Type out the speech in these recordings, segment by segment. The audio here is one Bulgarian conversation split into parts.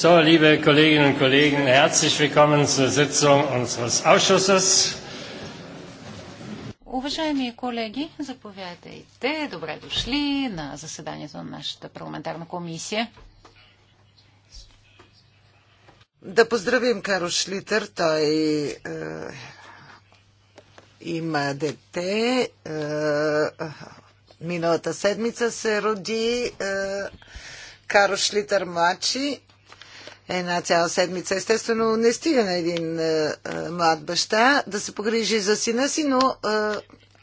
So, liebe Kolleginnen und Kollegen, herzlich willkommen zur Sitzung unseres Ausschusses. Уважаеми колеги, заповядайте. Добре дошли на заседанието на нашата парламентарна комисия. Да поздравим Каро Шлитър. Той е, има дете. Е, миналата седмица се роди е, Каро Шлитър младши една цяла седмица. Естествено, не стига на един е, е, млад баща да се погрижи за сина си, но е,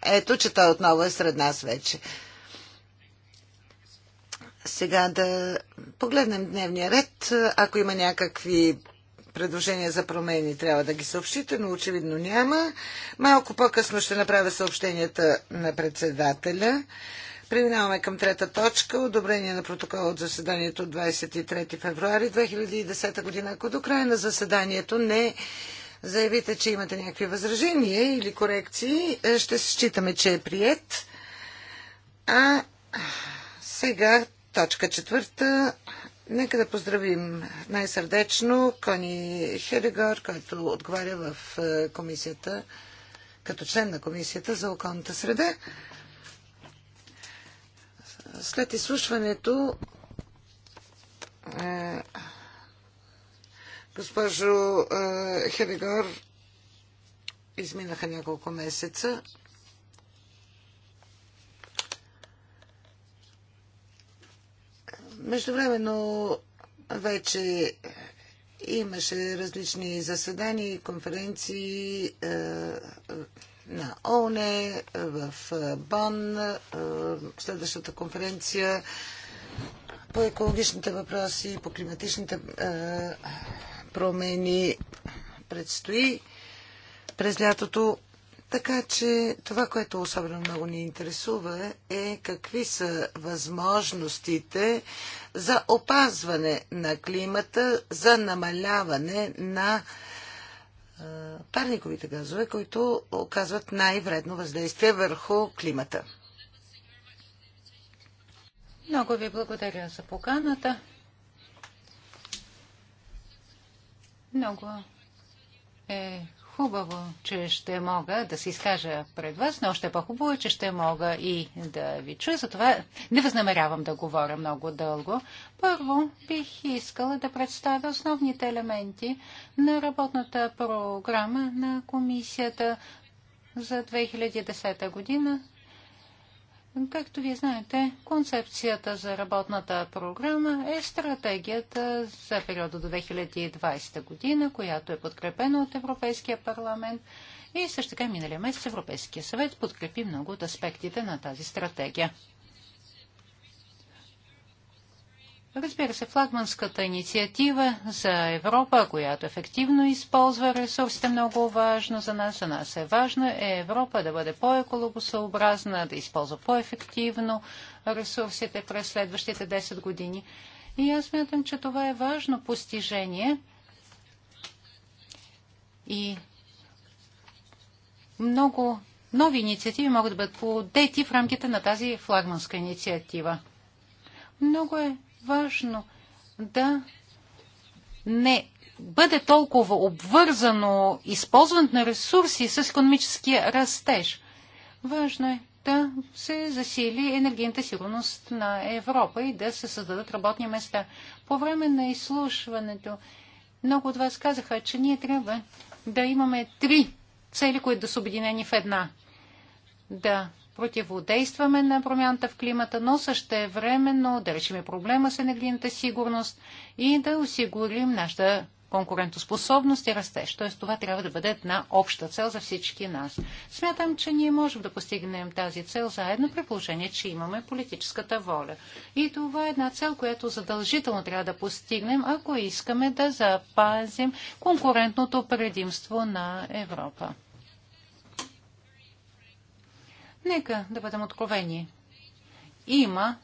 ето, че той отново е сред нас вече. Сега да погледнем дневния ред. Ако има някакви предложения за промени, трябва да ги съобщите, но очевидно няма. Малко по-късно ще направя съобщенията на председателя. Преминаваме към трета точка. Одобрение на протокол от заседанието от 23 февруари 2010 година. Ако до края на заседанието не заявите, че имате някакви възражения или корекции, е, ще считаме, че е прият. А сега точка четвърта. Нека да поздравим най-сърдечно Кони Хедегор, който отговаря в е, комисията, като член на комисията за околната среда. След изслушването е, госпожо е, Хедегор изминаха няколко месеца. Междувременно вече имаше различни заседания и конференции е, на ООН, в Бон, следващата конференция по екологичните въпроси, по климатичните промени предстои през лятото. Така че това, което особено много ни интересува е какви са възможностите за опазване на климата, за намаляване на парниковите газове, които оказват най-вредно въздействие върху климата. Много ви благодаря за поканата. Много е Хубаво, че ще мога да се изкажа пред вас, но още по-хубаво е, че ще мога и да ви чуя. Затова не възнамерявам да говоря много дълго. Първо бих искала да представя основните елементи на работната програма на комисията за 2010 година Както вие знаете, концепцията за работната програма е стратегията за периода до 2020 година, която е подкрепена от Европейския парламент и също така миналия месец Европейския съвет подкрепи много от аспектите на тази стратегия. Разбира се, флагманската инициатива за Европа, която ефективно използва ресурсите, много важно за нас. За нас е важно е Европа да бъде по-екологосъобразна, да използва по-ефективно ресурсите през следващите 10 години. И аз мятам, че това е важно постижение. И много нови инициативи могат да бъдат подети в рамките на тази флагманска инициатива. Много е важно да не бъде толкова обвързано използването на ресурси с економическия растеж. Важно е да се засили енергийната сигурност на Европа и да се създадат работни места. По време на изслушването много от вас казаха, че ние трябва да имаме три цели, които да са обединени в една. Да противодействаме на промяната в климата, но също временно да решим проблема с енергийната сигурност и да осигурим нашата конкурентоспособност и растеж. Т.е. това трябва да бъде една обща цел за всички нас. Смятам, че ние можем да постигнем тази цел заедно при положение, че имаме политическата воля. И това е една цел, която задължително трябва да постигнем, ако искаме да запазим конкурентното предимство на Европа. Нека да бъдем откровени. Има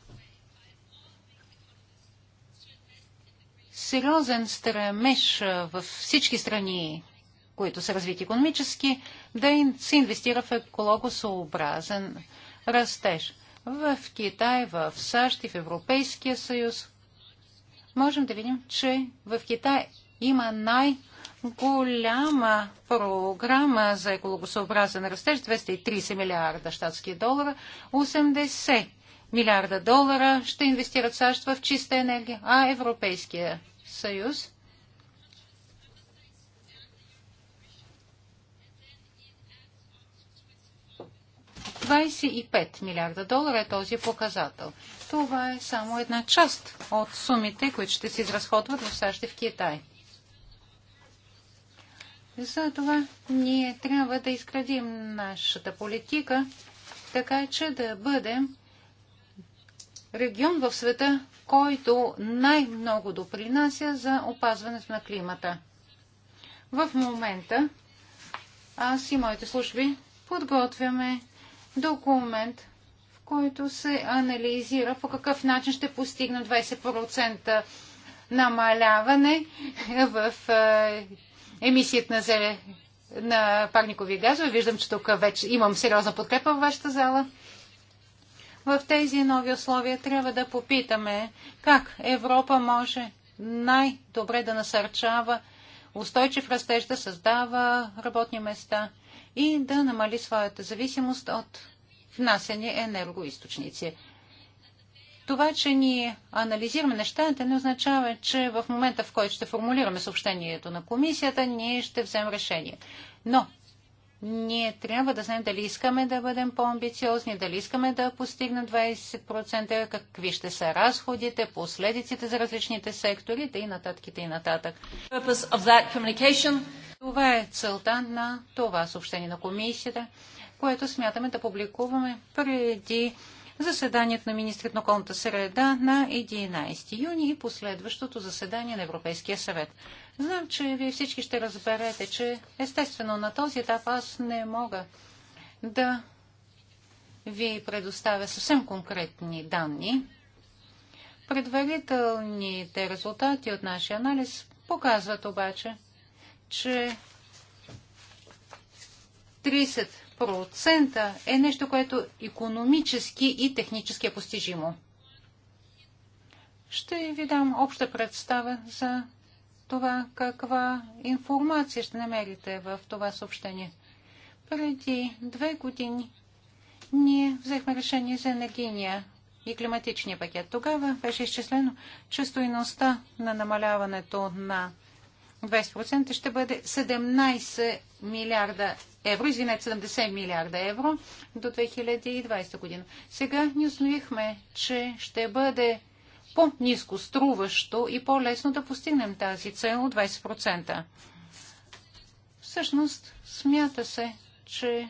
сериозен стремеж в всички страни, които са развити економически, да се инвестира в екологосообразен растеж. В Китай, в САЩ и в Европейския съюз можем да видим, че в Китай има най- голяма програма за екологосъобразен растеж 230 милиарда щатски долара, 80 милиарда долара ще инвестират САЩ в чиста енергия, а Европейския съюз – милиарда долара е този показател. Това е само една част от сумите, които ще се изразходват в САЩ и в Китай. Затова ние трябва да изградим нашата политика, така че да бъдем регион в света, който най-много допринася за опазването на климата. В момента аз и моите служби подготвяме документ, в който се анализира по какъв начин ще постигна 20% намаляване в е, Емисията на, зеле, на парникови газове. Виждам, че тук вече имам сериозна подкрепа в вашата зала. В тези нови условия трябва да попитаме как Европа може най-добре да насърчава устойчив растеж, да създава работни места и да намали своята зависимост от внасени енергоисточници. Това, че ние анализираме нещата, не означава, че в момента, в който ще формулираме съобщението на комисията, ние ще вземем решение. Но ние трябва да знаем дали искаме да бъдем по-амбициозни, дали искаме да постигнем 20%, какви ще са разходите, последиците за различните сектори, да и нататък, и нататък. Това е целта на това съобщение на комисията, което смятаме да публикуваме преди заседанието на министрите на околната среда на 11 юни и последващото заседание на Европейския съвет. Знам, че вие всички ще разберете, че естествено на този етап аз не мога да ви предоставя съвсем конкретни данни. Предварителните резултати от нашия анализ показват обаче, че 30 процента е нещо, което економически и технически е постижимо. Ще ви дам обща представа за това каква информация ще намерите в това съобщение. Преди две години ние взехме решение за енергийния и климатичния пакет. Тогава беше изчислено, че стоиността на намаляването на 20% ще бъде 17 милиарда евро, извинете, 70 милиарда евро до 2020 година. Сега ни установихме, че ще бъде по-низко струващо и по-лесно да постигнем тази цел от 20%. Всъщност, смята се, че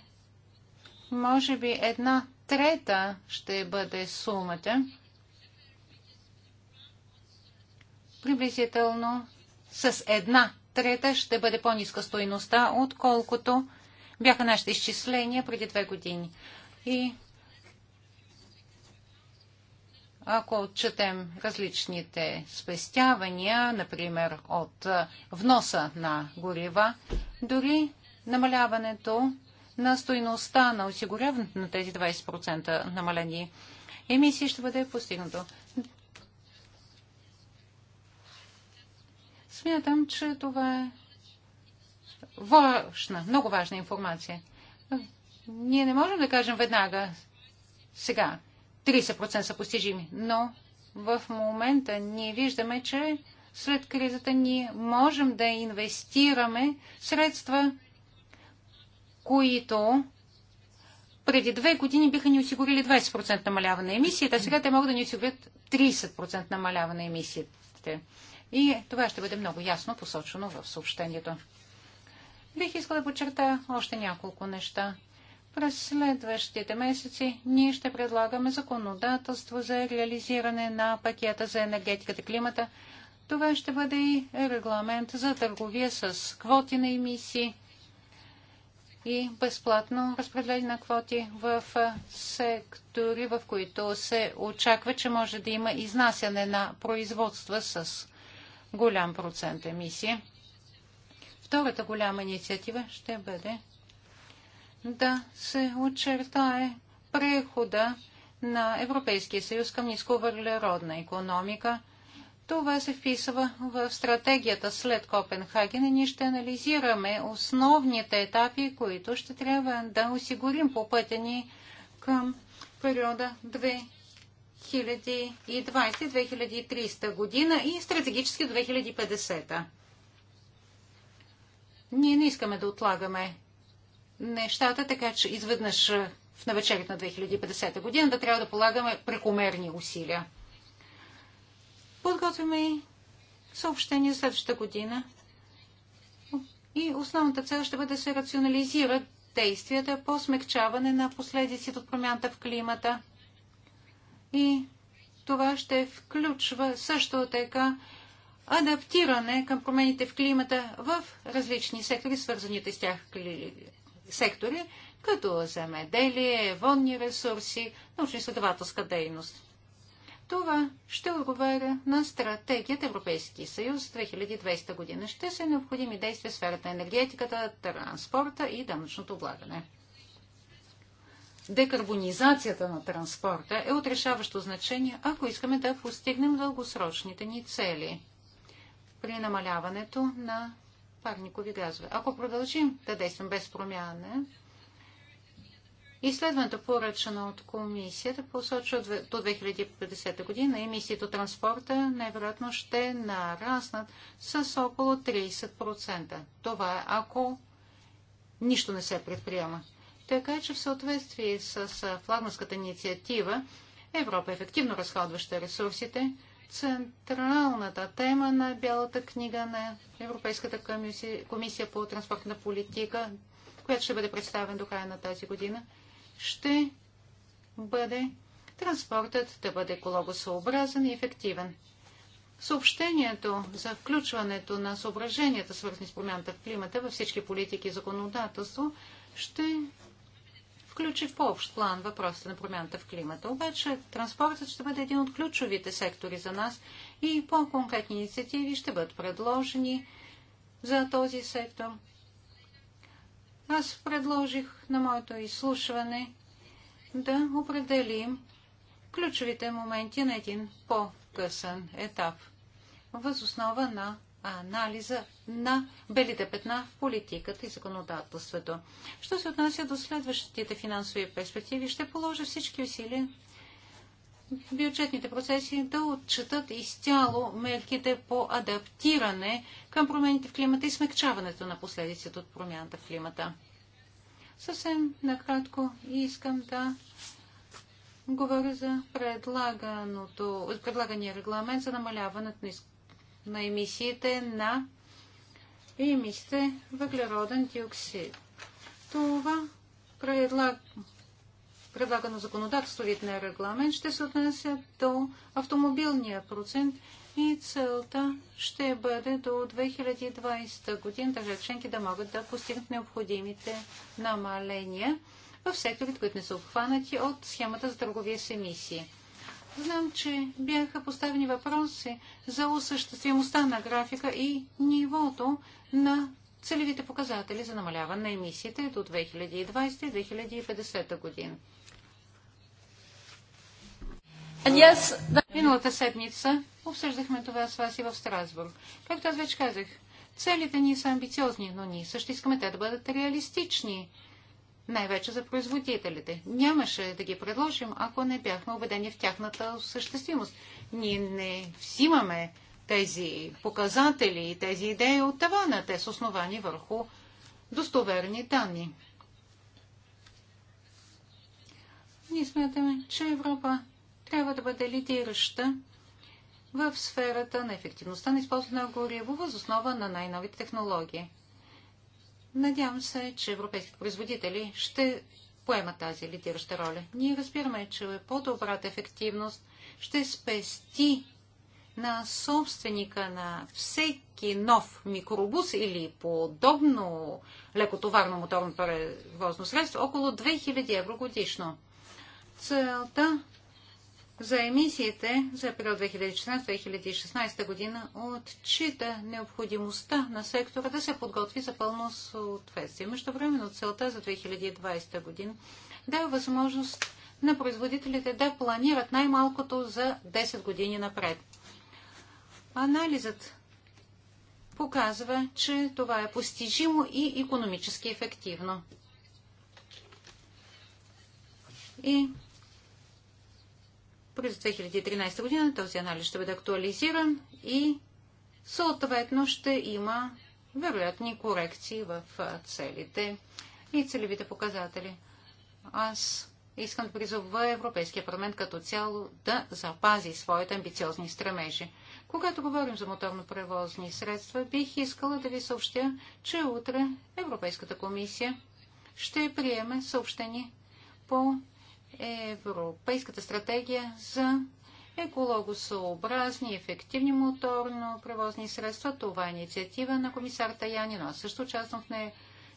може би една трета ще бъде сумата. Приблизително с една трета ще бъде по-ниска стоеността, отколкото бяха нашите изчисления преди две години. И ако отчетем различните спестявания, например от вноса на горива, дори намаляването на стоиността на осигуряването на тези 20% намалени емисии ще бъде постигнато. Смятам, че това е важна, много важна информация. Ние не можем да кажем веднага, сега, 30% са постижими, но в момента ние виждаме, че след кризата ние можем да инвестираме средства, които преди две години биха ни осигурили 20% намаляване на емисията, а сега те могат да ни осигурят 30% намаляване на емисиите. И това ще бъде много ясно посочено в съобщението. Бих искал да подчерта още няколко неща. През следващите месеци ние ще предлагаме законодателство за реализиране на пакета за енергетиката и климата. Това ще бъде и регламент за търговия с квоти на емисии и безплатно разпределение на квоти в сектори, в които се очаква, че може да има изнасяне на производства с голям процент емисии. Втората голяма инициатива ще бъде да се очертае прехода на Европейския съюз към нисковъглеродна економика. Това се вписва в стратегията след Копенхаген и ние ще анализираме основните етапи, които ще трябва да осигурим по пътя ни към периода 2020-2030 година и стратегически 2050. Ние не искаме да отлагаме нещата, така че изведнъж в навечерието на 2050 година да трябва да полагаме прекомерни усилия. Подготвяме и съобщение следващата година. И основната цел ще бъде да се рационализират действията по смягчаване на последиците от промяната в климата. И това ще включва също така адаптиране към промените в климата в различни сектори, свързаните с тях сектори, като земеделие, водни ресурси, научно-изследователска дейност. Това ще отговаря на стратегията Европейски съюз 2020 година. Ще са необходими действия в сферата на енергетиката, транспорта и данъчното облагане. Декарбонизацията на транспорта е отрешаващо значение, ако искаме да постигнем дългосрочните ни цели – при намаляването на парникови газове. Ако продължим да действаме без промяна, изследването поръчено от комисията посочва до 2050 година емисиите от транспорта най-вероятно ще нараснат с около 30%. Това е ако нищо не се предприема. Така че в съответствие с флагманската инициатива Европа ефективно разходваща ресурсите – централната тема на Бялата книга на Европейската комисия, комисия по транспортна политика, която ще бъде представена до края на тази година, ще бъде транспортът да бъде екологосъобразен и ефективен. Съобщението за включването на съображенията, свързани с промяната в климата във всички политики и законодателство, ще включи в по-общ план въпросите на промяната в климата. Обаче транспортът ще бъде един от ключовите сектори за нас и по-конкретни инициативи ще бъдат предложени за този сектор. Аз предложих на моето изслушване да определим ключовите моменти на един по-късен етап, възоснова на анализа на белите петна в политиката и законодателството. Що се отнася до следващите финансови перспективи, ще положа всички усилия бюджетните процеси да отчитат изцяло мерките по адаптиране към промените в климата и смягчаването на последиците от промяната в климата. Съвсем накратко искам да говоря за предлагания регламент за намаляването на на емисиите на емисиите въглероден диоксид. Това предлага предлагано законодателство вид на регламент ще се отнесе до автомобилния процент и целта ще бъде до 2020 година държави членки да могат да постигнат необходимите намаления в секторите, които не са обхванати от схемата за търговия с емисии. Знам, че бяха поставени въпроси за осъществимостта на графика и нивото на целевите показатели за намаляване на емисиите до 2020-2050 година. Yes, that... Миналата седмица обсъждахме това с вас и в Страсбург. Както аз вече казах, целите ни са амбициозни, но ние също искаме те да бъдат реалистични най-вече за производителите. Нямаше да ги предложим, ако не бяхме убедени в тяхната съществимост. Ние не взимаме тези показатели и тези идеи от тавана. Те са основани върху достоверни данни. Ние смятаме, че Европа трябва да бъде лидираща в сферата на ефективността на използване на гориво въз основа на най-новите технологии. Надявам се, че европейските производители ще поемат тази лидираща роля. Ние разбираме, че по-добрата ефективност ще спести на собственика на всеки нов микробус или подобно лекотоварно моторно превозно средство около 2000 евро годишно. Целта за емисиите за период 2014-2016 година отчита необходимостта на сектора да се подготви за пълно съответствие. Между времено целта за 2020 година дава възможност на производителите да планират най-малкото за 10 години напред. Анализът показва, че това е постижимо и економически ефективно. И през 2013 година този анализ ще бъде актуализиран и съответно ще има вероятни корекции в целите и целевите показатели. Аз искам да призова Европейския парламент като цяло да запази своите амбициозни стремежи. Когато говорим за моторно превозни средства, бих искала да ви съобщя, че утре Европейската комисия ще приеме съобщение по Европейската стратегия за екологосъобразни и ефективни моторно превозни средства. Това е инициатива на комисар но Аз също участвам в нея.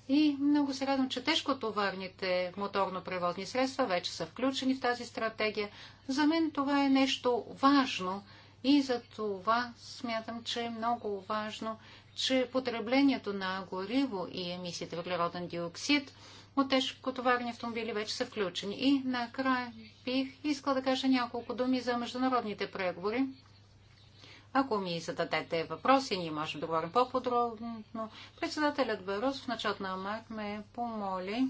И много се радвам, че тежкотоварните моторно превозни средства вече са включени в тази стратегия. За мен това е нещо важно и за това смятам, че е много важно, че потреблението на гориво и емисиите въглероден диоксид от тежкотоварни автомобили вече са включени. И накрая бих искал да кажа няколко думи за международните преговори. Ако ми зададете въпроси, ние можем да говорим по-подробно. Председателят Барус в началото на март ме помоли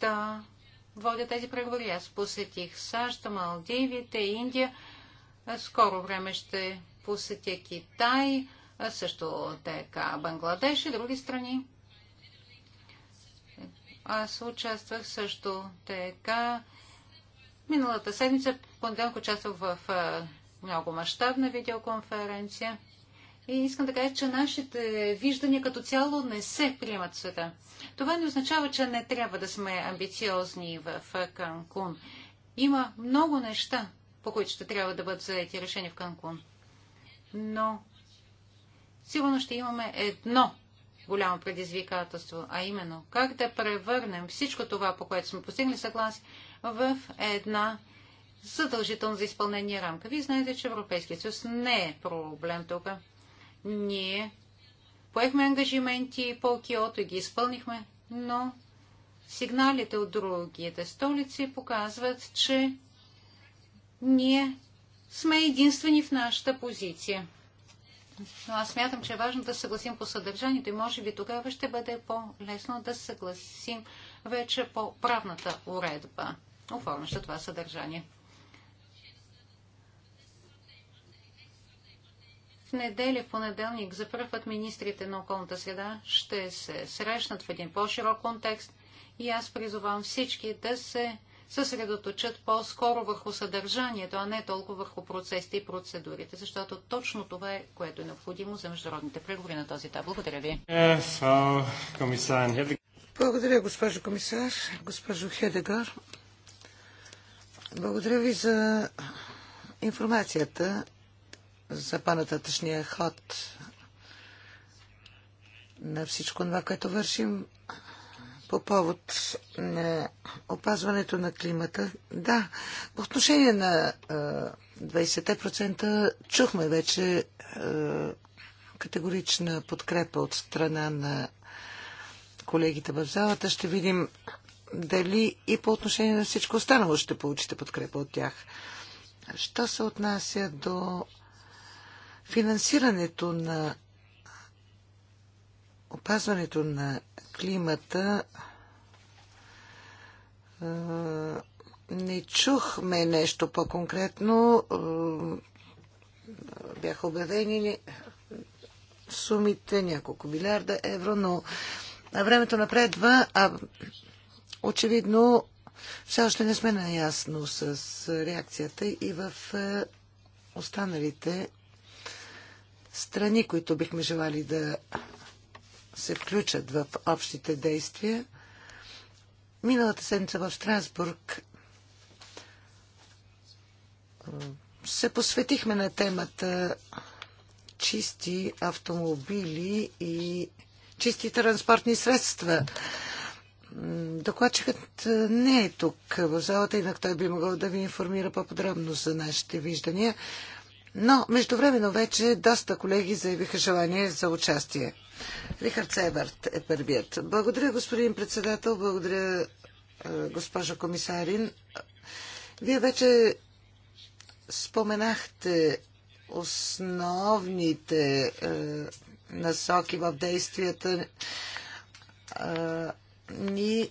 да водя тези преговори. Аз посетих САЩ, Малдивите, Индия. Скоро време ще посетя Китай, също така Бангладеш и други страни. Аз участвах също така. Миналата седмица, понеделник, участвах в много мащабна видеоконференция. И искам да кажа, че нашите виждания като цяло не се приемат в света. Това не означава, че не трябва да сме амбициозни в Канкун. Има много неща, по които ще трябва да бъдат заети решения в Канкун. Но сигурно ще имаме едно голямо предизвикателство, а именно как да превърнем всичко това, по което сме постигнали съгласие, в една задължително за изпълнение рамка. Вие знаете, че Европейския съюз не е проблем тук. Ние поехме ангажименти по Киото и ги изпълнихме, но сигналите от другите столици показват, че ние сме единствени в нашата позиция но аз смятам, че е важно да съгласим по съдържанието и може би тогава ще бъде по-лесно да съгласим вече по правната уредба, оформяща това съдържание. В неделя, в понеделник, за първ път министрите на околната среда ще се срещнат в един по-широк контекст и аз призовавам всички да се съсредоточат по-скоро върху съдържанието, а не толкова върху процесите и процедурите, защото точно това е, което е необходимо за международните преговори на този етап. Благодаря ви. Е, благодаря, госпожо комисар, госпожо Хедегар. Благодаря ви за информацията за по-нататъчния ход на всичко това, което вършим по повод на е, опазването на климата. Да, по отношение на 20% е, чухме вече е, категорична подкрепа от страна на колегите в залата. Ще видим дали и по отношение на всичко останало ще получите подкрепа от тях. Що се отнася до финансирането на опазването на климата не чухме нещо по-конкретно. Бяха обявени сумите, няколко милиарда евро, но времето напредва, а очевидно все още не сме наясно с реакцията и в останалите страни, които бихме желали да се включат в общите действия. Миналата седмица в Страсбург се посветихме на темата чисти автомобили и чисти транспортни средства. Докладчикът не е тук в залата, инак той би могъл да ви информира по-подробно за нашите виждания. Но междувременно вече доста колеги заявиха желание за участие. Рихард Себърт е първият. Благодаря, господин председател, благодаря, е, госпожа комисарин. Вие вече споменахте основните е, насоки в действията е, ни.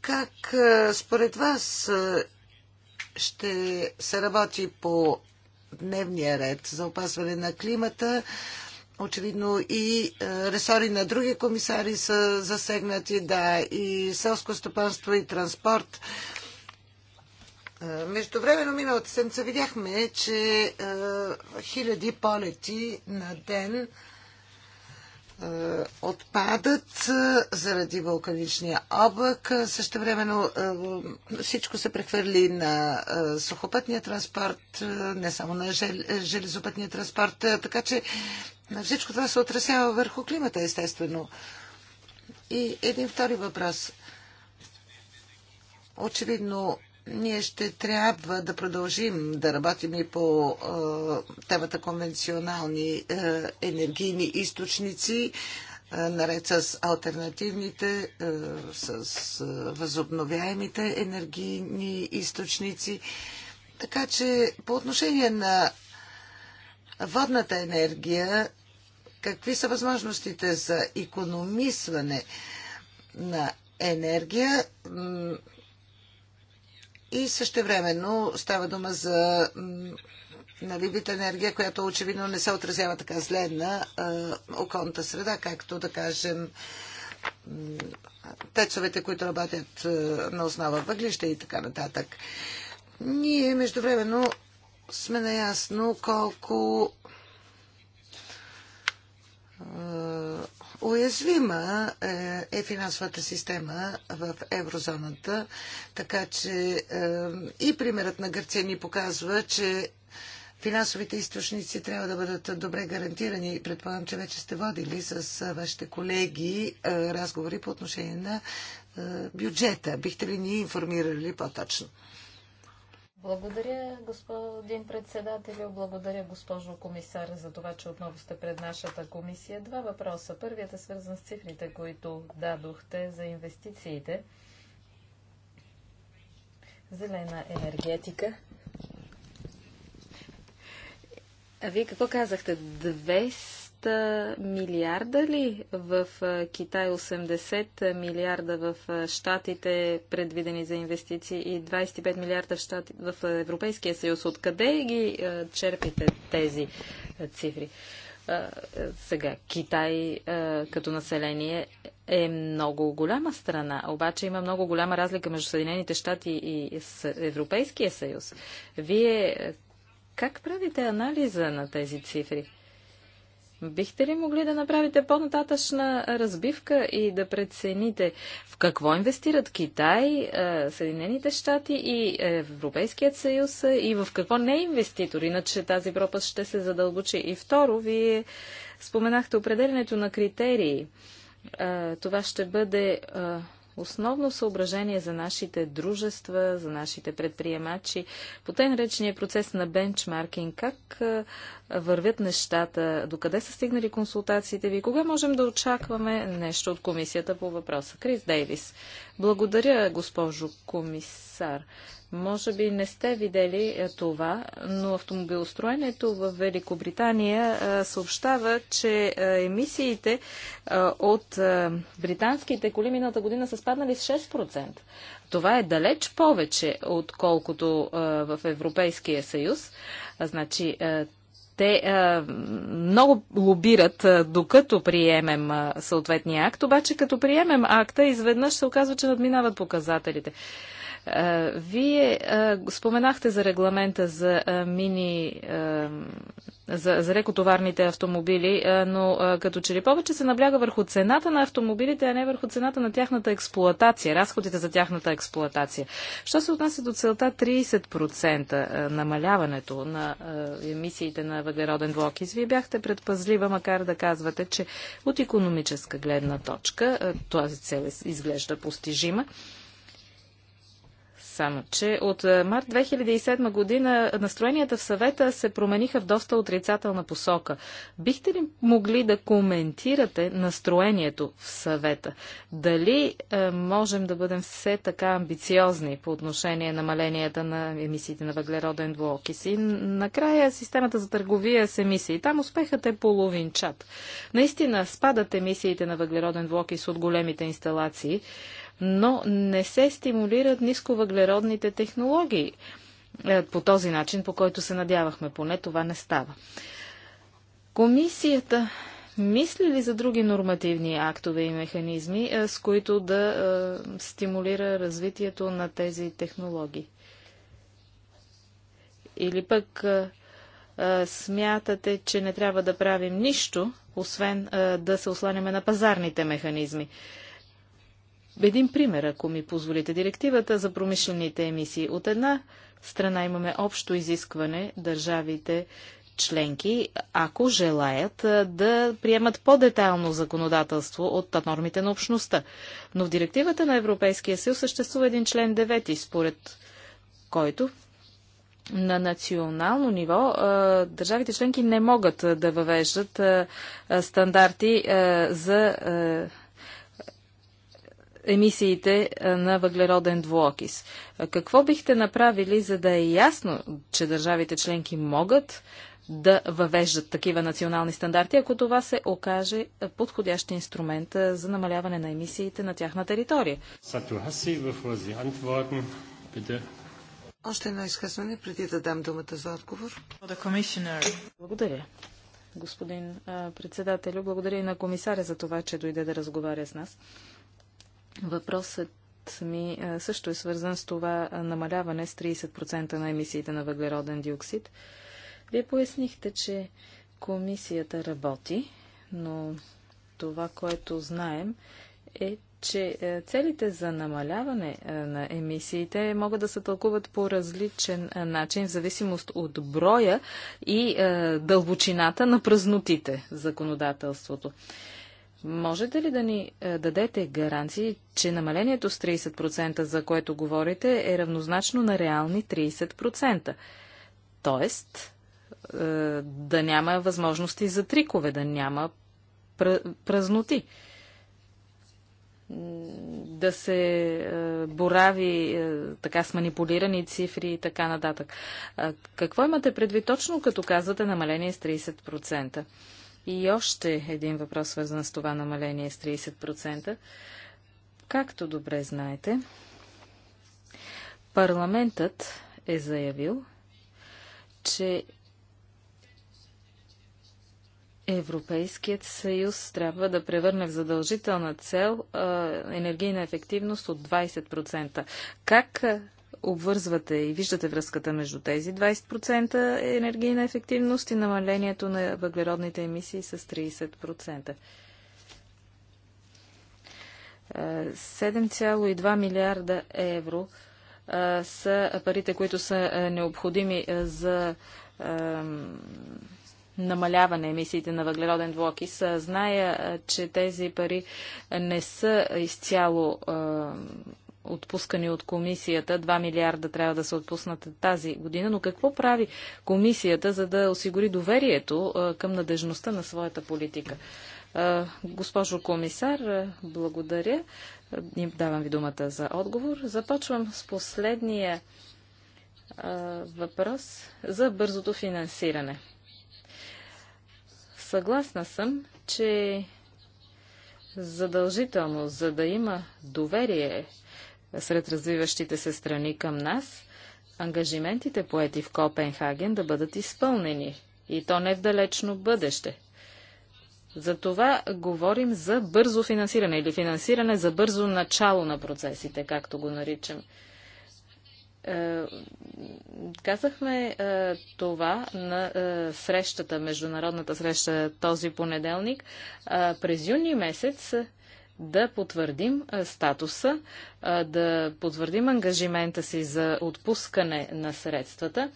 Как е, според вас е, ще се работи по дневния ред за опазване на климата. Очевидно и е, ресори на други комисари са засегнати, да, и селско стопанство и транспорт. Е, Между на миналата седмица видяхме, че е, хиляди полети на ден е, отпадат е, заради вулканичния облак. Е, Също времено всичко се прехвърли на сухопътния транспорт, не само на железопътния транспорт, така че всичко това се отразява върху климата, естествено. И един втори въпрос. Очевидно ние ще трябва да продължим да работим и по темата конвенционални енергийни източници, наред с альтернативните, с възобновяемите енергийни източници. Така че по отношение на водната енергия, какви са възможностите за економисване на енергия? И същевременно става дума за нали, вид енергия, която очевидно не се отразява така зле на околната среда, както да кажем тецовете, които работят на основа въглища и така нататък. Ние междувременно сме наясно колко Уязвима е, е финансовата система в еврозоната, така че е, и примерът на Гърция ни показва, че финансовите източници трябва да бъдат добре гарантирани. Предполагам, че вече сте водили с е, вашите колеги разговори по отношение на бюджета. Бихте ли ни информирали по-точно? Благодаря, господин председател, Благодаря, госпожо комисар, за това, че отново сте пред нашата комисия. Два въпроса. Първият е свързан с цифрите, които дадохте за инвестициите. Зелена енергетика. А вие какво казахте? 200 200 милиарда ли в Китай, 80 милиарда в Штатите, предвидени за инвестиции и 25 милиарда в, щати, в Европейския съюз? Откъде ги черпите тези цифри? Сега, Китай като население е много голяма страна, обаче има много голяма разлика между Съединените щати и Европейския съюз. Вие как правите анализа на тези цифри? Бихте ли могли да направите по-нататъчна разбивка и да прецените в какво инвестират Китай, е, Съединените щати и Европейският съюз е, и в какво не инвеститор, иначе тази пропаст ще се задълбочи. И второ, вие споменахте определенето на критерии. Е, това ще бъде основно съображение за нашите дружества, за нашите предприемачи, по тъй наречения процес на бенчмаркинг, как вървят нещата, докъде са стигнали консултациите ви, кога можем да очакваме нещо от комисията по въпроса. Крис Дейвис. Благодаря, госпожо комисар. Може би не сте видели е, това, но автомобилостроенето в Великобритания е, съобщава, че е, емисиите от британските коли миналата година са спаднали с 6%. Това е далеч повече, отколкото в Европейския съюз. Значи, те а, много лобират, а, докато приемем а, съответния акт, обаче като приемем акта, изведнъж се оказва, че надминават показателите. Вие споменахте за регламента за мини за, за рекотоварните автомобили, но като че ли повече се набляга върху цената на автомобилите, а не върху цената на тяхната експлоатация, разходите за тяхната експлоатация. Що се отнася до целта 30% намаляването на емисиите на въглероден двуокис? Вие бяхте предпазлива, макар да казвате, че от економическа гледна точка тази цел е, изглежда постижима само, че от март 2007 година настроенията в съвета се промениха в доста отрицателна посока. Бихте ли могли да коментирате настроението в съвета? Дали е, можем да бъдем все така амбициозни по отношение намаленията на емисиите на въглероден двуокис? И накрая системата за търговия с емисии. Там успехът е половинчат. Наистина спадат емисиите на въглероден двуокис от големите инсталации но не се стимулират нисковъглеродните технологии е, по този начин, по който се надявахме. Поне това не става. Комисията мисли ли за други нормативни актове и механизми, е, с които да е, стимулира развитието на тези технологии? Или пък смятате, че не трябва да правим нищо, освен да се осланяме на пазарните механизми? един пример, ако ми позволите. Директивата за промишлените емисии. От една страна имаме общо изискване държавите членки, ако желаят да приемат по-детайлно законодателство от нормите на общността. Но в директивата на Европейския съюз съществува един член 9, според който на национално ниво държавите членки не могат да въвеждат стандарти за емисиите на въглероден двуокис. Какво бихте направили, за да е ясно, че държавите членки могат да въвеждат такива национални стандарти, ако това се окаже подходящ инструмент за намаляване на емисиите на тяхна територия? Още едно изказване, преди да дам думата за отговор. Благодаря. Господин председателю, благодаря и на комисаря за това, че дойде да разговаря с нас. Въпросът ми също е свързан с това намаляване с 30% на емисиите на въглероден диоксид. Вие пояснихте, че комисията работи, но това, което знаем, е, че целите за намаляване на емисиите могат да се тълкуват по различен начин, в зависимост от броя и дълбочината на празнотите в законодателството. Можете ли да ни е, дадете гаранции, че намалението с 30%, за което говорите, е равнозначно на реални 30%? Тоест, е, да няма възможности за трикове, да няма празноти. Да се е, борави така с манипулирани цифри и така нататък. Какво имате предвид точно, като казвате намаление с 30%? И още един въпрос, свързан с това намаление с 30%. Както добре знаете, парламентът е заявил, че Европейският съюз трябва да превърне в задължителна цел енергийна ефективност от 20%. Как обвързвате и виждате връзката между тези 20% енергийна ефективност и намалението на въглеродните емисии с 30%. 7,2 е, милиарда евро е, са парите, които са е, необходими за намаляване емисиите на въглероден двуокис. Зная, че тези пари не са изцяло отпускани от комисията. 2 милиарда трябва да се отпуснат тази година. Но какво прави комисията, за да осигури доверието към надежността на своята политика? Госпожо комисар, благодаря. Давам ви думата за отговор. Започвам с последния въпрос за бързото финансиране. Съгласна съм, че задължително, за да има доверие сред развиващите се страни към нас, ангажиментите поети в Копенхаген да бъдат изпълнени. И то не в далечно бъдеще. За това говорим за бързо финансиране или финансиране за бързо начало на процесите, както го наричам. Е, казахме е, това на е, срещата, международната среща този понеделник. През юни месец да потвърдим статуса, да потвърдим ангажимента си за отпускане на средствата.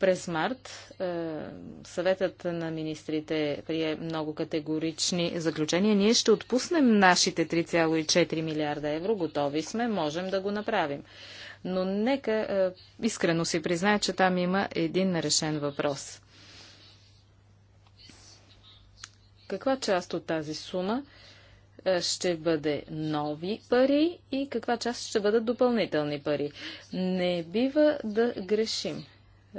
През март съветът на министрите прие много категорични заключения. Ние ще отпуснем нашите 3,4 милиарда евро. Готови сме, можем да го направим. Но нека искрено си призная, че там има един нарешен въпрос. Каква част от тази сума е, ще бъде нови пари и каква част ще бъдат допълнителни пари. Не бива да грешим.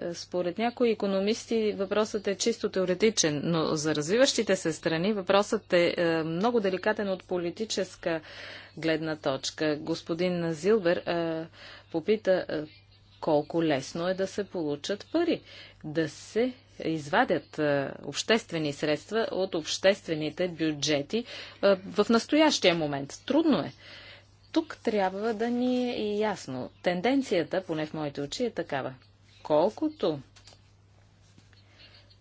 Е, според някои економисти въпросът е чисто теоретичен, но за развиващите се страни въпросът е, е много деликатен от политическа гледна точка. Господин Зилбер попита колко лесно е да се получат пари, да се извадят е, обществени средства от обществените бюджети е, в настоящия момент. Трудно е. Тук трябва да ни е и ясно. Тенденцията, поне в моите очи, е такава. Колкото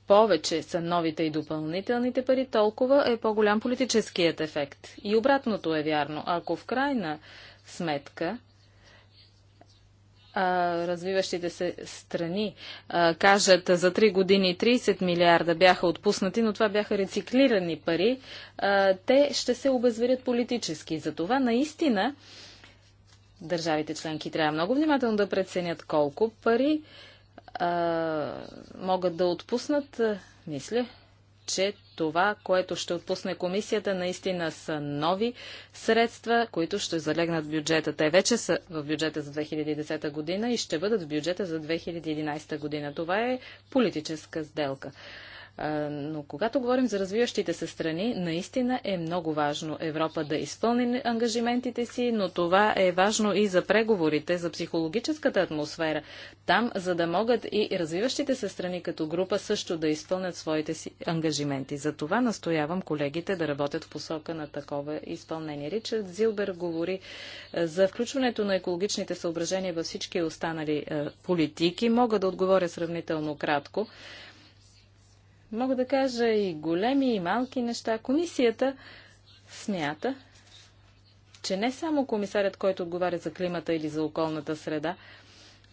повече са новите и допълнителните пари, толкова е по-голям политическият ефект. И обратното е вярно. Ако в крайна сметка развиващите се страни кажат за 3 години 30 милиарда бяха отпуснати, но това бяха рециклирани пари, те ще се обезверят политически. Затова наистина държавите членки трябва много внимателно да преценят колко пари могат да отпуснат. Мисля, че това, което ще отпусне комисията, наистина са нови средства, които ще залегнат в бюджета. Те вече са в бюджета за 2010 година и ще бъдат в бюджета за 2011 година. Това е политическа сделка. Но когато говорим за развиващите се страни, наистина е много важно Европа да изпълни ангажиментите си, но това е важно и за преговорите, за психологическата атмосфера. Там, за да могат и развиващите се страни като група също да изпълнят своите си ангажименти. За това настоявам колегите да работят в посока на такова изпълнение. Ричард Зилбер говори за включването на екологичните съображения във всички останали политики. Мога да отговоря сравнително кратко. Мога да кажа и големи, и малки неща. Комисията смята, че не само комисарят, който отговаря за климата или за околната среда,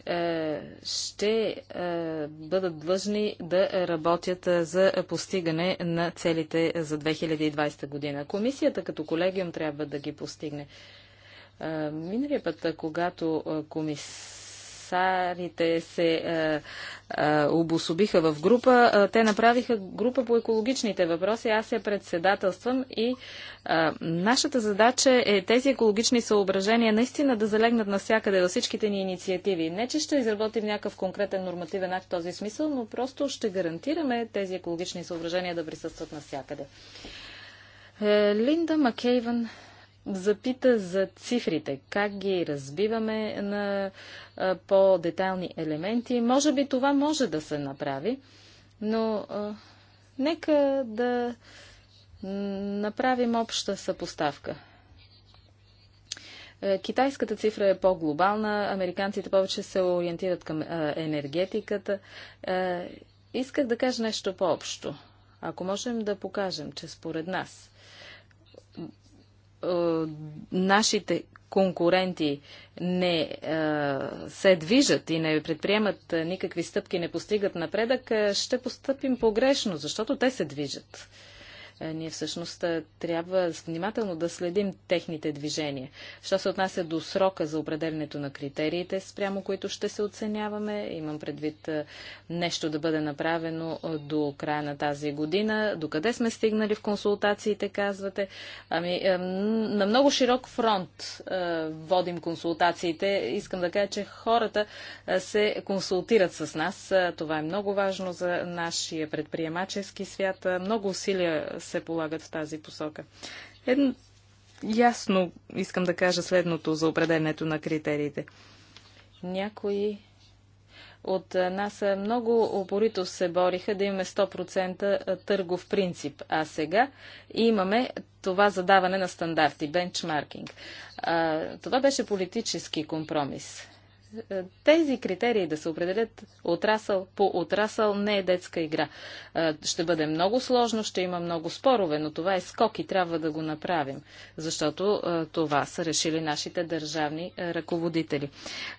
е, ще е, бъдат длъжни да работят е, за постигане на целите за 2020 година. Комисията като колегиум трябва да ги постигне. Миналия път, когато комисията комисарите се е, е, обособиха в група. Е, те направиха група по екологичните въпроси. Аз я председателствам и е, нашата задача е тези екологични съображения наистина да залегнат навсякъде във всичките ни инициативи. Не, че ще изработим някакъв конкретен нормативен акт в този смисъл, но просто ще гарантираме тези екологични съображения да присъстват навсякъде. Е, Линда Макейвън запита за цифрите, как ги разбиваме на по-детайлни елементи. Може би това може да се направи, но а, нека да направим обща съпоставка. Е, китайската цифра е по-глобална, американците повече се ориентират към а, енергетиката. А, е, исках да кажа нещо по-общо. Ако можем да покажем, че според нас е, нашите конкуренти не е, се движат и не предприемат е, никакви стъпки, не постигат напредък, ще постъпим погрешно, защото те се движат. Е, ние всъщност е, трябва внимателно да следим техните движения. Що се отнася до срока за определенето на критериите, спрямо които ще се оценяваме, имам предвид е, нещо да бъде направено до края на тази година. Докъде сме стигнали в консултациите, казвате? Ами, на много широк фронт водим консултациите. Искам да кажа, че хората се консултират с нас. Това е много важно за нашия предприемачески свят. Много усилия се полагат в тази посока. Едно, ясно искам да кажа следното за определенето на критериите. Някои от нас много опорито се бориха да имаме 100% търгов принцип, а сега имаме това задаване на стандарти, бенчмаркинг. Това беше политически компромис. Е, тези критерии да се определят отрасъл по отрасъл не е детска игра. Е, ще бъде много сложно, ще има много спорове, но това е скок и трябва да го направим, защото е, това са решили нашите държавни ръководители.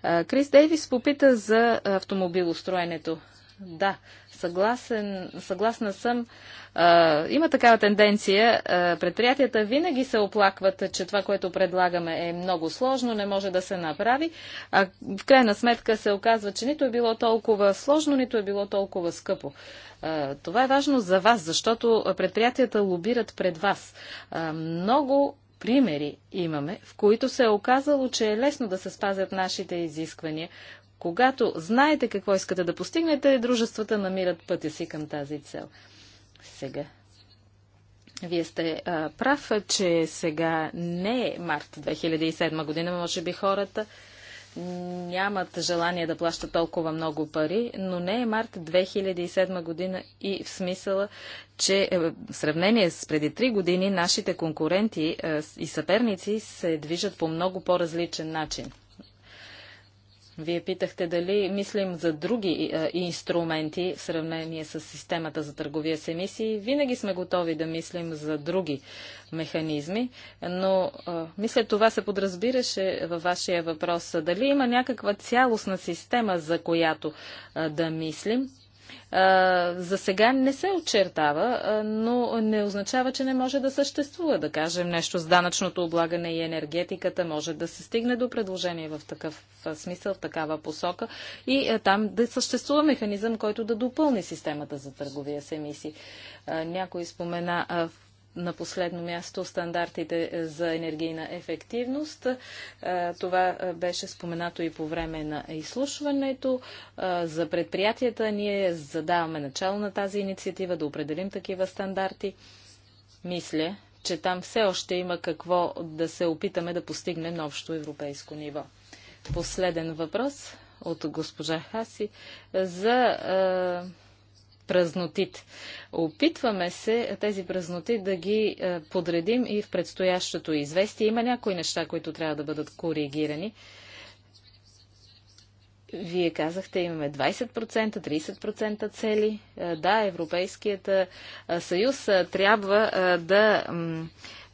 Крис Дейвис попита за автомобилостроенето. Да, Съгласен, съгласна съм. А, има такава тенденция. А, предприятията винаги се оплакват, че това, което предлагаме е много сложно, не може да се направи. А в крайна сметка се оказва, че нито е било толкова сложно, нито е било толкова скъпо. А, това е важно за вас, защото предприятията лобират пред вас. А, много примери имаме, в които се е оказало, че е лесно да се спазят нашите изисквания, когато знаете какво искате да постигнете, дружествата намират пътя си към тази цел. Сега. Вие сте а, прав, че сега не е март 2007 година, може би хората нямат желание да плащат толкова много пари, но не е март 2007 година и в смисъла, че е, в сравнение с преди 3 години нашите конкуренти е, и съперници се движат по много по-различен начин. Вие питахте дали мислим за други е, инструменти в сравнение с системата за търговия с емисии. Винаги сме готови да мислим за други механизми, но е, мисля това се подразбираше във вашия въпрос. Дали има някаква цялостна система, за която е, да мислим? за сега не се очертава, но не означава, че не може да съществува. Да кажем нещо с данъчното облагане и енергетиката, може да се стигне до предложение в такъв смисъл, в такава посока и там да съществува механизъм, който да допълни системата за търговия с емисии. Някой спомена на последно място стандартите е, за енергийна ефективност. Е, това е, беше споменато и по време на изслушването. За предприятията ние задаваме начало на тази инициатива да определим такива стандарти. Мисля, че там все още има какво да се опитаме да постигнем на общо европейско ниво. Последен въпрос от госпожа Хаси за празнотите. Опитваме се тези празноти да ги е, подредим и в предстоящото известие. Има някои неща, които трябва да бъдат коригирани. Вие казахте, имаме 20%, 30% цели. Е, да, Европейският е, съюз трябва да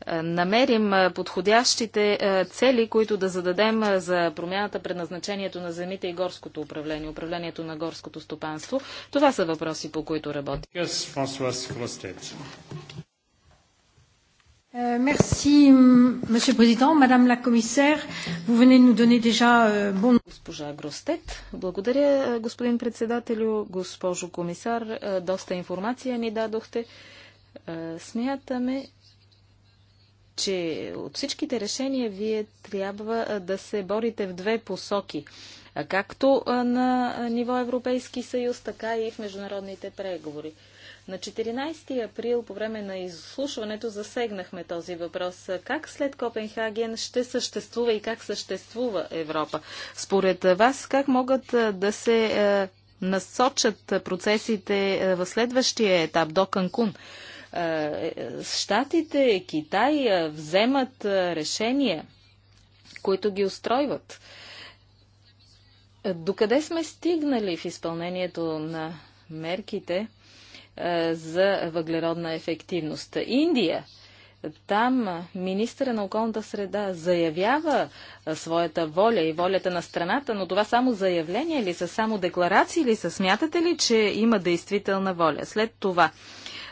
е, намерим е, подходящите е, цели, които да зададем за промяната предназначението на земите и горското управление, управлението на горското стопанство. Това са въпроси, по които работим. Merci, Monsieur le Président, Madame la Commissaire. Vous venez nous donner déjà euh, bon. Госпожа Гростет, благодаря, господин председателю, госпожо комисар. Доста информация ни дадохте. Смятаме, че от всичките решения вие трябва да се борите в две посоки. Както на ниво Европейски съюз, така и в международните преговори. На 14 април по време на изслушването засегнахме този въпрос. Как след Копенхаген ще съществува и как съществува Европа? Според вас как могат да се насочат процесите в следващия етап до Канкун? Е, Штатите, Китай е, вземат е, решения, които ги устройват. Докъде сме стигнали в изпълнението на мерките за въглеродна ефективност? Индия там министра на околната среда заявява своята воля и волята на страната, но това само заявление ли са, само декларации ли са? Смятате ли, че има действителна воля? След това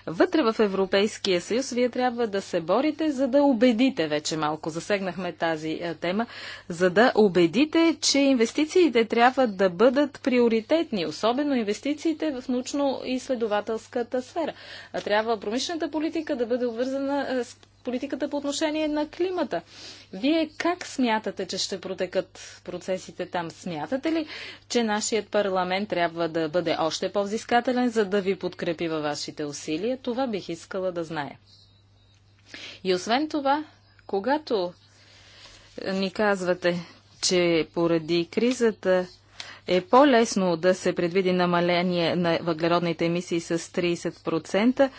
вътре в Европейския съюз вие трябва да се борите, за да убедите, вече малко засегнахме тази е, тема, за да убедите, че инвестициите трябва да бъдат приоритетни, особено инвестициите в научно-изследователската сфера. Трябва промишлената политика да бъде обвързана е, с политиката по отношение на климата. Вие как смятате, че ще протекат процесите там? Смятате ли, че нашият парламент трябва да бъде още по-взискателен, за да ви подкрепи във вашите усилия? Това бих искала да зная. И освен това, когато ни казвате, че поради кризата е по-лесно да се предвиди намаление на въглеродните емисии с 30%,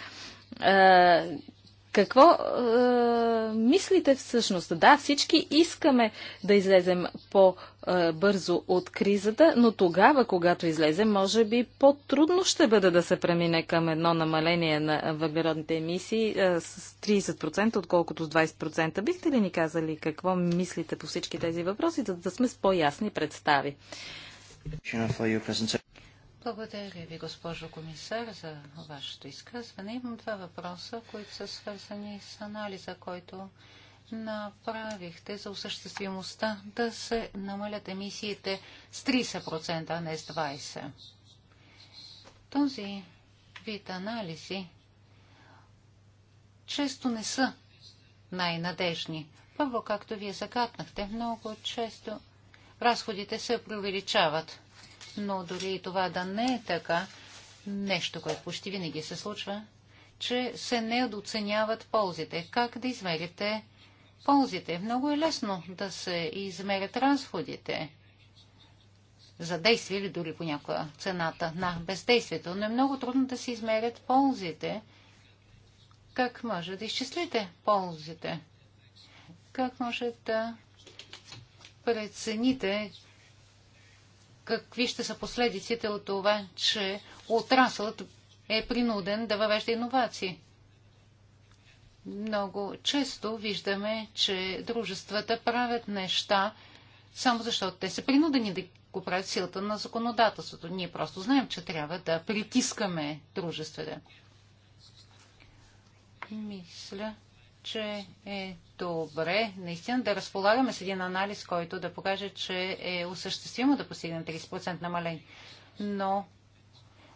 какво е, мислите всъщност? Да, всички искаме да излезем по-бързо от кризата, но тогава, когато излезем, може би по-трудно ще бъде да се премине към едно намаление на въглеродните емисии е, с 30%, отколкото с 20%. Бихте ли ни казали какво мислите по всички тези въпроси, за да сме с по-ясни представи? Благодаря ви, госпожо комисар, за вашето изказване. Имам два въпроса, които са свързани с анализа, който направихте за осъществимостта да се намалят емисиите с 30%, а не с 20%. Този вид анализи често не са най-надежни. Първо, както вие загаднахте, много често разходите се преувеличават но дори и това да не е така, нещо, което почти винаги се случва, че се оценяват ползите. Как да измерите ползите? Много е лесно да се измерят разходите за действие или дори понякога цената на бездействието, но е много трудно да се измерят ползите. Как може да изчислите ползите? Как може да прецените какви ще са последиците от това, че отрасълът е принуден да въвежда иновации. Много често виждаме, че дружествата правят неща, само защото те са принудени да го правят силата на законодателството. Ние просто знаем, че трябва да притискаме дружествата. Мисля, че е добре наистина да разполагаме с един анализ, който да покаже, че е осъществимо да постигнем 30% намаление. Но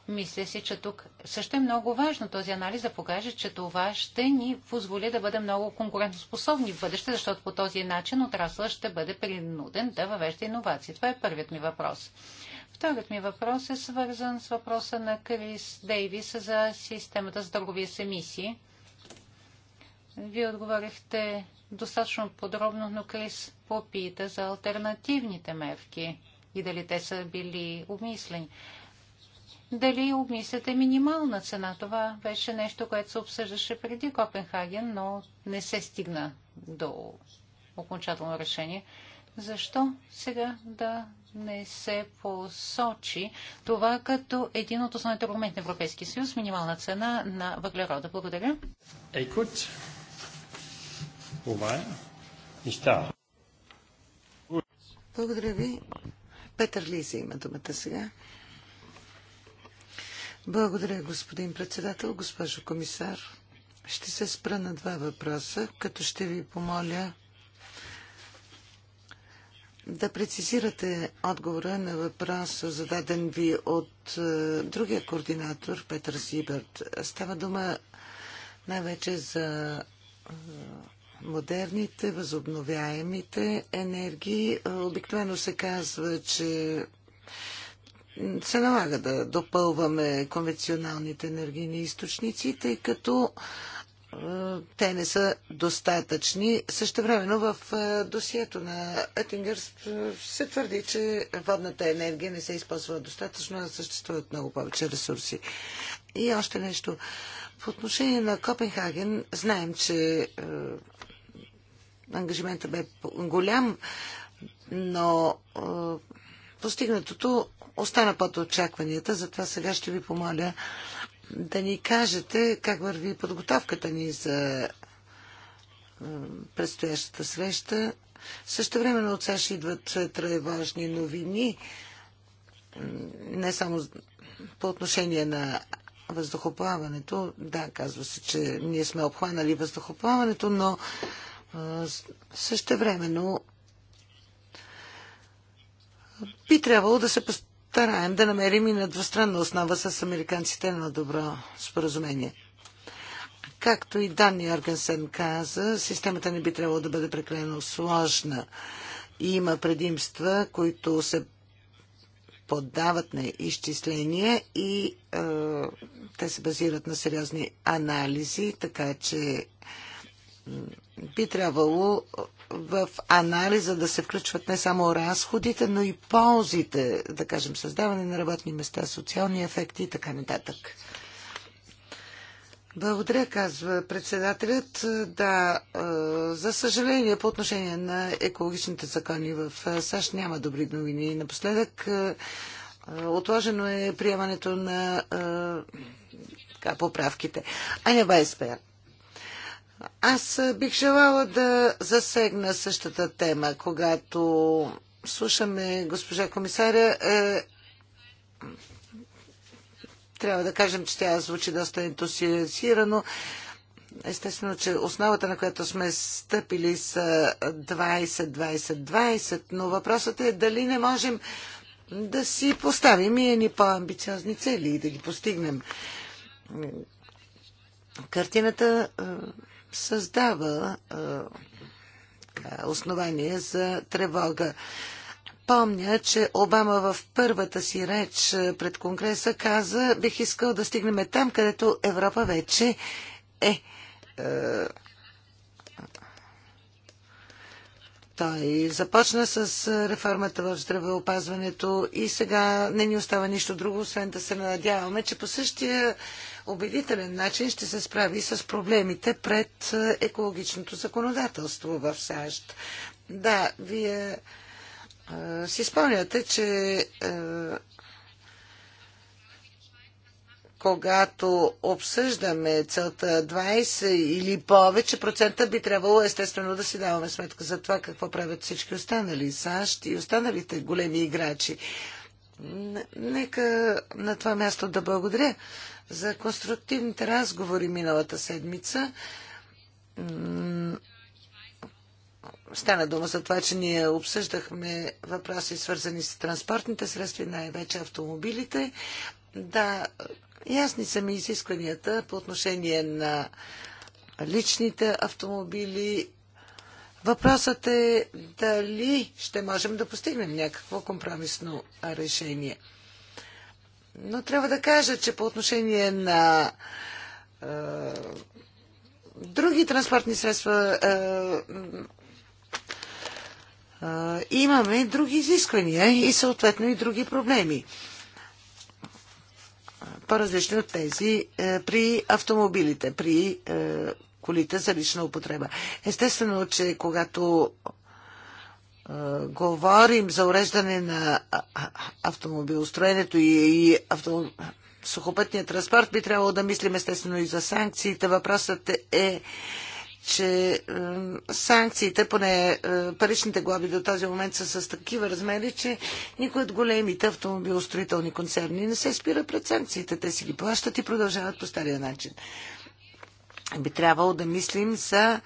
мисля си, че тук също е много важно този анализ да покаже, че това ще ни позволи да бъдем много конкурентоспособни в бъдеще, защото по този начин отрасла ще бъде принуден да въвежда иновации. Това е първият ми въпрос. Вторият ми въпрос е свързан с въпроса на Крис Дейвис за системата за търговия с емисии. Вие отговорихте достатъчно подробно, но Крис попита за альтернативните мерки и дали те са били обмислени. Дали обмисляте минимална цена? Това беше нещо, което се обсъждаше преди Копенхаген, но не се стигна до окончателно решение. Защо сега да не се посочи това като един от основните аргументи на Европейския съюз минимална цена на въглерода? Благодаря. Hey, е. Благодаря ви. Петър Лиза има думата сега. Благодаря, господин председател, госпожо комисар. Ще се спра на два въпроса, като ще ви помоля да прецизирате отговора на въпроса, зададен ви от е, другия координатор, Петър Сибърт. Става дума най-вече за е, модерните, възобновяемите енергии. Обикновено се казва, че се налага да допълваме конвенционалните енергийни източници, тъй като те не са достатъчни. Също времено в досието на Етингър се твърди, че водната енергия не се използва достатъчно, а съществуват много повече ресурси. И още нещо. По отношение на Копенхаген, знаем, че Ангажиментът бе голям, но постигнатото остана под очакванията, затова сега ще ви помоля да ни кажете как върви подготовката ни за предстоящата среща. Също време от САЩ идват тревожни новини, не само по отношение на въздухоплаването. Да, казва се, че ние сме обхванали въздухоплаването, но Същевременно би трябвало да се постараем да намерим и на двустранна основа с американците на добро споразумение. Както и Дани Аргенсен каза, системата не би трябвало да бъде прекалено сложна. И има предимства, които се поддават на изчисления и е, те се базират на сериозни анализи, така че е, би трябвало в анализа да се включват не само разходите, но и ползите, да кажем, създаване на работни места, социални ефекти и така нататък. Благодаря, казва председателят. Да, е, за съжаление, по отношение на екологичните закони в е, САЩ няма добри новини. Напоследък е, отложено е приемането на така, поправките. Аня Вайсберг. Аз бих желала да засегна същата тема, когато слушаме госпожа комисаря. Е, трябва да кажем, че тя звучи доста ентусиазирано. Естествено, че основата, на която сме стъпили са 20-20-20, но въпросът е дали не можем да си поставим и едни по-амбициозни цели и да ги постигнем. Картината е, създава основание за тревога. Помня, че Обама в първата си реч пред Конгреса каза, бих искал да стигнем там, където Европа вече е. Той започна с реформата в здравеопазването и сега не ни остава нищо друго, освен да се надяваме, че по същия убедителен начин ще се справи с проблемите пред е, екологичното законодателство в САЩ. Да, вие е, си спомняте, че е, когато обсъждаме целта 20 или повече процента, би трябвало естествено да си даваме сметка за това какво правят всички останали, САЩ и останалите големи играчи. Нека на това място да благодаря за конструктивните разговори миналата седмица. Стана дума за това, че ние обсъждахме въпроси, свързани с транспортните средства и най-вече автомобилите. Да, ясни са ми изискванията по отношение на личните автомобили. Въпросът е дали ще можем да постигнем някакво компромисно решение. Но трябва да кажа, че по отношение на е, други транспортни средства е, е, имаме други изисквания и съответно и други проблеми. По-различни от тези е, при автомобилите, при е, колите за лична употреба. Естествено, че когато говорим за уреждане на автомобилостроенето и, и автомоб... сухопътния транспорт, би трябвало да мислим естествено и за санкциите. Въпросът е, че санкциите, поне е, паричните глоби до този момент са с такива размери, че никой от големите автомобилостроителни концерни не се спира пред санкциите. Те си ги плащат и продължават по стария начин. Би трябвало да мислим за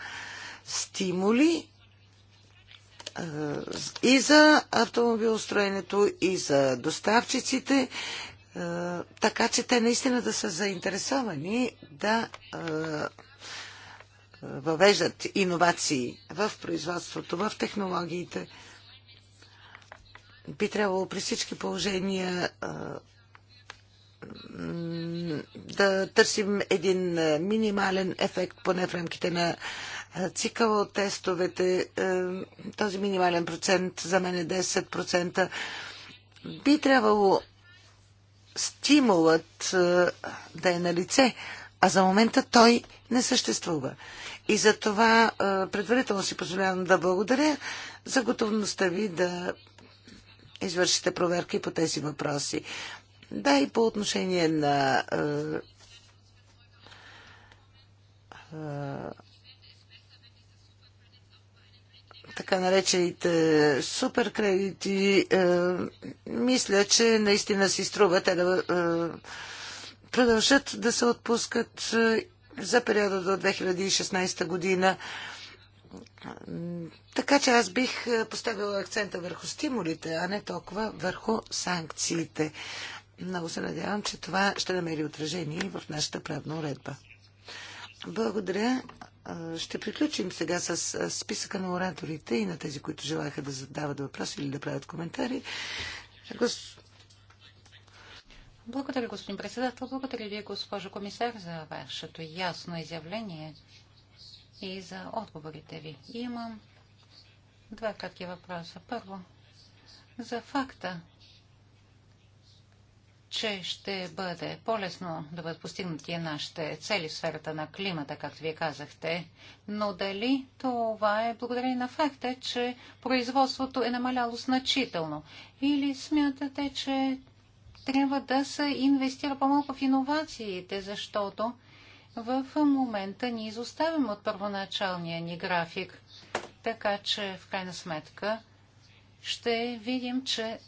стимули е, и за автомобилостроенето, и за доставчиците, е, така че те наистина да са заинтересовани да е, въвеждат иновации в производството, в технологиите. Би трябвало при всички положения да търсим един минимален ефект, поне в рамките на цикъл от тестовете, е, този минимален процент, за мен е 10%, би трябвало стимулът е, да е на лице, а за момента той не съществува. И за това е, предварително си позволявам да благодаря за готовността ви да извършите проверки по тези въпроси. Да, и по отношение на така наречените суперкредити, е, мисля, че наистина си струва те да е, продължат да се отпускат е, за периода до 2016 година. Така че аз бих поставила акцента върху стимулите, а не толкова върху санкциите. Много се надявам, че това ще намери отражение в нашата правна уредба. Благодаря. Ще приключим сега с списъка на ораторите и на тези, които желаяха да задават въпроси или да правят коментари. Благодаря, господин председател. Благодаря ви, госпожо комисар, за вашето ясно изявление и за отговорите ви. Имам два кратки въпроса. Първо, за факта, че ще бъде по-лесно да бъдат постигнати нашите цели в сферата на климата, както вие казахте, но дали това е благодарение на факта, че производството е намаляло значително? Или смятате, че трябва да се инвестира по-малко в иновациите, защото в момента ни изоставим от първоначалния ни график, така че в крайна сметка ще видим, че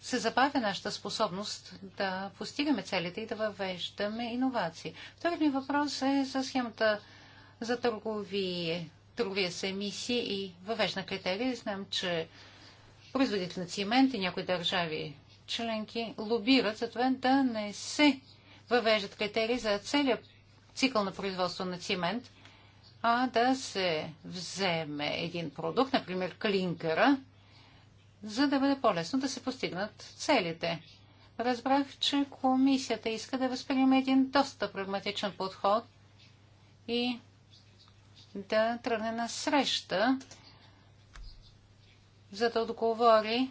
се забавя нашата способност да постигаме целите и да въвеждаме иновации. Вторият ми въпрос е за схемата за търговие, търговия с емисии и въвеждане критерии. Знам, че производители на цимент и някои държави членки лобират за това да не се въвеждат критерии за целия цикъл на производство на цимент, а да се вземе един продукт, например клинкера, за да бъде по-лесно да се постигнат целите. Разбрах, че комисията иска да възприеме един доста прагматичен подход и да тръгне на среща, за да отговори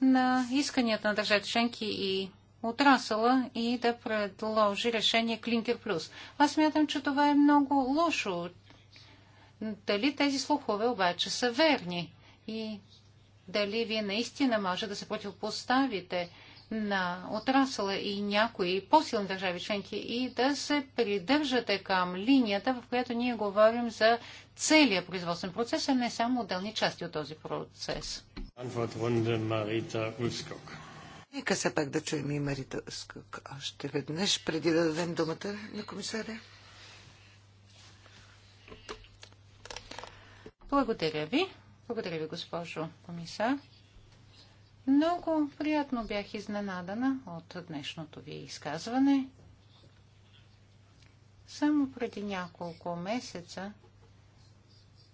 на исканията на държавите членки и отрасъла и да предложи решение Клинкер Плюс. Аз мятам, че това е много лошо. Дали тези слухове обаче са верни? И дали вие наистина може да се противопоставите на отрасъла и някои по-силни държави членки и да се придържате към линията, в която ние говорим за целият производствен процес, а не само отделни части от този процес. Нека се пак да чуем и Марита Ускок още веднъж, преди да дадем думата на комисаря. Благодаря ви. Благодаря ви, госпожо комисар. Много приятно бях изненадана от днешното ви изказване. Само преди няколко месеца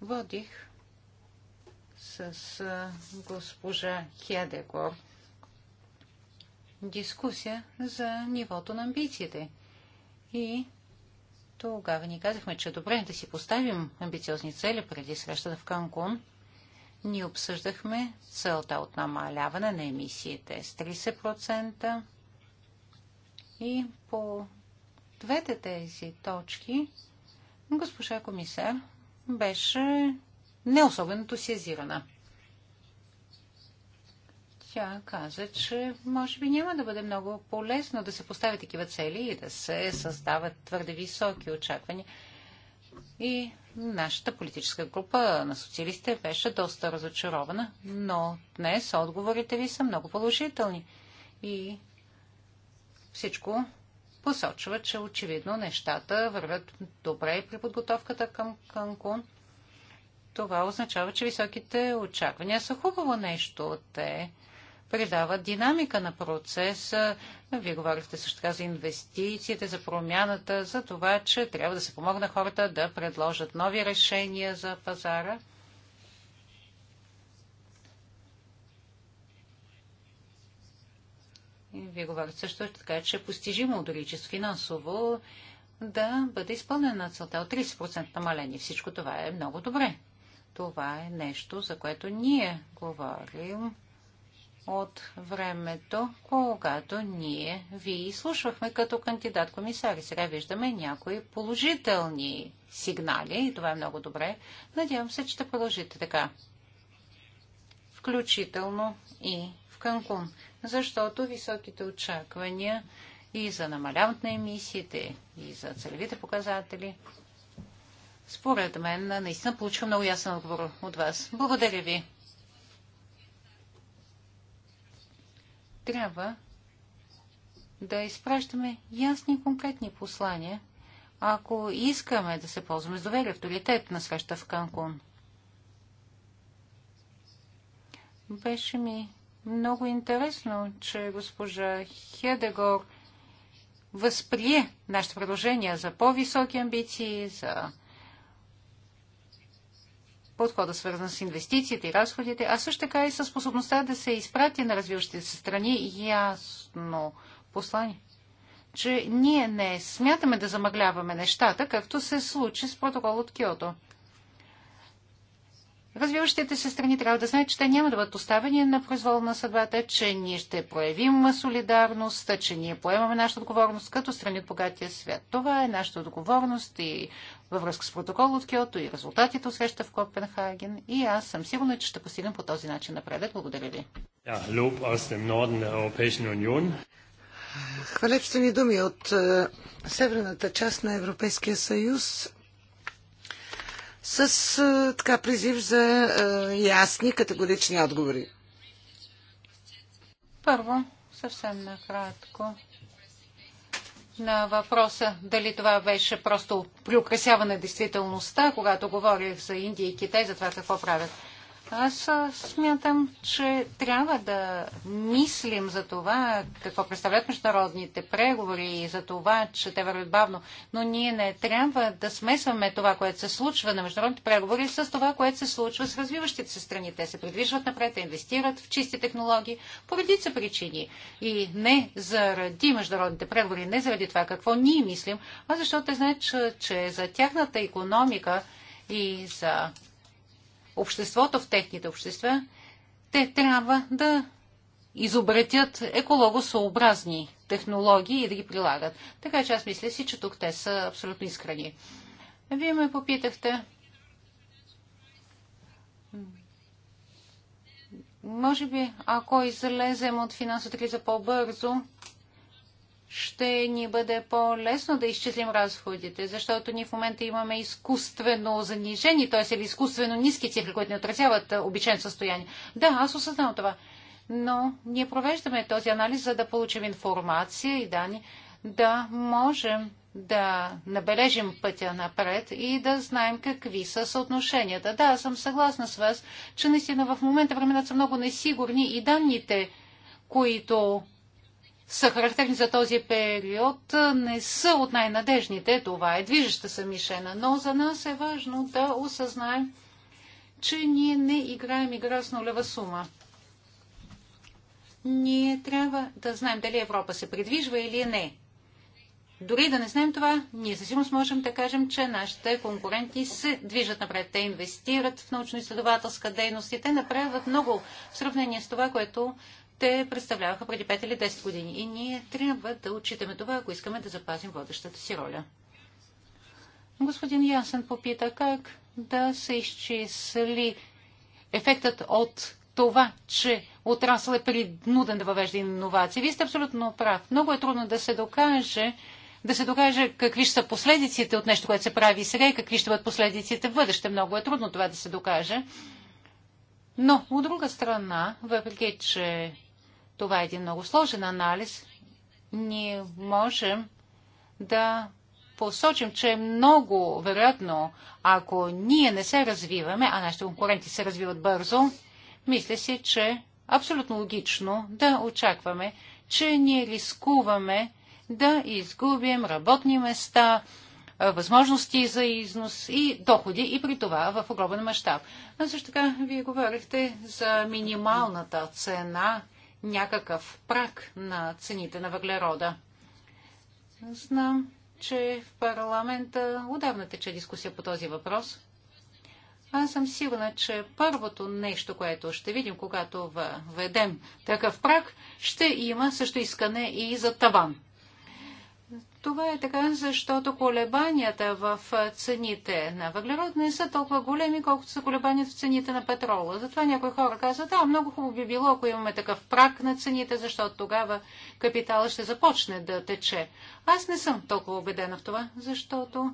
водих с госпожа Кедегор дискусия за нивото на амбициите. И тогава ни казахме, че добре да си поставим амбициозни цели преди срещата в Канкун – ние обсъждахме целта от намаляване на емисиите с 30% и по двете тези точки госпожа комисар беше не особено тосизирана. Тя каза, че може би няма да бъде много полезно да се поставят такива цели и да се създават твърде високи очаквания. И Нашата политическа група на социалистите беше доста разочарована, но днес отговорите ви са много положителни. И всичко посочва, че очевидно нещата вървят добре при подготовката към Канкун. Това означава, че високите очаквания са хубаво нещо. Те придава динамика на процеса. Вие говорихте също така за инвестициите, за промяната, за това, че трябва да се помогна хората да предложат нови решения за пазара. И вие говорите също така, че е постижимо дори чрез финансово да бъде изпълнена целта от 30% намаление. Всичко това е много добре. Това е нещо, за което ние говорим от времето, когато ние ви изслушвахме като кандидат комисари. Сега виждаме някои положителни сигнали и това е много добре. Надявам се, че ще продължите така. Включително и в Канкун, защото високите очаквания и за намаляването на емисиите, и за целевите показатели, според мен наистина получих много ясен отговор от вас. Благодаря ви. трябва да изпращаме ясни и конкретни послания, ако искаме да се ползваме с доверие, авторитет на среща в Канкун. Беше ми много интересно, че госпожа Хедегор възприе нашите предложения за по-високи амбиции, за подхода, свързан с инвестициите и разходите, а също така и с способността да се изпрати на развиващите се страни ясно послание, че ние не смятаме да замъгляваме нещата, както се случи с протокол от Киото. Развиващите се страни трябва да знаят, че те няма да бъдат оставени на произвол на съдбата, че ние ще проявим солидарност, че ние поемаме нашата отговорност като страни от богатия свят. Това е нашата отговорност и във връзка с протокол от Киото и резултатите от среща в Копенхаген. И аз съм сигурна, че ще постигнем по този начин напредък. Благодаря ви. Хвалепствени думи от е, северната част на Европейския съюз с е, така призив за е, ясни категорични отговори. Първо, съвсем накратко на въпроса дали това беше просто приукрасяване действителността, когато говорих за Индия и Китай, за това какво правят. Аз смятам, че трябва да мислим за това, какво представляват международните преговори и за това, че те вървят бавно. Но ние не трябва да смесваме това, което се случва на международните преговори с това, което се случва с развиващите се страни. Те се придвижват напред, инвестират в чисти технологии по редица причини. И не заради международните преговори, не заради това какво ние мислим, а защото те знаят, че, че за тяхната економика и за обществото, в техните общества, те трябва да изобретят екологосъобразни технологии и да ги прилагат. Така че аз мисля си, че тук те са абсолютно искрени. Вие ме попитахте. Може би, ако излезем от финансовата криза по-бързо, ще ни бъде по-лесно да изчислим разходите, защото ние в момента имаме изкуствено занижени, т.е. или изкуствено ниски цифри, които не отразяват обичайно състояние. Да, аз осъзнавам това. Но ние провеждаме този анализ, за да получим информация и данни, да можем да набележим пътя напред и да знаем какви са съотношенията. Да, съм съгласна с вас, че наистина в момента времената са много несигурни и данните, които са характерни за този период, не са от най-надежните. Това е движеща се мишена. Но за нас е важно да осъзнаем, че ние не играем игра с нулева сума. Ние трябва да знаем дали Европа се придвижва или не. Дори да не знаем това, ние със сигурност можем да кажем, че нашите конкуренти се движат напред. Те инвестират в научно-изследователска дейност и те направят много в сравнение с това, което те представляваха преди 5 или 10 години. И ние трябва да отчитаме това, ако искаме да запазим водещата си роля. Господин Ясен попита как да се изчисли ефектът от това, че отрасъл е принуден да въвежда иновации. Вие сте абсолютно прав. Много е трудно да се докаже, да се докаже какви ще са последиците от нещо, което се прави сега и какви ще бъдат последиците в бъдеще. Много е трудно това да се докаже. Но, от друга страна, въпреки, че това е един много сложен анализ. Ние можем да посочим, че е много вероятно, ако ние не се развиваме, а нашите конкуренти се развиват бързо, мисля си, че абсолютно логично да очакваме, че ние рискуваме да изгубим работни места, възможности за износ и доходи и при това в огромен мащаб. А също така вие говорихте за минималната цена някакъв прак на цените на въглерода. Знам, че в парламента отдавна тече дискусия по този въпрос. Аз съм сигурна, че първото нещо, което ще видим, когато въведем такъв прак, ще има също искане и за таван. Това е така, защото колебанията в цените на въглерод не са толкова големи, колкото са колебанията в цените на петрола. Затова някои хора казват, да, много хубаво би било, ако имаме такъв прак на цените, защото тогава капитала ще започне да тече. Аз не съм толкова убедена в това, защото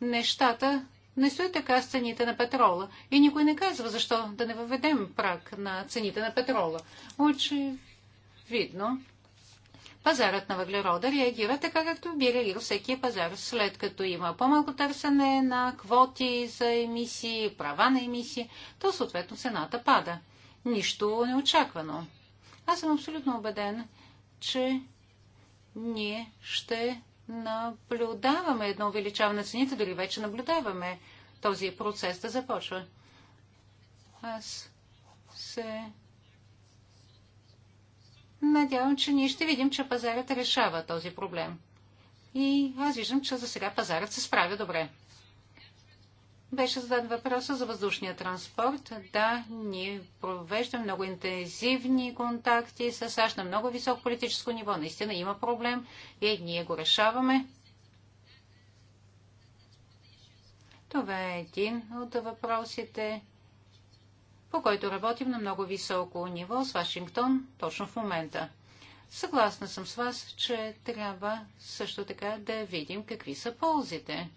нещата не стоят така с цените на петрола. И никой не казва, защо да не въведем прак на цените на петрола. Очевидно, пазарът на въглерода реагира така, както би реагирал всеки пазар. След като има по-малко търсене на квоти за емисии, права на емисии, то съответно цената пада. Нищо неочаквано. Аз съм абсолютно убеден, че ние ще наблюдаваме едно увеличаване на цените, дори вече наблюдаваме този процес да започва. Аз се Надявам, че ние ще видим, че пазарът решава този проблем. И аз виждам, че за сега пазарът се справя добре. Беше зададен въпроса за въздушния транспорт. Да, ние провеждаме много интензивни контакти с САЩ на много високо политическо ниво. Наистина има проблем и ние го решаваме. Това е един от въпросите, по който работим на много високо ниво с Вашингтон точно в момента. Съгласна съм с вас, че трябва също така да видим какви са ползите.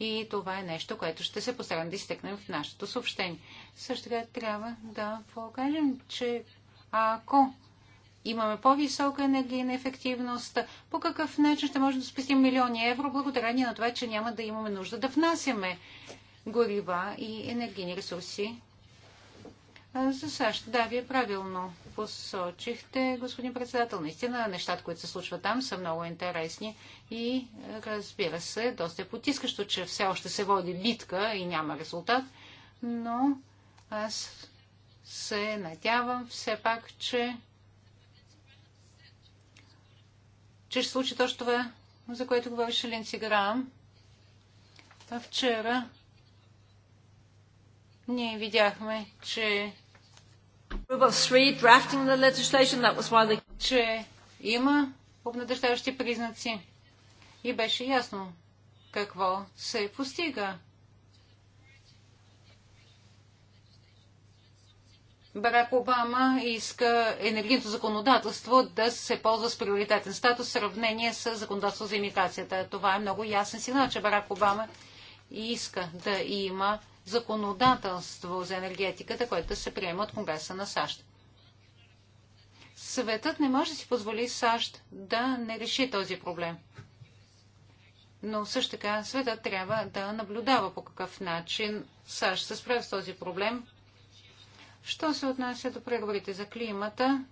И това е нещо, което ще се постарам да изтъкнем в нашето съобщение. Също така трябва да покажем, че ако имаме по-висока енергийна ефективност, по какъв начин ще можем да спестим милиони евро, благодарение на това, че няма да имаме нужда да внасяме горива и енергийни ресурси за САЩ, да, вие правилно посочихте, господин председател. Наистина, нещата, които се случват там, са много интересни и, разбира се, доста е потискащо, че все още се води битка и няма резултат, но аз се надявам все пак, че, че ще случи точно това, за което говореше Линци Грам. Вчера ние видяхме, че че има обнадъждащи признаци. И беше ясно какво се постига. Барак Обама иска енергийното законодателство да се ползва с приоритетен статус в сравнение с законодателство за имитацията. Това е много ясен сигнал, че Барак Обама иска да има законодателство за енергетиката, което се приема от Конгреса на САЩ. Съветът не може да си позволи САЩ да не реши този проблем. Но също така светът трябва да наблюдава по какъв начин САЩ се справя с този проблем. Що се отнася до преговорите за климата,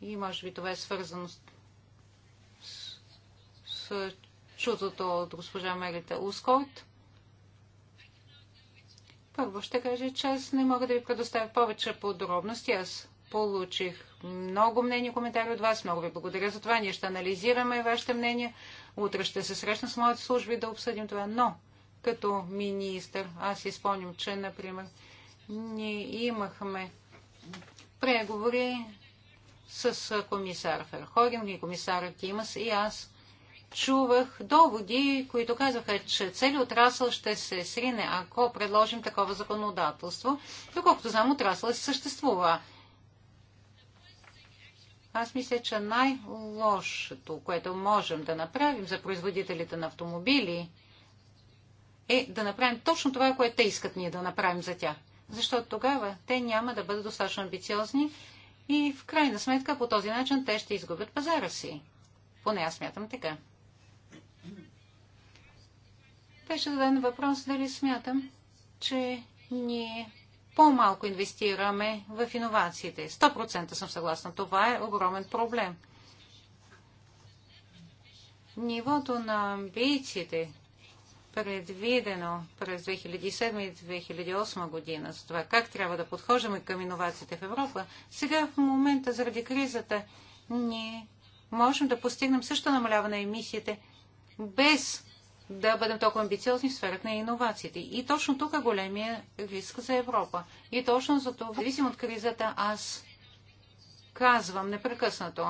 и може би това е свързано с, с чутото от госпожа Мерита Ускорт, първо ще кажа, че аз не мога да ви предоставя повече подробности. Аз получих много мнения и коментари от вас. Много ви благодаря за това. Ние ще анализираме вашите мнения. Утре ще се срещна с моите служби да обсъдим това. Но като министр, аз изпълням, че, например, ние имахме преговори с комисар Ферхоген и комисар Тимас и аз чувах доводи, които казваха, че цели отрасъл ще се срине, ако предложим такова законодателство. Доколкото знам, отрасъл се съществува. Аз мисля, че най-лошото, което можем да направим за производителите на автомобили, е да направим точно това, което те искат ние да направим за тях. Защото тогава те няма да бъдат достатъчно амбициозни и в крайна сметка по този начин те ще изгубят пазара си. Поне аз смятам така. Беше зададен въпрос дали смятам, че ние по-малко инвестираме в иновациите. 100% съм съгласна. Това е огромен проблем. Нивото на амбициите, предвидено през 2007 и 2008 година за това как трябва да подхождаме към иновациите в Европа, сега в момента заради кризата ние можем да постигнем също намаляване на емисиите без да бъдем толкова амбициозни в сферата на иновациите. И точно тук е големия риск за Европа. И точно за това, зависимо от кризата, аз казвам непрекъснато.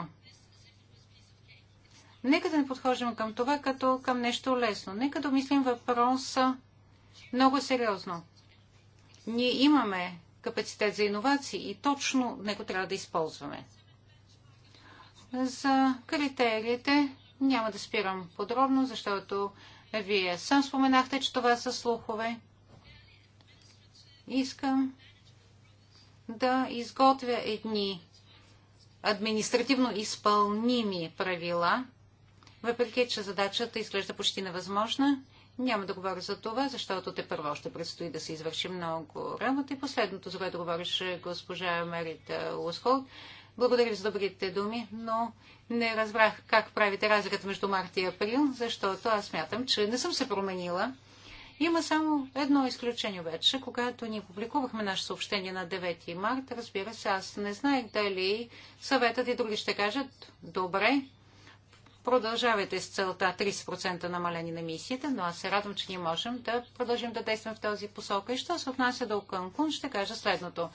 Нека да не подхождаме към това като към нещо лесно. Нека да мислим въпроса много сериозно. Ние имаме капацитет за иновации и точно него трябва да използваме. За критериите няма да спирам подробно, защото вие сам споменахте, че това са слухове. Искам да изготвя едни административно изпълними правила, въпреки че задачата изглежда почти невъзможна. Няма да говоря за това, защото те първо още предстои да се извърши много работа. И последното, за което говореше госпожа Мерита Лускол, благодаря ви за добрите думи, но не разбрах как правите разликата между март и април, защото аз смятам, че не съм се променила. Има само едно изключение вече. Когато ни публикувахме наше съобщение на 9 март, разбира се, аз не знаех дали съветът и други ще кажат, добре, продължавайте с целта 30% намалени на мисията, но аз се радвам, че ние можем да продължим да действаме в този посока. И що се отнася до Канкун, ще кажа следното.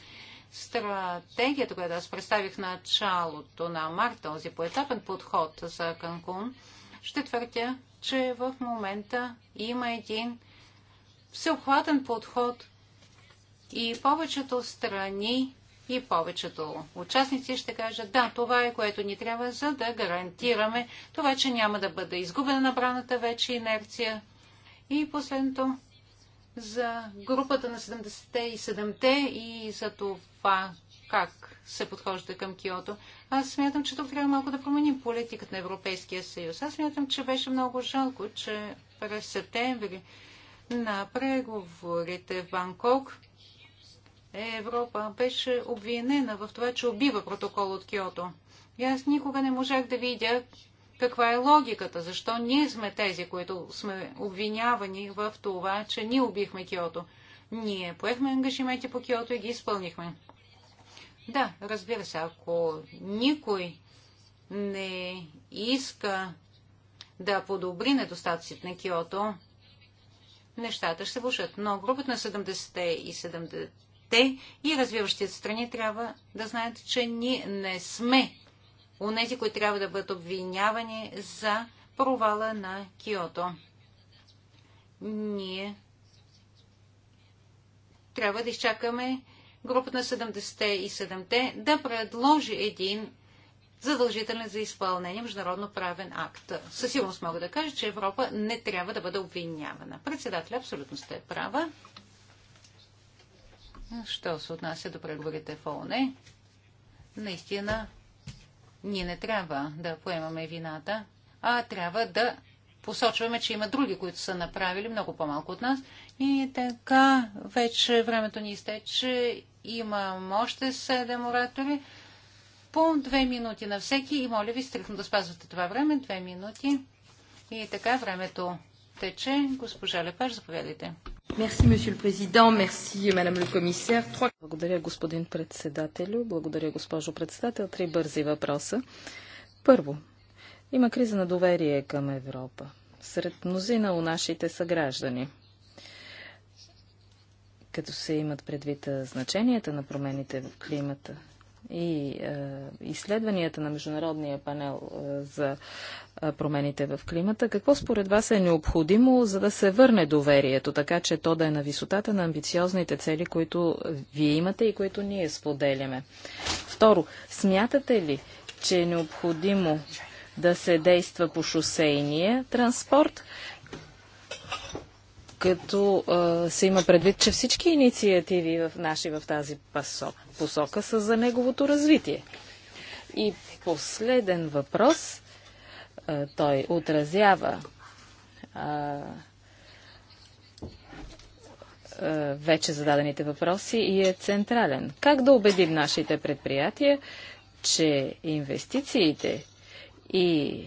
Стратегията, която аз представих началото на март, този поетапен подход за Канкун, ще твърдя, че в момента има един всеобхватен подход и повечето страни и повечето участници ще кажат, да, това е което ни трябва, за да гарантираме това, че няма да бъде изгубена набраната вече инерция. И последното, за групата на 70-те и 7-те и за това как се подхожда към Киото. Аз смятам, че тук трябва малко да променим политиката на Европейския съюз. Аз смятам, че беше много жалко, че през септември на преговорите в Банкок Европа беше обвинена в това, че убива протокол от Киото. И аз никога не можах да видя каква е логиката, защо ние сме тези, които сме обвинявани в това, че ние убихме Киото. Ние поехме ангажименти по Киото и ги изпълнихме. Да, разбира се, ако никой не иска да подобри недостатъците на Киото, нещата ще влушат. Но групата на 70-те и 70-те и развиващите страни трябва да знаят, че ние не сме онези, които трябва да бъдат обвинявани за провала на Киото. Ние трябва да изчакаме групата на 70-те и 7-те да предложи един задължителен за изпълнение международно правен акт. Със сигурност мога да кажа, че Европа не трябва да бъде обвинявана. Председателя, абсолютно сте права. Що се отнася до преговорите в ООН, наистина ние не трябва да поемаме вината, а трябва да посочваме, че има други, които са направили много по-малко от нас. И така, вече времето ни изтече. Имам още седем оратори. По две минути на всеки и моля ви стрихно да спазвате това време. Две минути. И така, времето тече. Госпожа Лепаш, заповядайте. Благодаря, господин председателю. Благодаря, госпожо председател. Три бързи въпроса. Първо, има криза на доверие към Европа. Сред мнозина у нашите съграждани. Като се имат предвид значенията на промените в климата и е, изследванията на Международния панел е, за е, промените в климата, какво според вас е необходимо, за да се върне доверието, така че то да е на висотата на амбициозните цели, които вие имате и които ние споделяме? Второ, смятате ли, че е необходимо да се действа по шосейния транспорт като а, се има предвид, че всички инициативи в, наши в тази посока, са за неговото развитие. И последен въпрос, а, той отразява а, вече зададените въпроси и е централен. Как да убедим нашите предприятия, че инвестициите и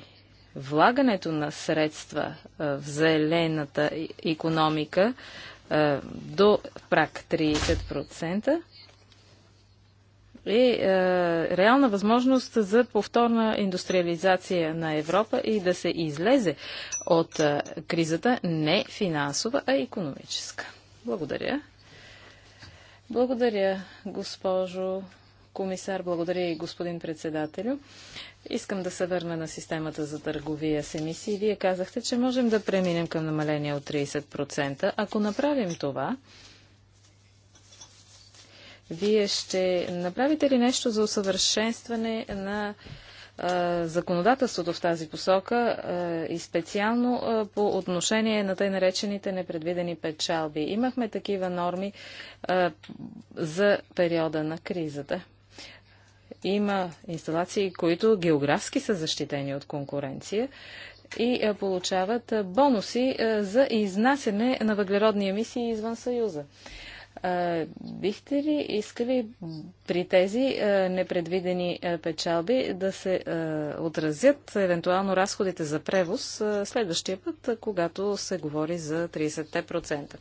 влагането на средства в зелената економика до прак 30% е реална възможност за повторна индустриализация на Европа и да се излезе от кризата не финансова, а економическа. Благодаря. Благодаря, госпожо комисар. Благодаря и господин председателю. Искам да се върна на системата за търговия с емисии. Вие казахте, че можем да преминем към намаление от 30%. Ако направим това, вие ще направите ли нещо за усъвършенстване на законодателството в тази посока и специално по отношение на тъй наречените непредвидени печалби. Имахме такива норми за периода на кризата има инсталации, които географски са защитени от конкуренция и е, получават е, бонуси е, за изнасяне на въглеродни емисии извън Съюза. Бихте ли искали при тези непредвидени печалби да се отразят евентуално разходите за превоз следващия път, когато се говори за 30%?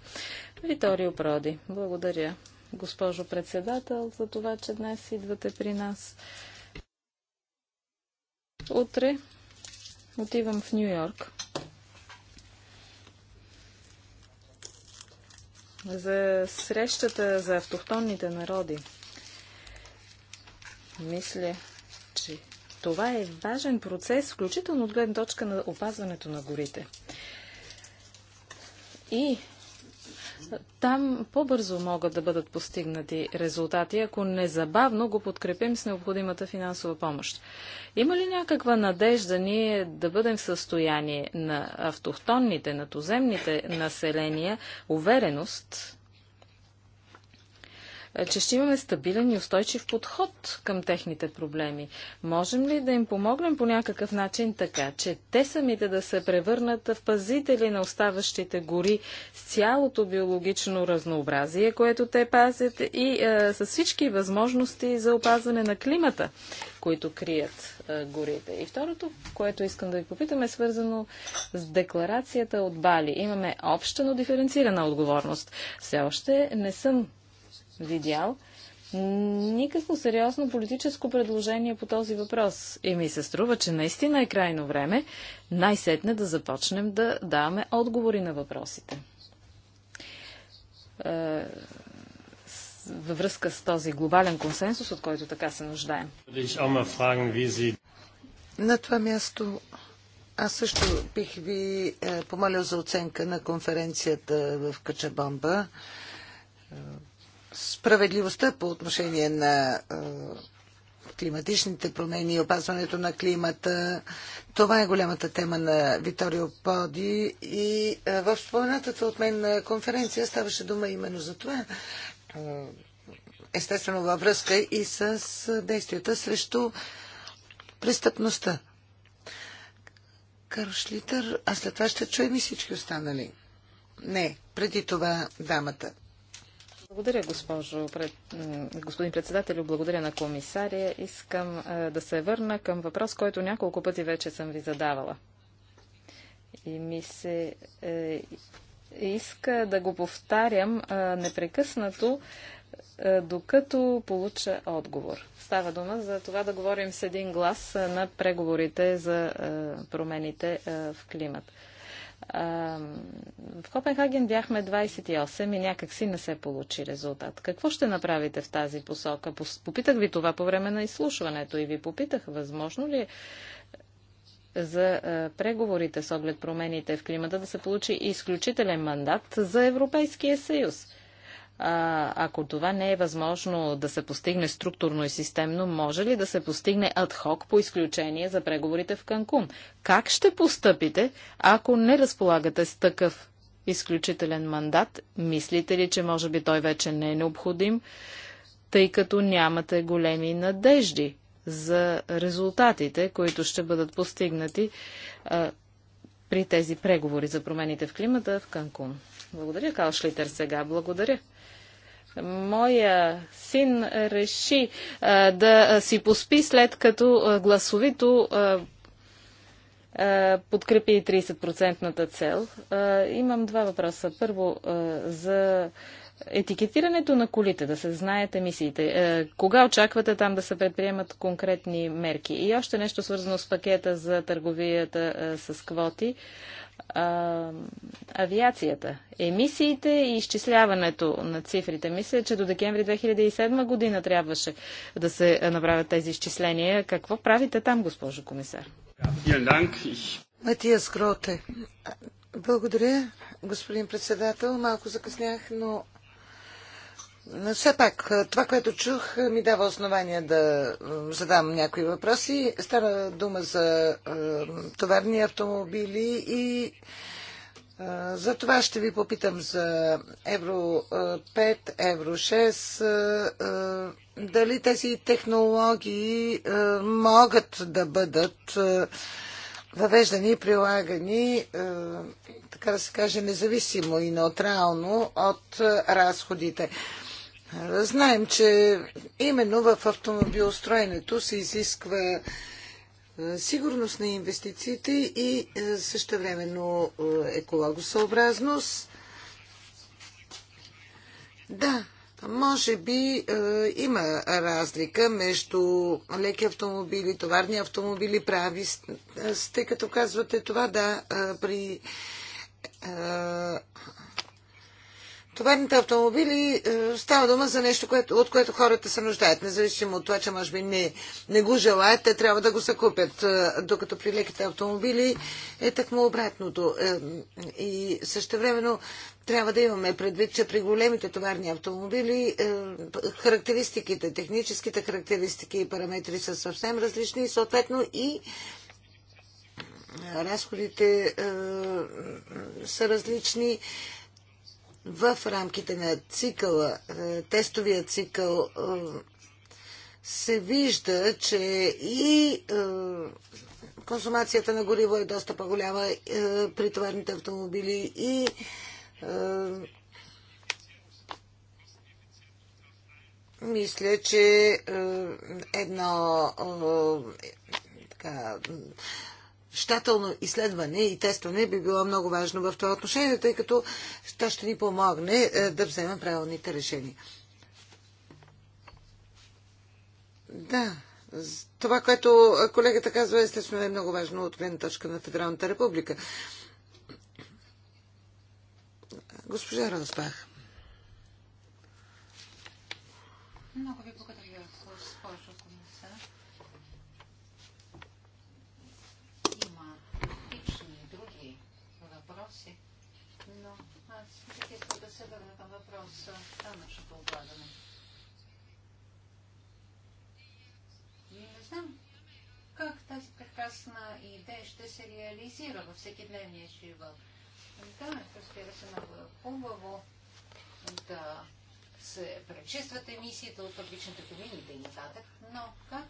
Виторио Проди, благодаря госпожо председател, за това, че днес идвате при нас. Утре отивам в Нью Йорк. За срещата за автохтонните народи. Мисля, че това е важен процес, включително от гледна точка на опазването на горите. И там по-бързо могат да бъдат постигнати резултати, ако незабавно го подкрепим с необходимата финансова помощ. Има ли някаква надежда ние да бъдем в състояние на автохтонните, на туземните населения увереност, е, че ще имаме стабилен и устойчив подход към техните проблеми. Можем ли да им помогнем по някакъв начин така, че те самите да се превърнат в пазители на оставащите гори с цялото биологично разнообразие, което те пазят и е, с всички възможности за опазване на климата, които крият е, горите? И второто, което искам да ви попитам е свързано с декларацията от Бали. Имаме обща, но диференцирана отговорност. Все още не съм видял никакво сериозно политическо предложение по този въпрос. И ми се струва, че наистина е крайно време най-сетне да започнем да даваме отговори на въпросите. Е, във връзка с този глобален консенсус, от който така се нуждаем. На това място аз също бих ви е, помолил за оценка на конференцията в Качабомба. Е, справедливостта по отношение на климатичните промени и опазването на климата. Това е голямата тема на Виторио Поди и в споменатата от мен конференция ставаше дума именно за това. Естествено във връзка и с действията срещу престъпността. Карл Шлитър, а след това ще чуем и всички останали. Не, преди това дамата. Благодаря, госпожо, пред... господин председател, Благодаря на комисария. Искам а, да се върна към въпрос, който няколко пъти вече съм ви задавала. И ми се е, иска да го повтарям а, непрекъснато, докато получа отговор. Става дума за това да говорим с един глас на преговорите за промените в климат. В Копенхаген бяхме 28 и някак си не се получи резултат. Какво ще направите в тази посока? Попитах ви това по време на изслушването и ви попитах, възможно ли е за преговорите с оглед промените в климата да се получи изключителен мандат за Европейския съюз. А, ако това не е възможно да се постигне структурно и системно, може ли да се постигне адхок по изключение за преговорите в Канкун? Как ще постъпите, ако не разполагате с такъв изключителен мандат? Мислите ли, че може би той вече не е необходим, тъй като нямате големи надежди за резултатите, които ще бъдат постигнати а, при тези преговори за промените в климата в Канкун? Благодаря, Кал Шлитер, сега. Благодаря. Моя син реши а, да си поспи след като гласовито а, а, подкрепи 30 цел. А, имам два въпроса. Първо, а, за етикетирането на колите, да се знаят емисиите. Кога очаквате там да се предприемат конкретни мерки? И още нещо свързано с пакета за търговията с квоти а, авиацията. Емисиите и изчисляването на цифрите. Мисля, че до декември 2007 година трябваше да се направят тези изчисления. Какво правите там, госпожо комисар? Матия Скроте. Благодаря, господин председател. Малко закъснях, но но все пак, е, това, което чух, е, ми дава основание да е, задам някои въпроси. Стара дума за е, товарни автомобили и е, за това ще ви попитам за Евро 5, Евро 6. Е, дали тези технологии могат да бъдат въвеждани и прилагани, така да се каже, независимо и неутрално от разходите. Знаем, че именно в автомобилостроенето се изисква сигурност на инвестициите и същевременно екологосъобразност. Да, може би е, има разлика между леки автомобили, товарни автомобили, прави сте, като казвате това, да, при товарните автомобили е, става дума за нещо, което, от което хората се нуждаят. Независимо от това, че може би не, не го желаят, те трябва да го закупят. Е, докато при леките автомобили е такмо обратното. Е, и също времено трябва да имаме предвид, че при големите товарни автомобили характеристиките, техническите характеристики и параметри са съвсем различни и съответно и разходите са различни в рамките на цикъла, е, тестовия цикъл, е, се вижда, че и е, консумацията на гориво е доста по-голяма при товарните автомобили и мисля, че едно така, щателно изследване и тестване би било много важно в това отношение, тъй като то ще ни помогне е, да вземем правилните решения. Да, това, което колегата казва, естествено е много важно от гледна точка на Федералната република. Госпожа Росбах. Много данъчното облагане. Не знам как тази прекрасна идея ще се реализира във всеки дневния живот. Да, разбира се, много е хубаво да се пречистват емисиите от първичните комини и нататък, но как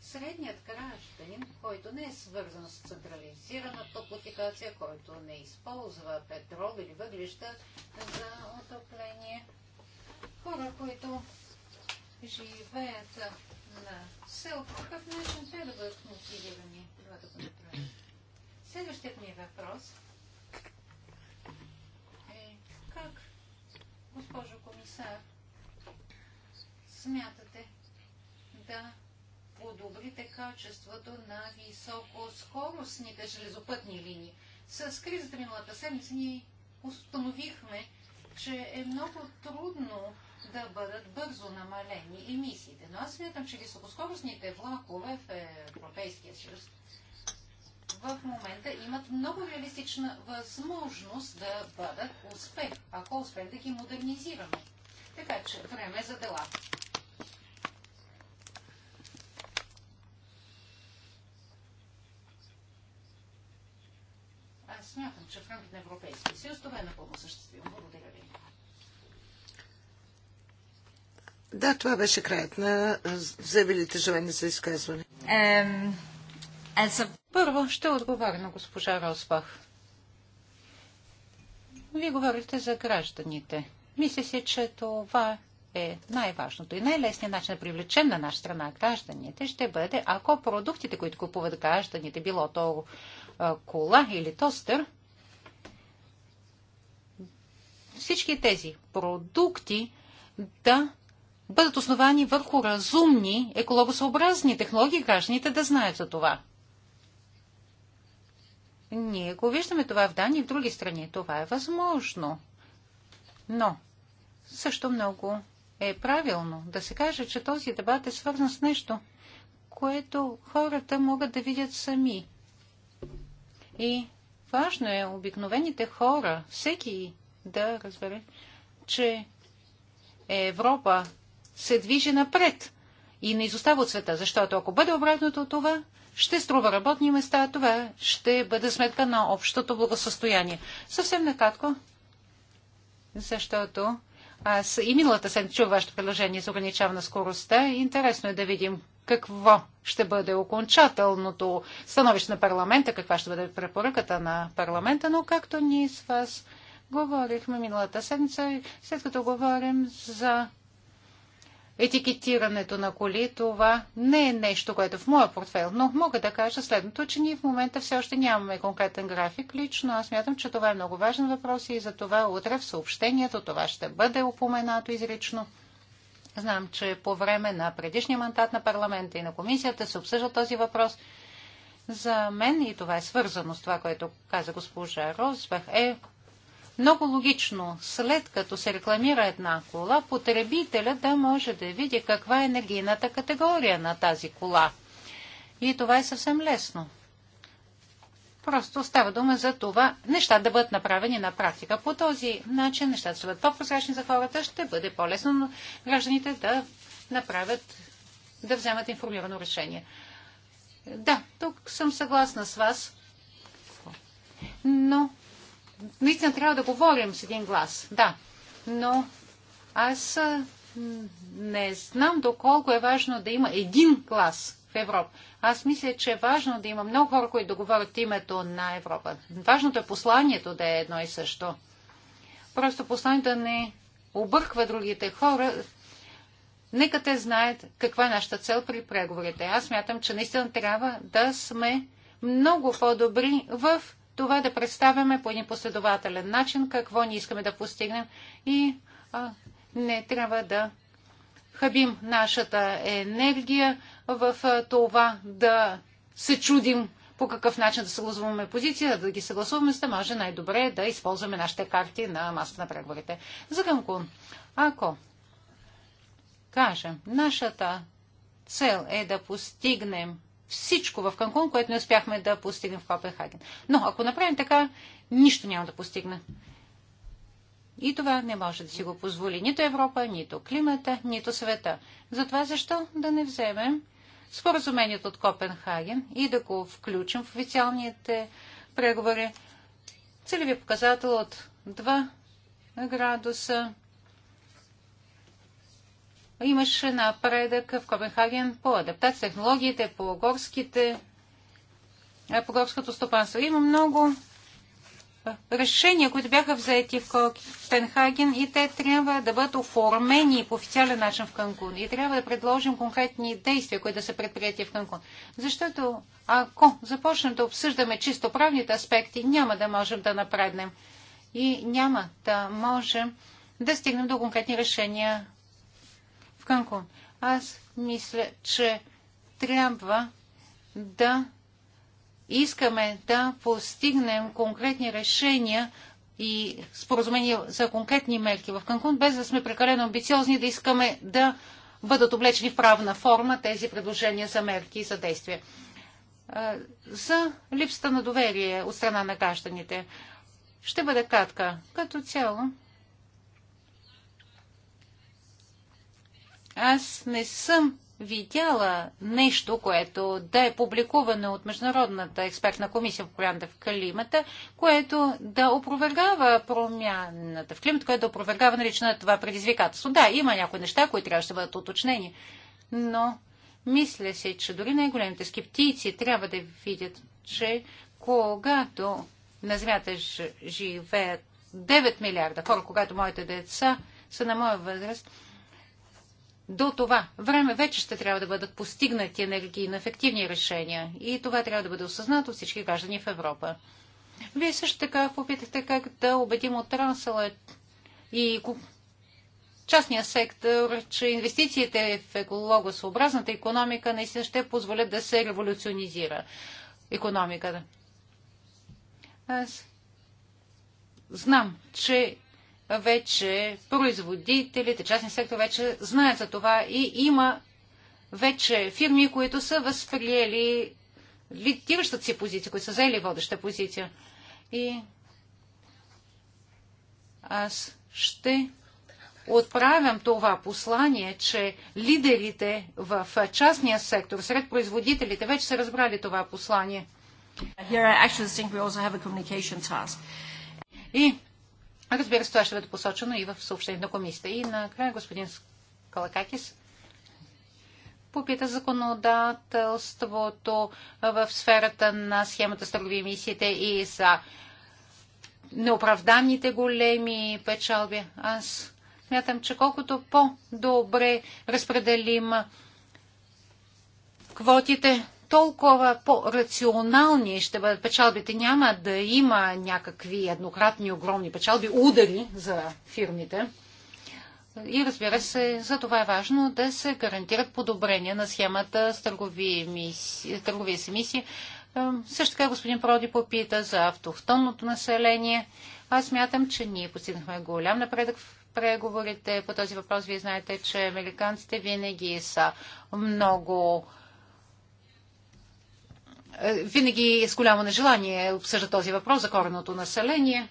средният гражданин, който не е свързан с централизирана топлофикация, който не използва петрол или въглища за отопление, хора, които живеят на село, по какъв начин те да бъдат мотивирани това да го направят? Следващият ми въпрос е как, госпожо комисар, смятате да подобрите качеството на високоскоростните железопътни линии? С кризата миналата седмица ние установихме, че е много трудно да бъдат бързо намалени емисиите. Но аз смятам, че високоскоростните влакове в Европейския съюз в момента имат много реалистична възможност да бъдат успех, ако успеем да ги модернизираме. Така че време за дела. Аз смятам, че в рамките на Европейския съюз това е напълно съществимо. Благодаря ви. Да, това беше краят на заявилите желание за изказване. Първо ще отговаря на госпожа Росбах. Вие говорите за гражданите. Мисля си, че това е най-важното и най-лесният начин да привлечем на наша страна гражданите ще бъде, ако продуктите, които купуват гражданите, било то кола или тостер, всички тези продукти да бъдат основани върху разумни, екологосъобразни технологии, гражданите да знаят за това. Ние го виждаме това в Дания и в други страни. Това е възможно. Но също много е правилно да се каже, че този дебат е свързан с нещо, което хората могат да видят сами. И важно е обикновените хора, всеки да разбере, че Европа се движи напред и не изостава от света, защото ако бъде обратното това, ще струва работни места, това ще бъде сметка на общото благосъстояние. Съвсем накратко, защото аз и миналата седмица чух вашето предложение за ограничаване на скоростта. Интересно е да видим какво ще бъде окончателното становище на парламента, каква ще бъде препоръката на парламента, но както ние с вас говорихме миналата седмица, след като говорим за етикетирането на коли, това не е нещо, което е в моя портфел, но мога да кажа следното, че ние в момента все още нямаме конкретен график. Лично аз мятам, че това е много важен въпрос и за това утре в съобщението това ще бъде упоменато изрично. Знам, че по време на предишния мандат на парламента и на комисията се обсъжда този въпрос. За мен, и това е свързано с това, което каза госпожа Розбах, е много логично, след като се рекламира една кола, потребителя да може да види каква е енергийната категория на тази кола. И това е съвсем лесно. Просто става дума за това неща да бъдат направени на практика. По този начин нещата ще бъдат по-прозрачни за хората, ще бъде по-лесно на гражданите да направят, да вземат информирано решение. Да, тук съм съгласна с вас, но наистина трябва да говорим с един глас, да. Но аз не знам доколко е важно да има един глас в Европа. Аз мисля, че е важно да има много хора, които да говорят името на Европа. Важното е посланието да е едно и също. Просто посланието да не обърква другите хора. Нека те знаят каква е нашата цел при преговорите. Аз мятам, че наистина трябва да сме много по-добри в това е да представяме по един последователен начин какво ни искаме да постигнем и а, не трябва да хабим нашата енергия в това да се чудим по какъв начин да съгласуваме позиция, да ги съгласуваме, за да може най-добре да използваме нашите карти на масата на преговорите. За Канкун, ако кажем, нашата цел е да постигнем всичко в Канкун, което не успяхме да постигнем в Копенхаген. Но ако направим така, нищо няма да постигне. И това не може да си го позволи нито Европа, нито климата, нито света. Затова защо да не вземем споразумението от Копенхаген и да го включим в официалните преговори. Целеви показател от 2 градуса имаше напредък в Копенхаген по адаптация технологиите, по горските, по горското стопанство. Има много решения, които бяха взети в Копенхаген и те трябва да бъдат оформени по официален начин в Канкун. И трябва да предложим конкретни действия, които да са предприяти в Канкун. Защото ако започнем да обсъждаме чисто правните аспекти, няма да можем да напреднем. И няма да можем да стигнем до конкретни решения Канкун. Аз мисля, че трябва да искаме да постигнем конкретни решения и споразумения за конкретни мерки в Канкун, без да сме прекалено амбициозни да искаме да бъдат облечени в правна форма тези предложения за мерки и за действия. За липсата на доверие от страна на гражданите. Ще бъде кратка. Като цяло, Аз не съм видяла нещо, което да е публикувано от Международната експертна комисия по промяната в климата, което да опровергава промяната в климата, което да опровергава налична на това предизвикателство. Да, има някои неща, които трябва да бъдат уточнени, но мисля се, че дори най-големите скептици трябва да видят, че когато на Земята живеят 9 милиарда хора, когато моите деца са на моя възраст, до това време вече ще трябва да бъдат постигнати енергийно ефективни решения и това трябва да бъде осъзнато от всички граждани в Европа. Вие също така попитахте как да убедим отрасъла и частния сектор, че инвестициите в екологосъобразната економика наистина ще позволят да се революционизира економиката. Аз знам, че вече производителите, частния сектор вече знаят за това и има вече фирми, които са възприели лидиращата си позиция, които са взели водеща позиция. И аз ще отправям това послание, че лидерите в частния сектор, сред производителите, вече са разбрали това послание. И Разбира се, това ще бъде посочено и в съобщението на комисията. И накрая господин Калакакис попита законодателството в сферата на схемата с търгови емисиите и за неоправданите големи печалби. Аз смятам, че колкото по-добре разпределим квотите, толкова по-рационални ще бъдат печалбите. Няма да има някакви еднократни огромни печалби, удари за фирмите. И разбира се, за това е важно да се гарантират подобрения на схемата с търгови, търговия с емисии. Също така господин Проди попита за автохтонното население. Аз мятам, че ние постигнахме голям напредък в преговорите по този въпрос. Вие знаете, че американците винаги са много е, винаги с голямо нежелание обсъжда този въпрос за кореното население,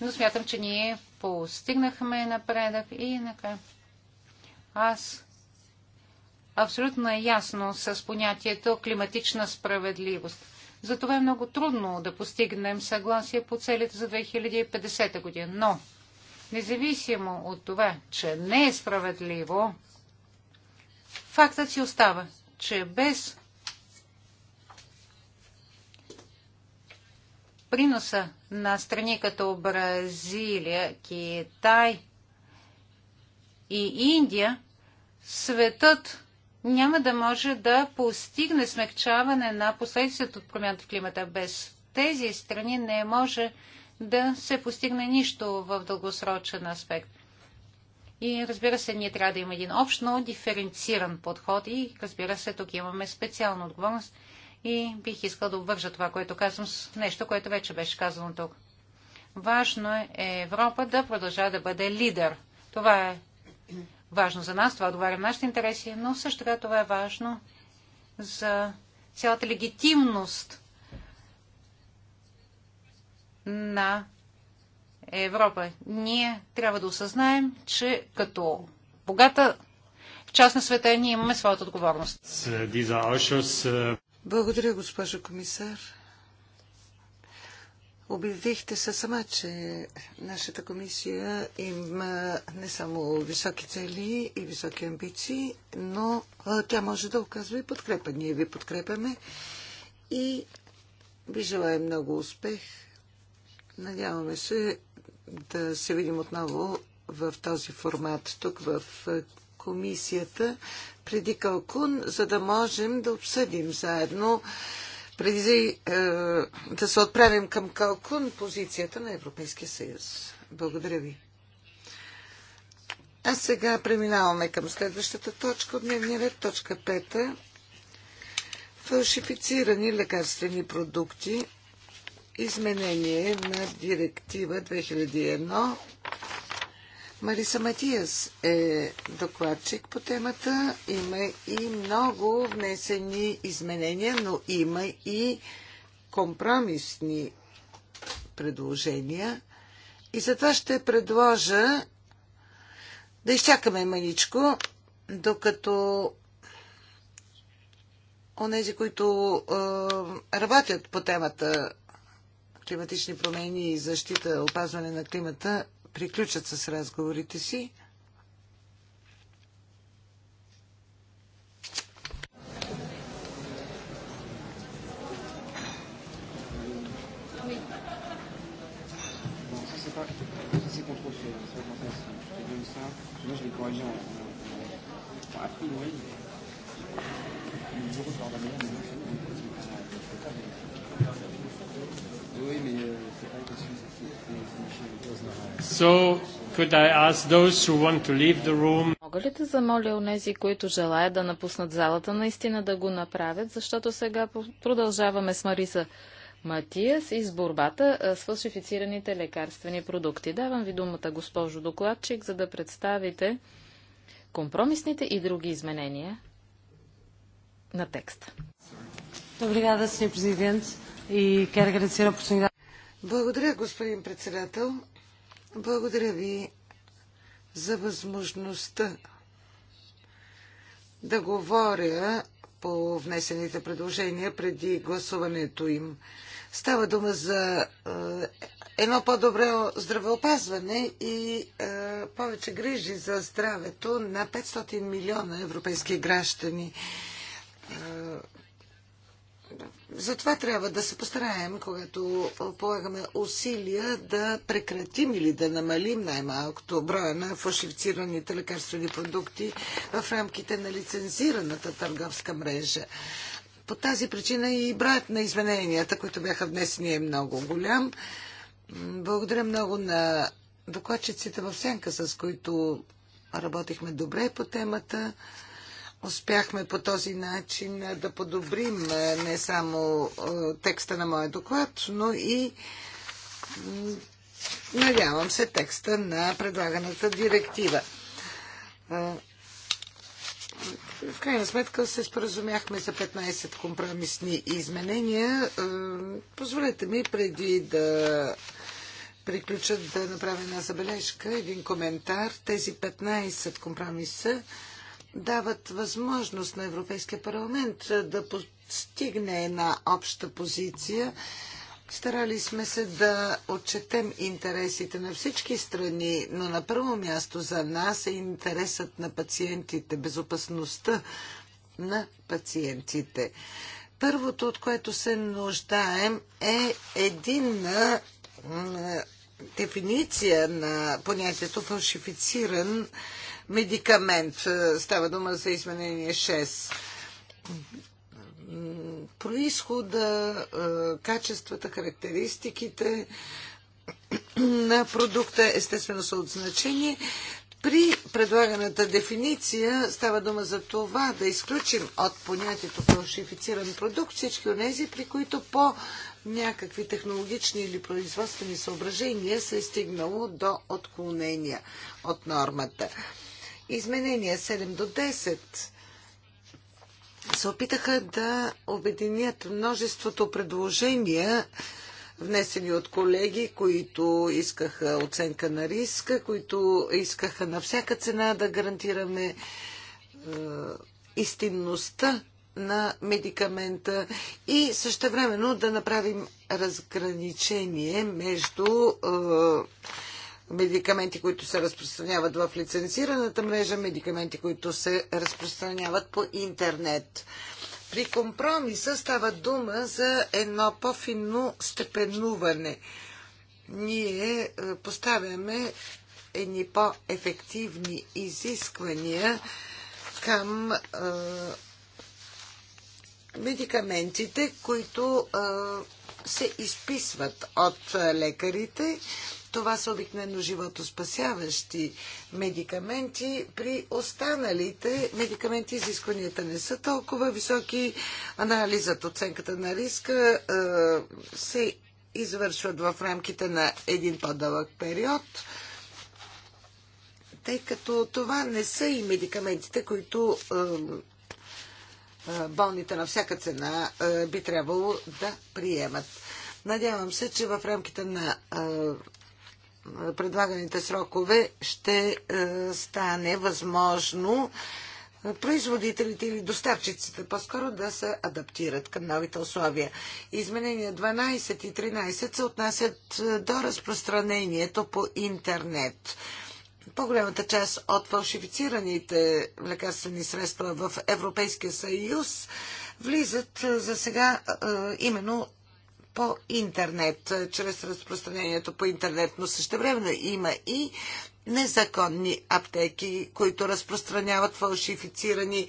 но смятам, че ние постигнахме напредък и накрая. Аз абсолютно е ясно с понятието климатична справедливост. Затова е много трудно да постигнем съгласие по целите за 2050 година. Но, независимо от това, че не е справедливо, фактът си остава, че без Приноса на страни като Бразилия, Китай и Индия, светът няма да може да постигне смягчаване на последствията от промяната в климата. Без тези страни не може да се постигне нищо в дългосрочен аспект. И разбира се, ние трябва да имаме един общ, но диференциран подход и разбира се, тук имаме специална отговорност и бих искал да обвържа това, което казвам с нещо, което вече беше казано тук. Важно е Европа да продължава да бъде лидер. Това е важно за нас, това отговаря на нашите интереси, но също така това е важно за цялата легитимност на Европа. Ние трябва да осъзнаем, че като богата в част на света ние имаме своята отговорност. Е, благодаря, госпожо комисар. Обявихте се сама, че нашата комисия има не само високи цели и високи амбиции, но тя може да оказва и подкрепа. Ние ви подкрепяме и ви желаем много успех. Надяваме се да се видим отново в този формат тук в комисията преди Калкун, за да можем да обсъдим заедно преди е, да се отправим към Калкун позицията на Европейския съюз. Благодаря ви. А сега преминаваме към следващата точка от дневния ред, точка 5. Фалшифицирани лекарствени продукти. Изменение на директива 2001 Мариса Матиас е докладчик по темата. Има и много внесени изменения, но има и компромисни предложения. И затова ще предложа да изчакаме маничко, докато онези, които е, работят по темата климатични промени и защита, опазване на климата, приключат с разговорите си. Oui, mais euh, c'est pas une question. So, could I ask those who want to leave the room? Мога ли да замоля онези, които желаят да напуснат залата, наистина да го направят, защото сега продължаваме с Мариса Матиас и с борбата с фалшифицираните лекарствени продукти. Давам ви думата, госпожо докладчик, за да представите компромисните и други изменения на текста. Добре, господин президент, и quero agradecer благодаря, господин председател. Благодаря ви за възможността да говоря по внесените предложения преди гласуването им. Става дума за е, едно по-добро здравеопазване и е, повече грижи за здравето на 500 милиона европейски граждани. Е, затова трябва да се постараем, когато полагаме усилия да прекратим или да намалим най-малкото броя на фалшифицираните лекарствени продукти в рамките на лицензираната търговска мрежа. По тази причина и броят на измененията, които бяха внесени е много голям. Благодаря много на докладчиците в сянка, с които работихме добре по темата успяхме по този начин е, да подобрим е, не само е, текста на моя доклад, но и надявам се текста на предлаганата директива. В крайна сметка се споразумяхме за 15 компромисни изменения. Позволете ми преди да приключат да направя една забележка, един коментар. Тези 15 компромиса дават възможност на Европейския парламент да постигне една обща позиция. Старали сме се да отчетем интересите на всички страни, но на първо място за нас е интересът на пациентите, безопасността на пациентите. Първото, от което се нуждаем, е единна дефиниция на понятието фалшифициран медикамент. Е, става дума за изменение 6. Происхода, е, качествата, характеристиките на продукта естествено са от значение. При предлаганата дефиниция става дума за това да изключим от понятието фалшифициран продукт всички от тези, при които по някакви технологични или производствени съображения се е стигнало до отклонения от нормата изменения 7 до 10 се опитаха да обединят множеството предложения, внесени от колеги, които искаха оценка на риска, които искаха на всяка цена да гарантираме е, истинността на медикамента и същевременно да направим разграничение между е, медикаменти, които се разпространяват в лицензираната мрежа, медикаменти, които се разпространяват по интернет. При компромиса става дума за едно по-финно степенуване. Ние е, поставяме едни по-ефективни изисквания към е, медикаментите, които е, се изписват от лекарите това са обикновено животоспасяващи медикаменти. При останалите медикаменти изискванията не са толкова високи. Анализът, оценката на риска се извършват в рамките на един по-дълъг период тъй като това не са и медикаментите, които е, е, болните на всяка цена е, би трябвало да приемат. Надявам се, че в рамките на предлаганите срокове ще е, стане възможно производителите или доставчиците по-скоро да се адаптират към новите условия. Изменения 12 и 13 се отнасят е, до разпространението по интернет. По-голямата част от фалшифицираните лекарствени средства в Европейския съюз влизат е, за сега именно по интернет, чрез разпространението по интернет, но същевременно има и незаконни аптеки, които разпространяват фалшифицирани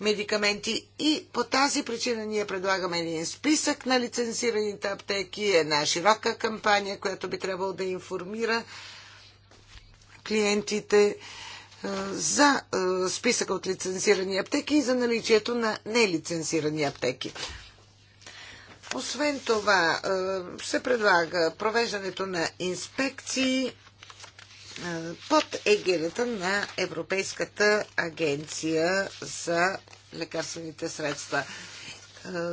медикаменти и по тази причина ние предлагаме един списък на лицензираните аптеки, една широка кампания, която би трябвало да информира клиентите за списъка от лицензирани аптеки и за наличието на нелицензирани аптеки. Освен това, е, се предлага провеждането на инспекции е, под егерата на Европейската агенция за лекарствените средства. Е,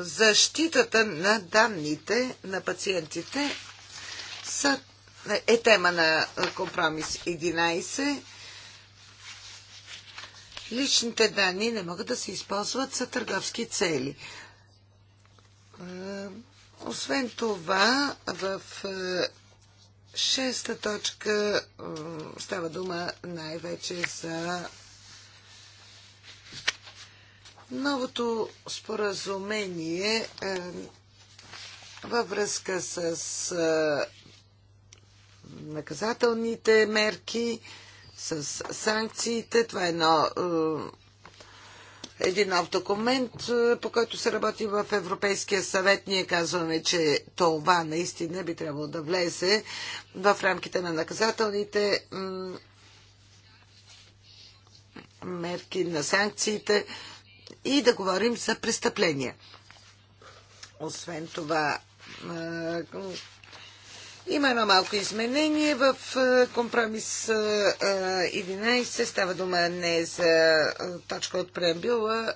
защитата на данните на пациентите са, е тема на компромис 11. Личните данни не могат да се използват за търговски цели. Е, освен това, в е, шеста точка става дума най-вече за новото споразумение е, във връзка с наказателните мерки, с санкциите. Това е едно един нов документ, е, по който се работи в Европейския съвет. Ние казваме, че това наистина би трябвало да влезе в рамките на наказателните мерки, на санкциите и да говорим за престъпления. Освен това, е, има едно малко изменение в е, компромис 11. Е, е, става дума не за точка от преамбюла,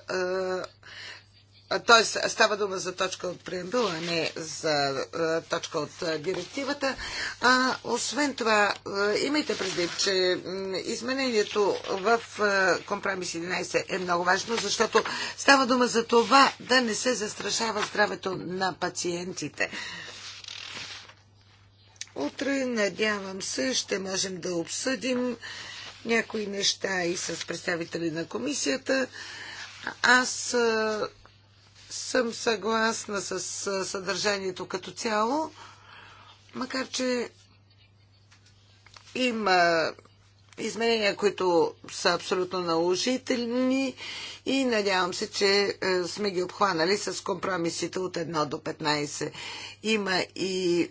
т.е. става дума за точка от преамбюла, а не за точка от директивата. А, освен това, имайте предвид, че изменението в компромис 11 е много важно, защото става дума за това да не се застрашава здравето на пациентите. Утре, надявам се, ще можем да обсъдим някои неща и с представители на комисията. Аз съм съгласна с съдържанието като цяло, макар че има изменения, които са абсолютно наложителни и надявам се, че сме ги обхванали с компромисите от 1 до 15. Има и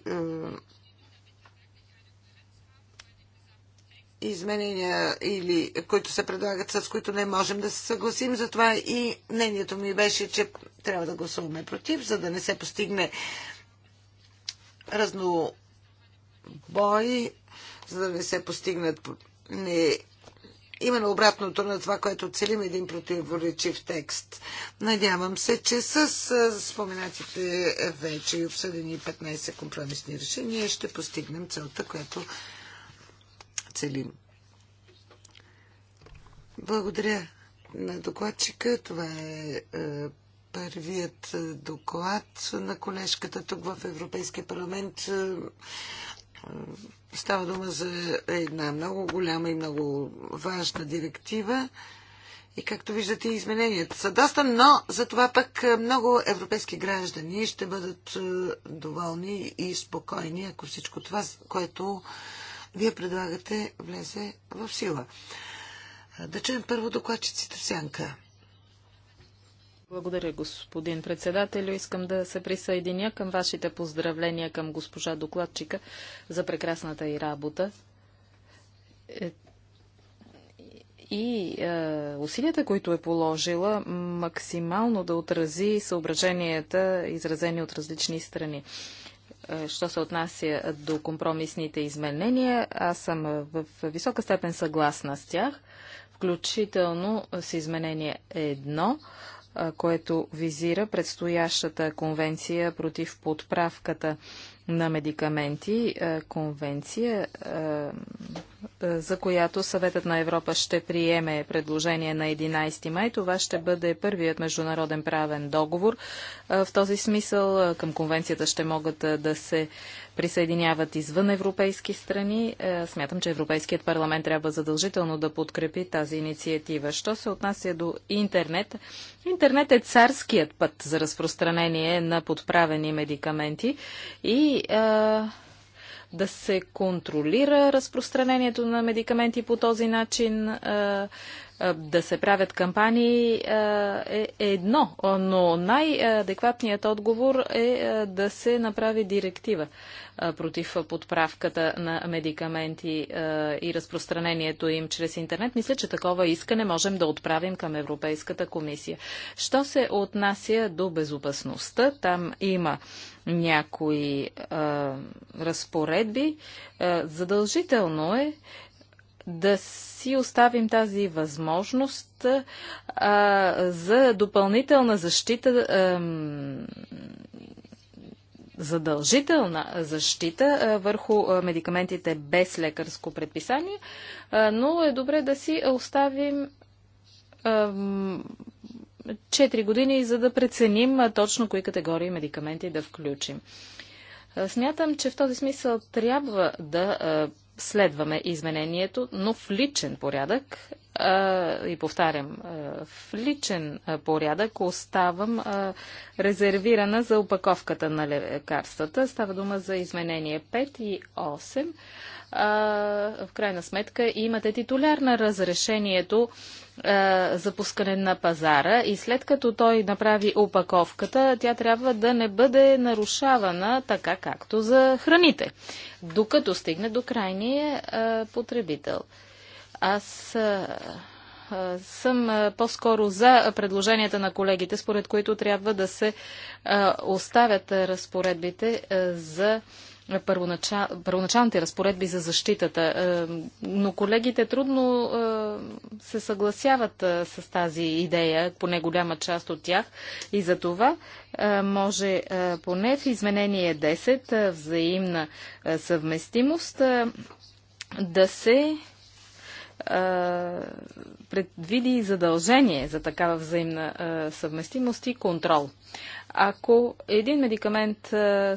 изменения, или, които се предлагат, с които не можем да се съгласим. Затова и мнението ми беше, че трябва да гласуваме против, за да не се постигне разнобой, за да не се постигнат не, именно обратното на това, което целим един противоречив текст. Надявам се, че с споменатите вече и обсъдени 15 компромисни решения ще постигнем целта, която целим. Благодаря на докладчика. Това е, е първият е, доклад на колежката тук в Европейския парламент. Е, е, става дума за една много голяма и много важна директива. И както виждате, измененията са доста, но за това пък е, много европейски граждани ще бъдат е, доволни и спокойни, ако всичко това, което вие предлагате влезе в сила. Да чуем първо докладчиците в сянка. Благодаря, господин председателю. Искам да се присъединя към вашите поздравления към госпожа докладчика за прекрасната и работа е, и е, усилията, които е положила, максимално да отрази съображенията, изразени от различни страни. Е, що се отнася до компромисните изменения, аз съм в висока степен съгласна с тях, включително с изменение едно, което визира предстоящата конвенция против подправката на медикаменти, е, конвенция е, за която съветът на Европа ще приеме предложение на 11 май. Това ще бъде първият международен правен договор. В този смисъл към конвенцията ще могат да се присъединяват извън европейски страни. Смятам, че Европейският парламент трябва задължително да подкрепи тази инициатива. Що се отнася до интернет? Интернет е царският път за разпространение на подправени медикаменти и да се контролира разпространението на медикаменти по този начин. А, да се правят кампании е едно, но най-адекватният отговор е да се направи директива против подправката на медикаменти и разпространението им чрез интернет. Мисля, че такова искане можем да отправим към Европейската комисия. Що се отнася до безопасността, там има някои разпоредби. задължително е да си оставим тази възможност а, за допълнителна защита, а, задължителна защита а, върху медикаментите без лекарско предписание, а, но е добре да си оставим а, 4 години, за да преценим а, точно кои категории медикаменти да включим. Смятам, че в този смисъл трябва да следваме изменението, но в личен порядък, и повтарям, в личен порядък оставам резервирана за опаковката на лекарствата. Става дума за изменение 5 и 8. В крайна сметка имате титуляр на разрешението за пускане на пазара и след като той направи опаковката, тя трябва да не бъде нарушавана така както за храните, докато стигне до крайния потребител. Аз съм по-скоро за предложенията на колегите, според които трябва да се оставят разпоредбите за първоначал... първоначалните разпоредби за защитата. Но колегите трудно се съгласяват с тази идея, поне голяма част от тях. И за това може поне в изменение 10 взаимна съвместимост да се предвиди задължение за такава взаимна съвместимост и контрол. Ако един медикамент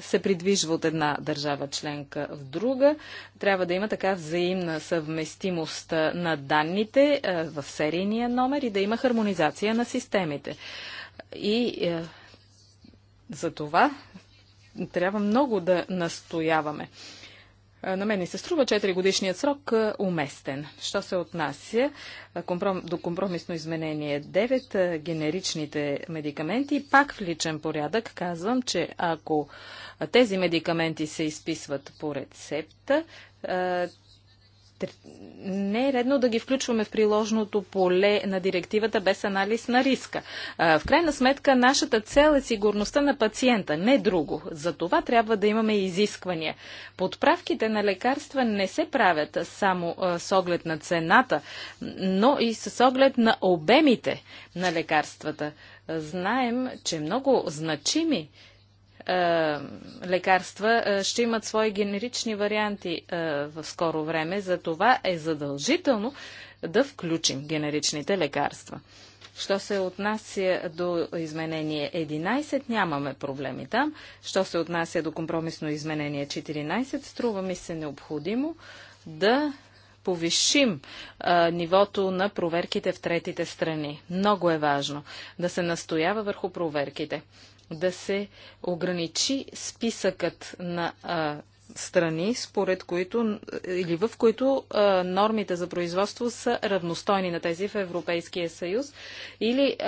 се придвижва от една държава членка в друга, трябва да има така взаимна съвместимост на данните в серийния номер и да има хармонизация на системите. И за това трябва много да настояваме на мен и се струва 4 годишният срок уместен. Що се отнася до компромисно изменение 9, генеричните медикаменти, пак в личен порядък казвам, че ако тези медикаменти се изписват по рецепта, не е редно да ги включваме в приложното поле на директивата без анализ на риска. В крайна сметка, нашата цел е сигурността на пациента, не друго. За това трябва да имаме изисквания. Подправките на лекарства не се правят само с оглед на цената, но и с оглед на обемите на лекарствата. Знаем, че много значими е, лекарства е, ще имат свои генерични варианти е, в скоро време. За това е задължително да включим генеричните лекарства. Що се отнася до изменение 11, нямаме проблеми там. Що се отнася до компромисно изменение 14, струва ми се необходимо да повишим а, нивото на проверките в третите страни. Много е важно да се настоява върху проверките да се ограничи списъкът на а, страни, според които или в които а, нормите за производство са равностойни на тези в Европейския съюз, или, а,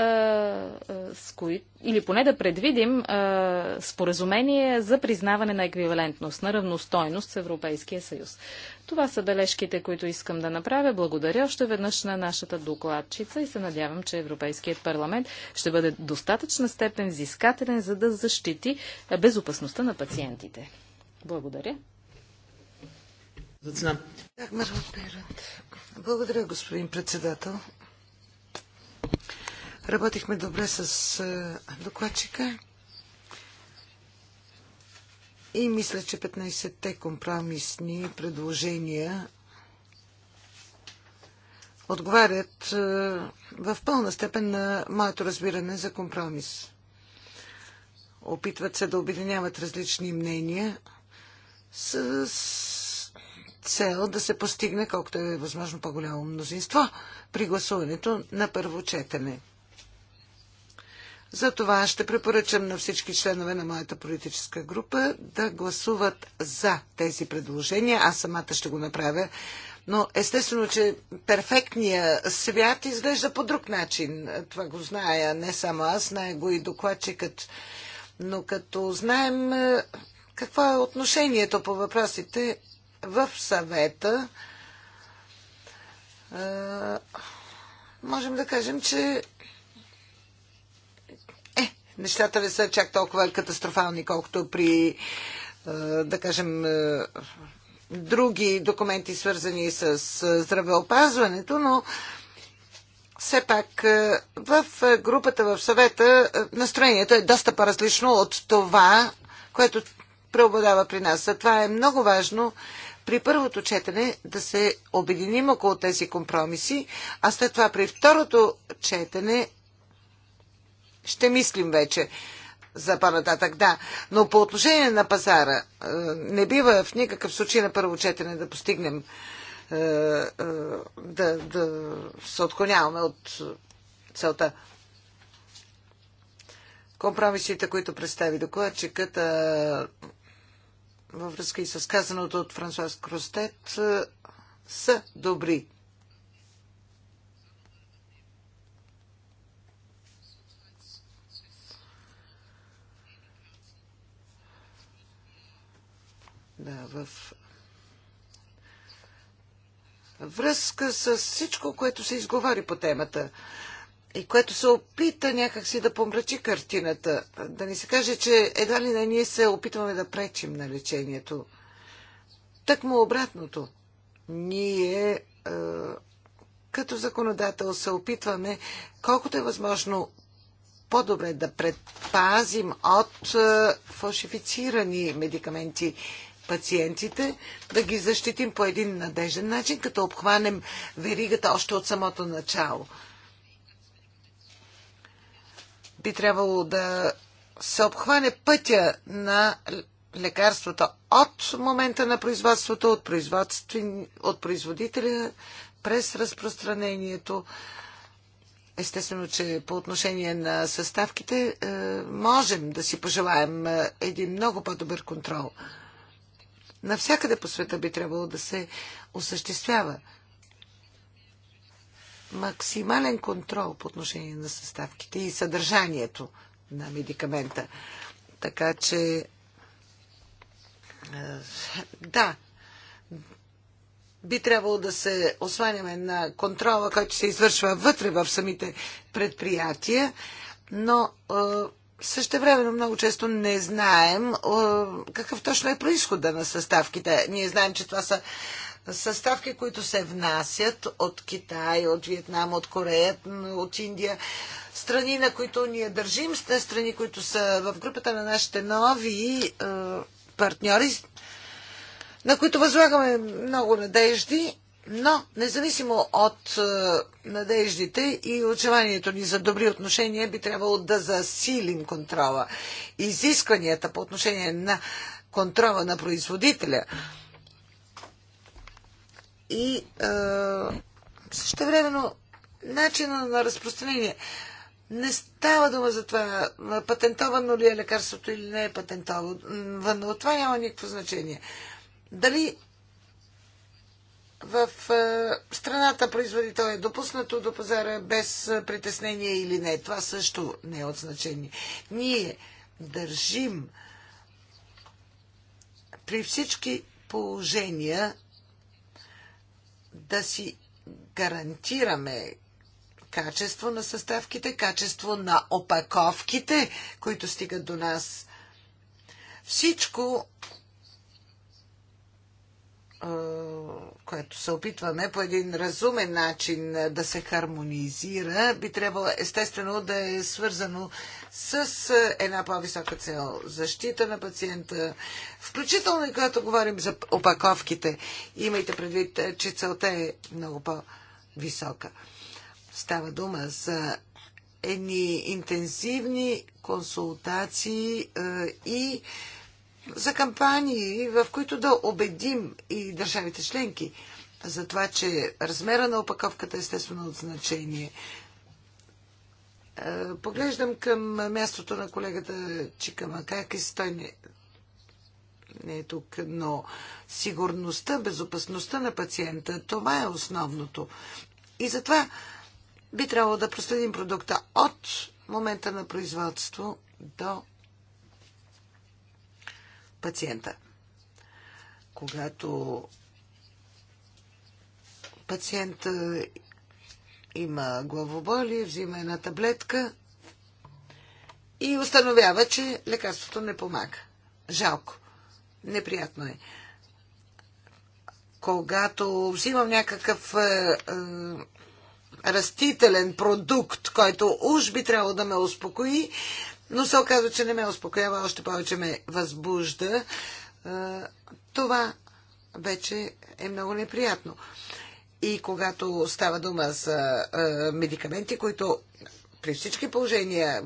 с кои, или поне да предвидим а, споразумение за признаване на еквивалентност, на равностойност с Европейския съюз. Това са бележките, които искам да направя. Благодаря още веднъж на нашата докладчица и се надявам, че Европейският парламент ще бъде достатъчна степен взискателен, за да защити безопасността на пациентите. Благодаря. Благодаря, господин председател. Работихме добре с е, докладчика и мисля, че 15-те компромисни предложения отговарят е, в пълна степен на моето разбиране за компромис. Опитват се да обединяват различни мнения – с, цел да се постигне колкото е възможно по-голямо мнозинство при гласуването на първо четене. За това ще препоръчам на всички членове на моята политическа група да гласуват за тези предложения. Аз самата ще го направя. Но естествено, че перфектният свят изглежда по друг начин. Това го зная не само аз, знае го и докладчикът. Но като знаем какво е отношението по въпросите в съвета. Можем да кажем, че е, нещата не са чак толкова катастрофални, колкото при, да кажем, други документи, свързани с здравеопазването, но все пак в групата в съвета настроението е доста по-различно от това, което преобладава при нас. Затова е много важно при първото четене да се обединим около тези компромиси, а след това при второто четене ще мислим вече за по-нататък, да. Но по отношение на пазара, е, не бива в никакъв случай на първо четене да постигнем е, е, да, да се отклоняваме от целта. Компромисите, които представи докладчиката, във връзка и с казаното от Франсуас Кростет е, са добри. Да, в връзка с всичко, което се изговори по темата и което се опита някакси да помрачи картината, да ни се каже, че едва ли не ние се опитваме да пречим на лечението. Тъкмо обратното. Ние като законодател се опитваме колкото е възможно по-добре да предпазим от фалшифицирани медикаменти пациентите, да ги защитим по един надежден начин, като обхванем веригата още от самото начало би трябвало да се обхване пътя на лекарствата от момента на производството, от, от производителя през разпространението. Естествено, че по отношение на съставките е, можем да си пожелаем е, един много по-добър контрол. Навсякъде по света би трябвало да се осъществява максимален контрол по отношение на съставките и съдържанието на медикамента. Така че, е, да, би трябвало да се осваняме на контрола, който се извършва вътре в самите предприятия, но е, също време много често не знаем е, какъв точно е происхода на съставките. Ние знаем, че това са съставки, които се внасят от Китай, от Виетнам, от Корея, от Индия. Страни, на които ние държим, сте страни, които са в групата на нашите нови е, партньори, на които възлагаме много надежди, но независимо от е, надеждите и желанието ни за добри отношения, би трябвало да засилим контрола. Изискванията по отношение на контрола на производителя – и също времено начина на разпространение. Не става дума за това патентовано ли е лекарството или не е патентовано. Това няма никакво значение. Дали в страната производител е допуснато до пазара без притеснение или не. Това също не е от значение. Ние държим при всички положения да си гарантираме качество на съставките, качество на опаковките, които стигат до нас. Всичко което се опитваме по един разумен начин да се хармонизира, би трябвало естествено да е свързано с една по-висока цел защита на пациента, включително и когато говорим за опаковките. Имайте предвид, че целта е много по-висока. Става дума за едни интензивни консултации и за кампании, в които да убедим и държавите членки за това, че размера на опаковката е естествено от значение. Е, поглеждам към мястото на колегата Чика и Той не, не е тук, но сигурността, безопасността на пациента, това е основното. И затова би трябвало да проследим продукта от момента на производство до пациента. Когато пациент има главоболие, взима една таблетка и установява, че лекарството не помага. Жалко. Неприятно е. Когато взимам някакъв е, е, растителен продукт, който уж би трябвало да ме успокои, но се оказва, че не ме успокоява, още повече ме възбужда. Това вече е много неприятно. И когато става дума за медикаменти, които при всички положения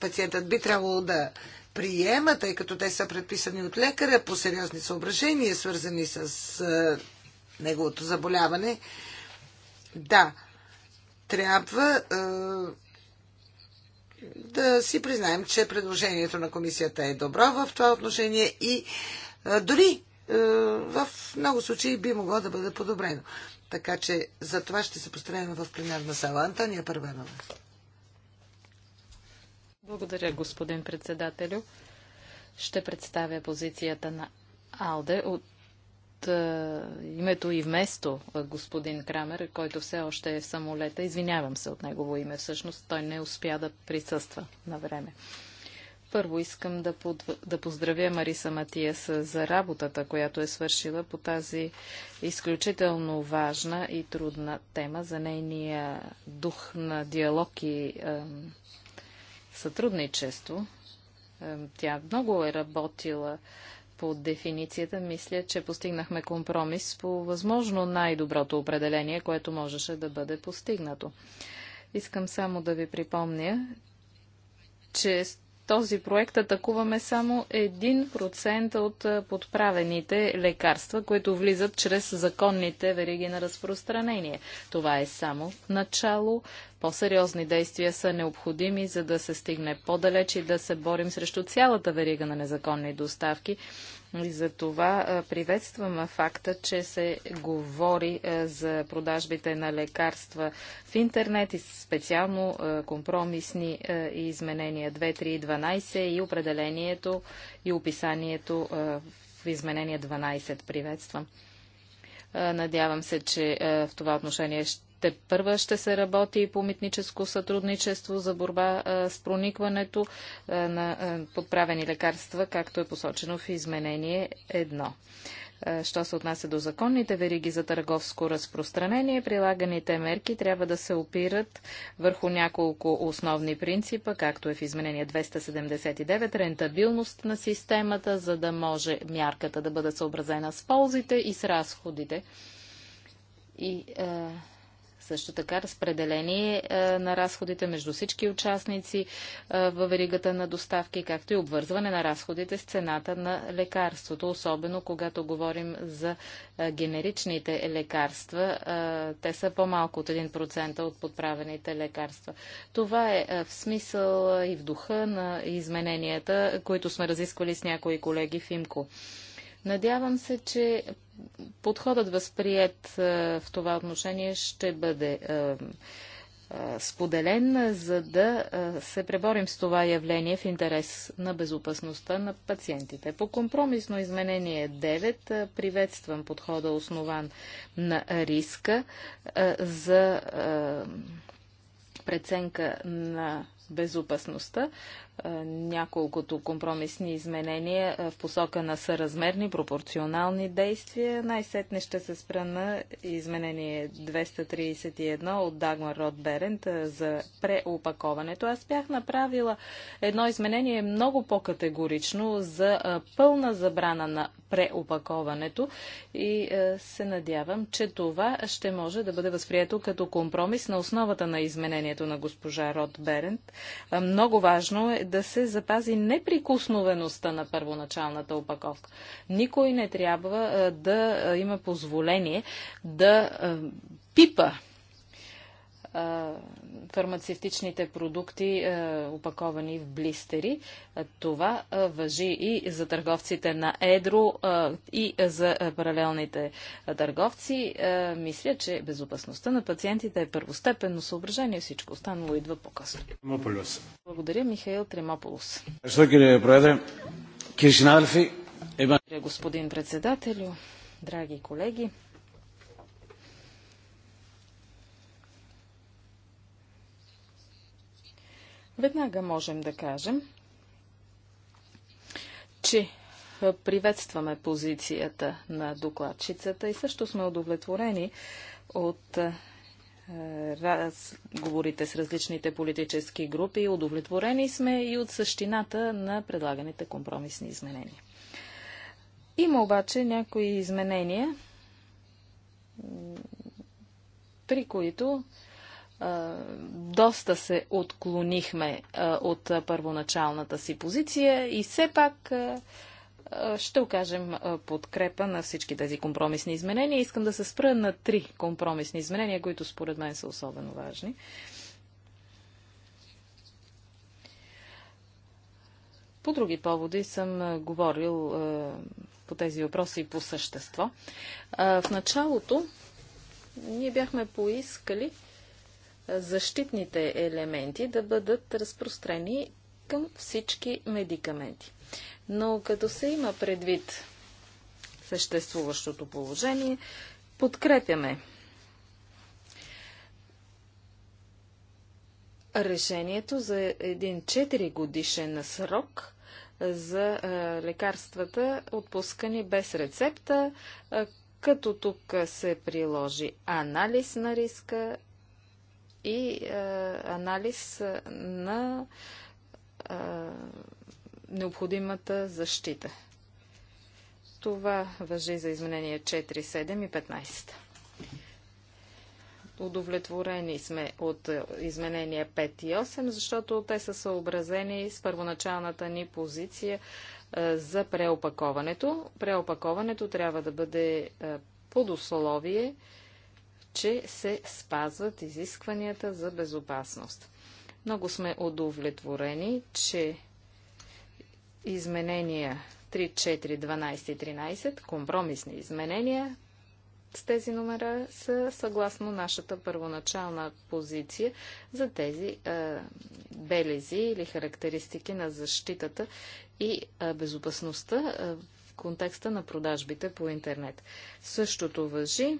пациентът би трябвало да приема, тъй като те са предписани от лекаря по сериозни съображения, свързани с неговото заболяване, да, трябва да си признаем, че предложението на комисията е добро в това отношение и дори в много случаи би могло да бъде подобрено. Така че за това ще се постараем в пленарна сала. Антония Първанова. Е Благодаря, господин председателю. Ще представя позицията на АЛДЕ от името и вместо господин Крамер, който все още е в самолета. Извинявам се от негово име. Всъщност той не успя да присъства на време. Първо искам да, под... да поздравя Мариса Матиас за работата, която е свършила по тази изключително важна и трудна тема за нейния дух на диалог и ем, сътрудничество. Ем, тя много е работила по дефиницията, мисля, че постигнахме компромис по възможно най-доброто определение, което можеше да бъде постигнато. Искам само да ви припомня, че с този проект атакуваме само 1% от подправените лекарства, които влизат чрез законните вериги на разпространение. Това е само начало. По-сериозни действия са необходими, за да се стигне по-далеч и да се борим срещу цялата верига на незаконни доставки. И за това приветствам факта, че се говори за продажбите на лекарства в интернет и специално компромисни изменения 2312 и и определението и описанието в изменение 12. Приветствам. Надявам се, че в това отношение ще те първа ще се работи и по митническо сътрудничество за борба с проникването на подправени лекарства, както е посочено в изменение 1. Що се отнася до законните вериги за търговско разпространение, прилаганите мерки трябва да се опират върху няколко основни принципа, както е в изменение 279, рентабилност на системата, за да може мярката да бъде съобразена с ползите и с разходите. И е, също така разпределение на разходите между всички участници в е, във веригата на доставки, както и обвързване на разходите с цената на лекарството, особено когато говорим за е, генеричните лекарства. Е, те са по-малко от 1% от подправените лекарства. Това е в смисъл и в духа на измененията, които сме разисквали с някои колеги в ИМКО. Надявам се, че подходът възприят е, в това отношение ще бъде е, е, споделен, за да се преборим с това явление в интерес на безопасността на пациентите. По компромисно изменение 9 приветствам подхода основан на риска за преценка на безопасността. Е, няколкото компромисни изменения е, в посока на съразмерни, пропорционални действия. Най-сетне ще се спра на изменение 231 от Дагмар Род Берент е, за преопаковането. Аз бях направила едно изменение много по-категорично за пълна забрана на преопаковането и се надявам, че това ще може да бъде възприето като компромис на основата на изменението на госпожа Род Берент. Много важно е да се запази неприкосновеността на първоначалната опаковка. Никой не трябва да има позволение да пипа фармацевтичните продукти, опаковани упаковани в блистери. това въжи и за търговците на Едро и за паралелните търговци. мисля, че безопасността на пациентите е първостепенно съображение. Всичко останало идва по-късно. Благодаря, Михаил Тремополос. Благодаря, господин председателю, драги колеги. Веднага можем да кажем, че приветстваме позицията на докладчицата и също сме удовлетворени от е, разговорите с различните политически групи. Удовлетворени сме и от същината на предлаганите компромисни изменения. Има обаче някои изменения, при които доста се отклонихме от първоначалната си позиция и все пак ще окажем подкрепа на всички тези компромисни изменения. Искам да се спра на три компромисни изменения, които според мен са особено важни. По други поводи съм говорил по тези въпроси по същество. В началото ние бяхме поискали защитните елементи да бъдат разпространи към всички медикаменти. Но като се има предвид съществуващото положение, подкрепяме решението за един 4 годишен срок за лекарствата, отпускани без рецепта, като тук се приложи анализ на риска и е, анализ на е, необходимата защита. Това въжи за изменение 4, 7 и 15. Удовлетворени сме от е, изменения 5 и 8, защото те са съобразени с първоначалната ни позиция е, за преопаковането. Преопаковането трябва да бъде е, под условие, че се спазват изискванията за безопасност. Много сме удовлетворени, че изменения 3, 4, 12 и 13, компромисни изменения с тези номера са съгласно нашата първоначална позиция за тези е, белези или характеристики на защитата и е, безопасността е, в контекста на продажбите по интернет. Същото въжи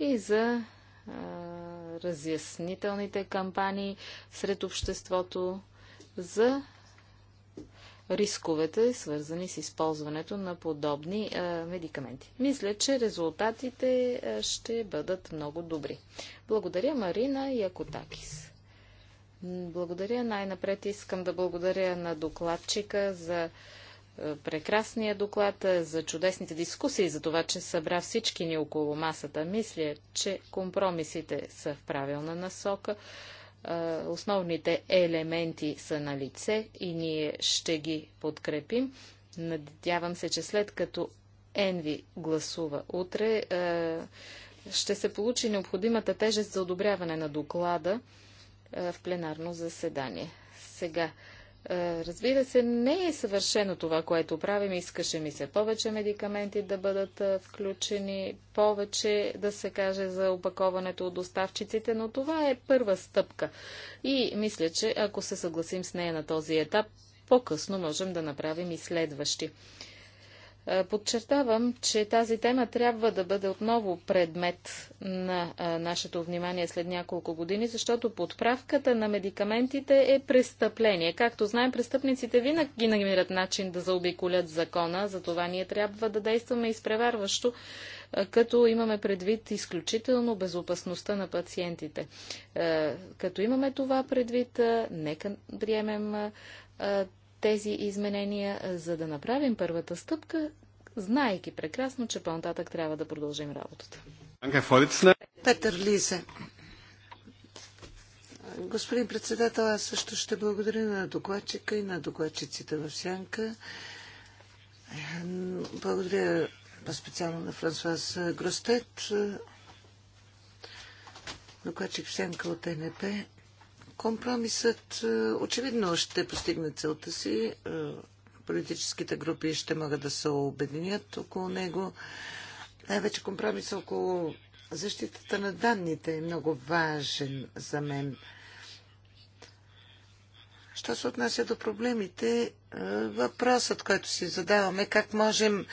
и за а, разяснителните кампании сред обществото за рисковете, свързани с използването на подобни а, медикаменти. Мисля, че резултатите ще бъдат много добри. Благодаря Марина Якотакис. Благодаря. Най-напред искам да благодаря на докладчика за е, прекрасния доклад, е, за чудесните дискусии, за това, че събра всички ни около масата. Мисля, че компромисите са в правилна насока. Е, основните елементи са на лице и ние ще ги подкрепим. Надявам се, че след като Енви гласува утре, ще се получи необходимата тежест за одобряване на доклада в пленарно заседание. Сега е, разбира се, не е съвършено това, което правим. Искаше ми се повече медикаменти да бъдат е, включени, повече да се каже за опаковането от доставчиците, но това е първа стъпка. И мисля, че ако се съгласим с нея на този етап, по-късно можем да направим и следващи. Е, подчертавам, че тази тема трябва да бъде отново предмет на е, нашето внимание след няколко години, защото подправката на медикаментите е престъпление. Както знаем, престъпниците винаги намират начин да заобиколят закона, затова ние трябва да действаме изпреварващо, е, като имаме предвид изключително безопасността на пациентите. Като имаме това предвид, нека приемем тези изменения, за да направим първата стъпка, знаеки прекрасно, че по-нататък трябва да продължим работата. Петър Лизе. Господин председател, аз също ще благодаря на докладчика и на докладчиците в Сянка. Благодаря специално на Франсуаз Гростет, докладчик в Сянка от НП. Компромисът е, очевидно ще постигне целта си. Е, политическите групи ще могат да се обединят около него. Най-вече компромис около защитата на данните е много важен за мен. Що се отнася до проблемите, е, въпросът, който си задаваме, как можем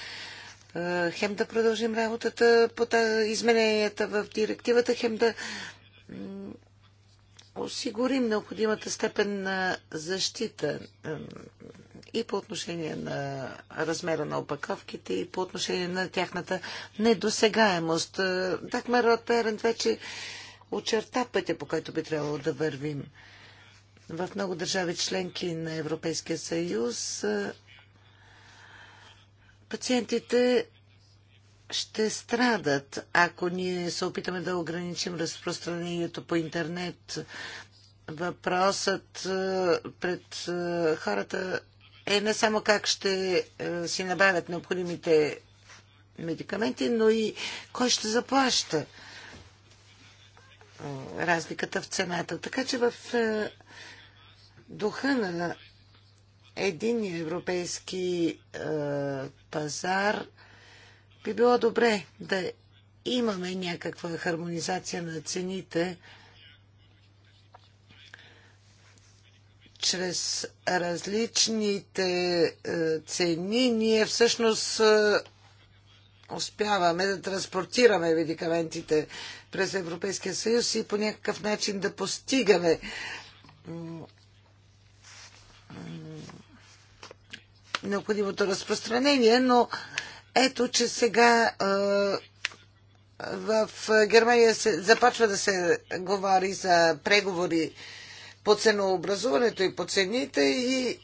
хем да продължим работата по измененията в директивата, хем да осигурим необходимата степен на защита и по отношение на размера на опаковките и по отношение на тяхната недосегаемост. Е, Дагмар Перент вече очерта пътя, по който би трябвало да вървим. В много държави членки на Европейския съюз е, пациентите ще страдат, ако ние се опитаме да ограничим разпространението по интернет. Въпросът е, пред е, хората е не само как ще е, си набавят необходимите медикаменти, но и кой ще заплаща разликата в цената. Така че в духа на един европейски пазар би било добре да имаме някаква хармонизация на цените чрез различните е, цени. Ние всъщност е, успяваме да транспортираме медикаментите през Европейския съюз и по някакъв начин да постигаме необходимото разпространение, но ето, че сега в Германия се, започва да се говори за преговори по ценообразуването и по цените и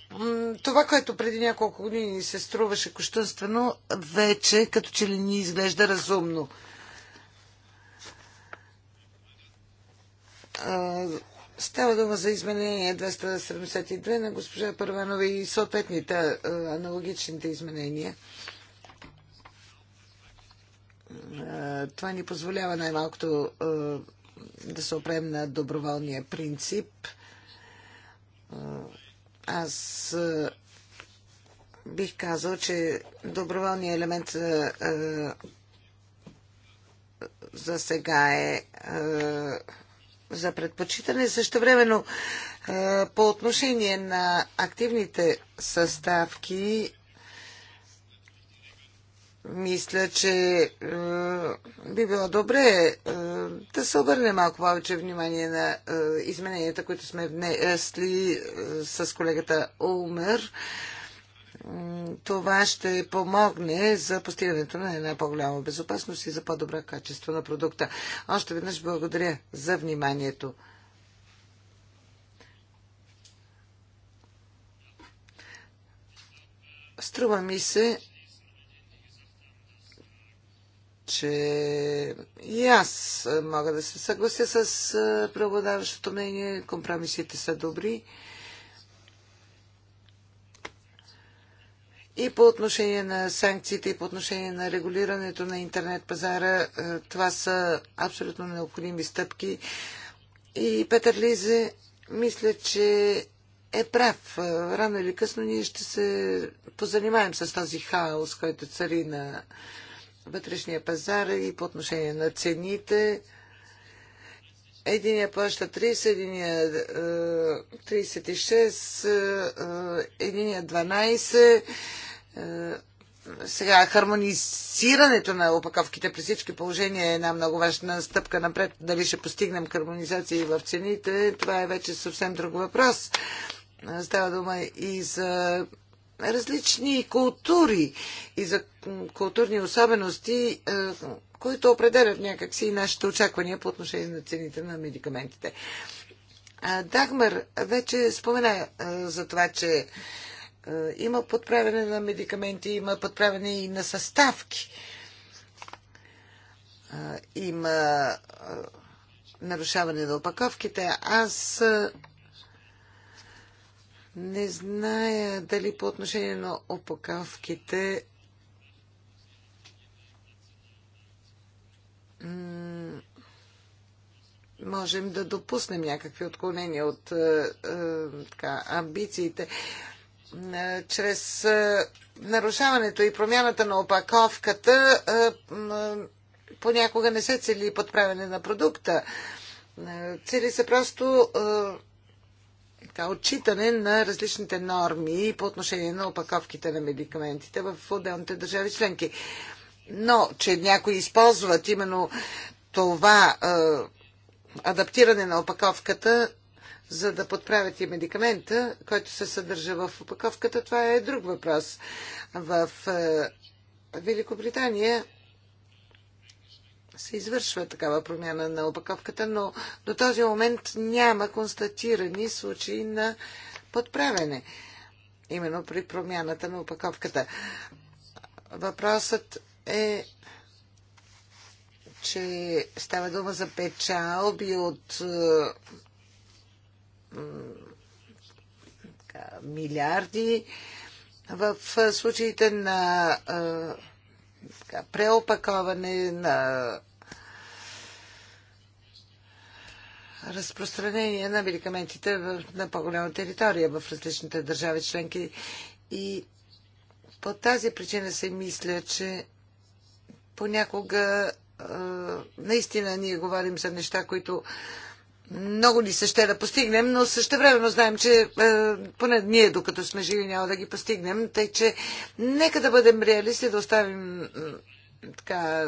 това, което преди няколко години ни се струваше кощунствено, вече като че ли ни изглежда разумно. Става дума за изменение 272 на госпожа Първанова и съответните аналогичните изменения. Е, това ни позволява най-малкото е, да се опрем на доброволния принцип. Е, аз бих казал, че доброволният елемент за сега е за предпочитане. Също времено по отношение на активните съставки мисля, че е, би било добре е, да се обърне малко повече внимание на е, измененията, които сме внесли е, с колегата Умер. Това ще помогне за постигането на една по-голяма безопасност и за по-добра качество на продукта. Още веднъж благодаря за вниманието. Струва ми се, че и аз мога да се съглася с преобладаващото мнение. Компромисите са добри. И по отношение на санкциите, и по отношение на регулирането на интернет пазара, това са абсолютно необходими стъпки. И Петър Лизе, мисля, че е прав. Рано или късно ние ще се позанимаем с този хаос, който цари на вътрешния пазар и по отношение на цените. Единия плаща 30, единия 36, е, е, е, единия 12. Сега хармонизирането на опаковките при всички положения е една много важна стъпка напред. Дали ще постигнем хармонизация и в цените, това е вече съвсем друг въпрос. Става дума и за различни култури и за културни особености, е, които определят някакси и нашите очаквания по отношение на цените на медикаментите. Дагмар вече спомена е, за това, че е, има подправяне на медикаменти, има подправяне и на съставки. Има нарушаване на опаковките. Аз не зная дали по отношение на опакавките можем да допуснем някакви отклонения от е, е, така, амбициите. Е, чрез нарушаването и промяната на опаковката понякога не се цели подправяне на продукта. Цели се просто така, отчитане на различните норми по отношение на опаковките на медикаментите в отделните държави членки. Но, че някои използват именно това е, адаптиране на опаковката, за да подправят и медикамента, който се съдържа в опаковката, това е друг въпрос. В е, Великобритания се извършва такава промяна на опаковката, но до този момент няма констатирани случаи на подправяне, именно при промяната на опаковката. Въпросът е че става дума за печалби от е, така, милиарди в случаите на е, така, преопаковане, на разпространение на медикаментите в, на по-голяма територия в различните държави членки. И по тази причина се мисля, че понякога наистина ние говорим за неща, които много ни се ще да постигнем, но същевременно знаем, че е, поне ние, докато сме живи, няма да ги постигнем. Тъй, че нека да бъдем реалисти, да оставим така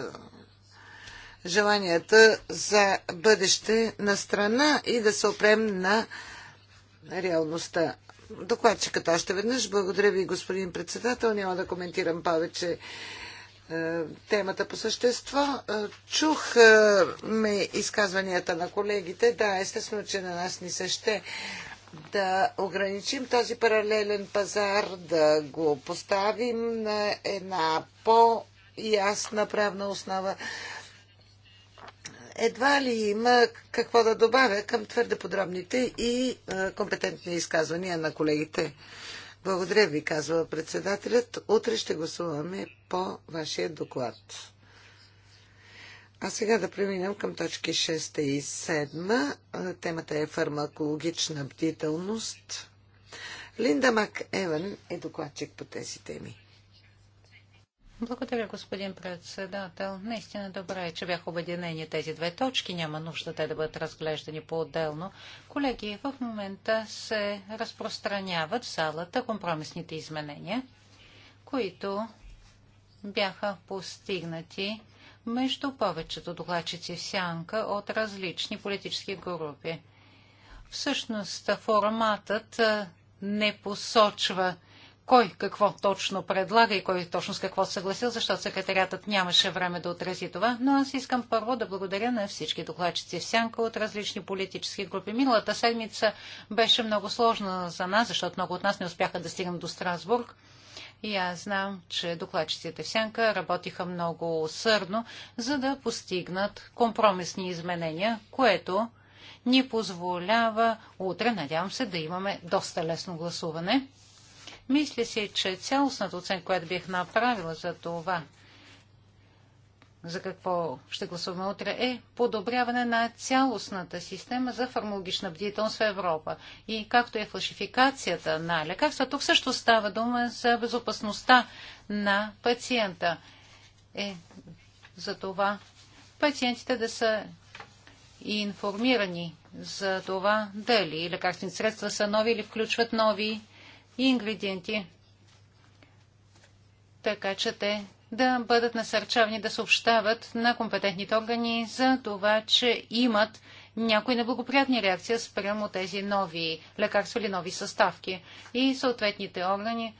желанията за бъдеще на страна и да се опрем на реалността. Докладчикът още веднъж. Благодаря ви, господин председател. Няма да коментирам повече е, темата по същество. Е, чух е, ме изказванията на колегите. Да, естествено, че на нас ни се ще да ограничим този паралелен пазар, да го поставим на една по-ясна правна основа, едва ли има какво да добавя към твърде подробните и е, компетентни изказвания на колегите. Благодаря ви, казва председателят. Утре ще гласуваме по вашия доклад. А сега да преминем към точки 6 и 7. Е, темата е фармакологична бдителност. Линда Мак Еван е докладчик по тези теми. Благодаря, господин председател. Наистина добре е, че бяха обединени тези две точки. Няма нужда те да бъдат разглеждани по-отделно. Колеги, в момента се разпространяват в залата компромисните изменения, които бяха постигнати между повечето докладчици в сянка от различни политически групи. Всъщност форматът не посочва кой какво точно предлага и кой точно с какво съгласил, защото секретарятът нямаше време да отрази това, но аз искам първо да благодаря на всички докладчици в сянка от различни политически групи. Миналата седмица беше много сложна за нас, защото много от нас не успяха да стигнат до Страсбург. И аз знам, че докладчиците в сянка работиха много усърдно, за да постигнат компромисни изменения, което ни позволява утре, надявам се, да имаме доста лесно гласуване. Мисля си, че цялостната оценка, която бих направила за това, за какво ще гласуваме утре, е подобряване на цялостната система за фармологична бдителност в Европа. И както е фалшификацията на лекарства, тук също става дума за безопасността на пациента. Е, за това пациентите да са информирани за това дали лекарствени средства са нови или включват нови и ингредиенти, така че те да бъдат насърчавани да съобщават на компетентните органи за това, че имат някои неблагоприятни реакции спрямо тези нови лекарства или нови съставки. И съответните органи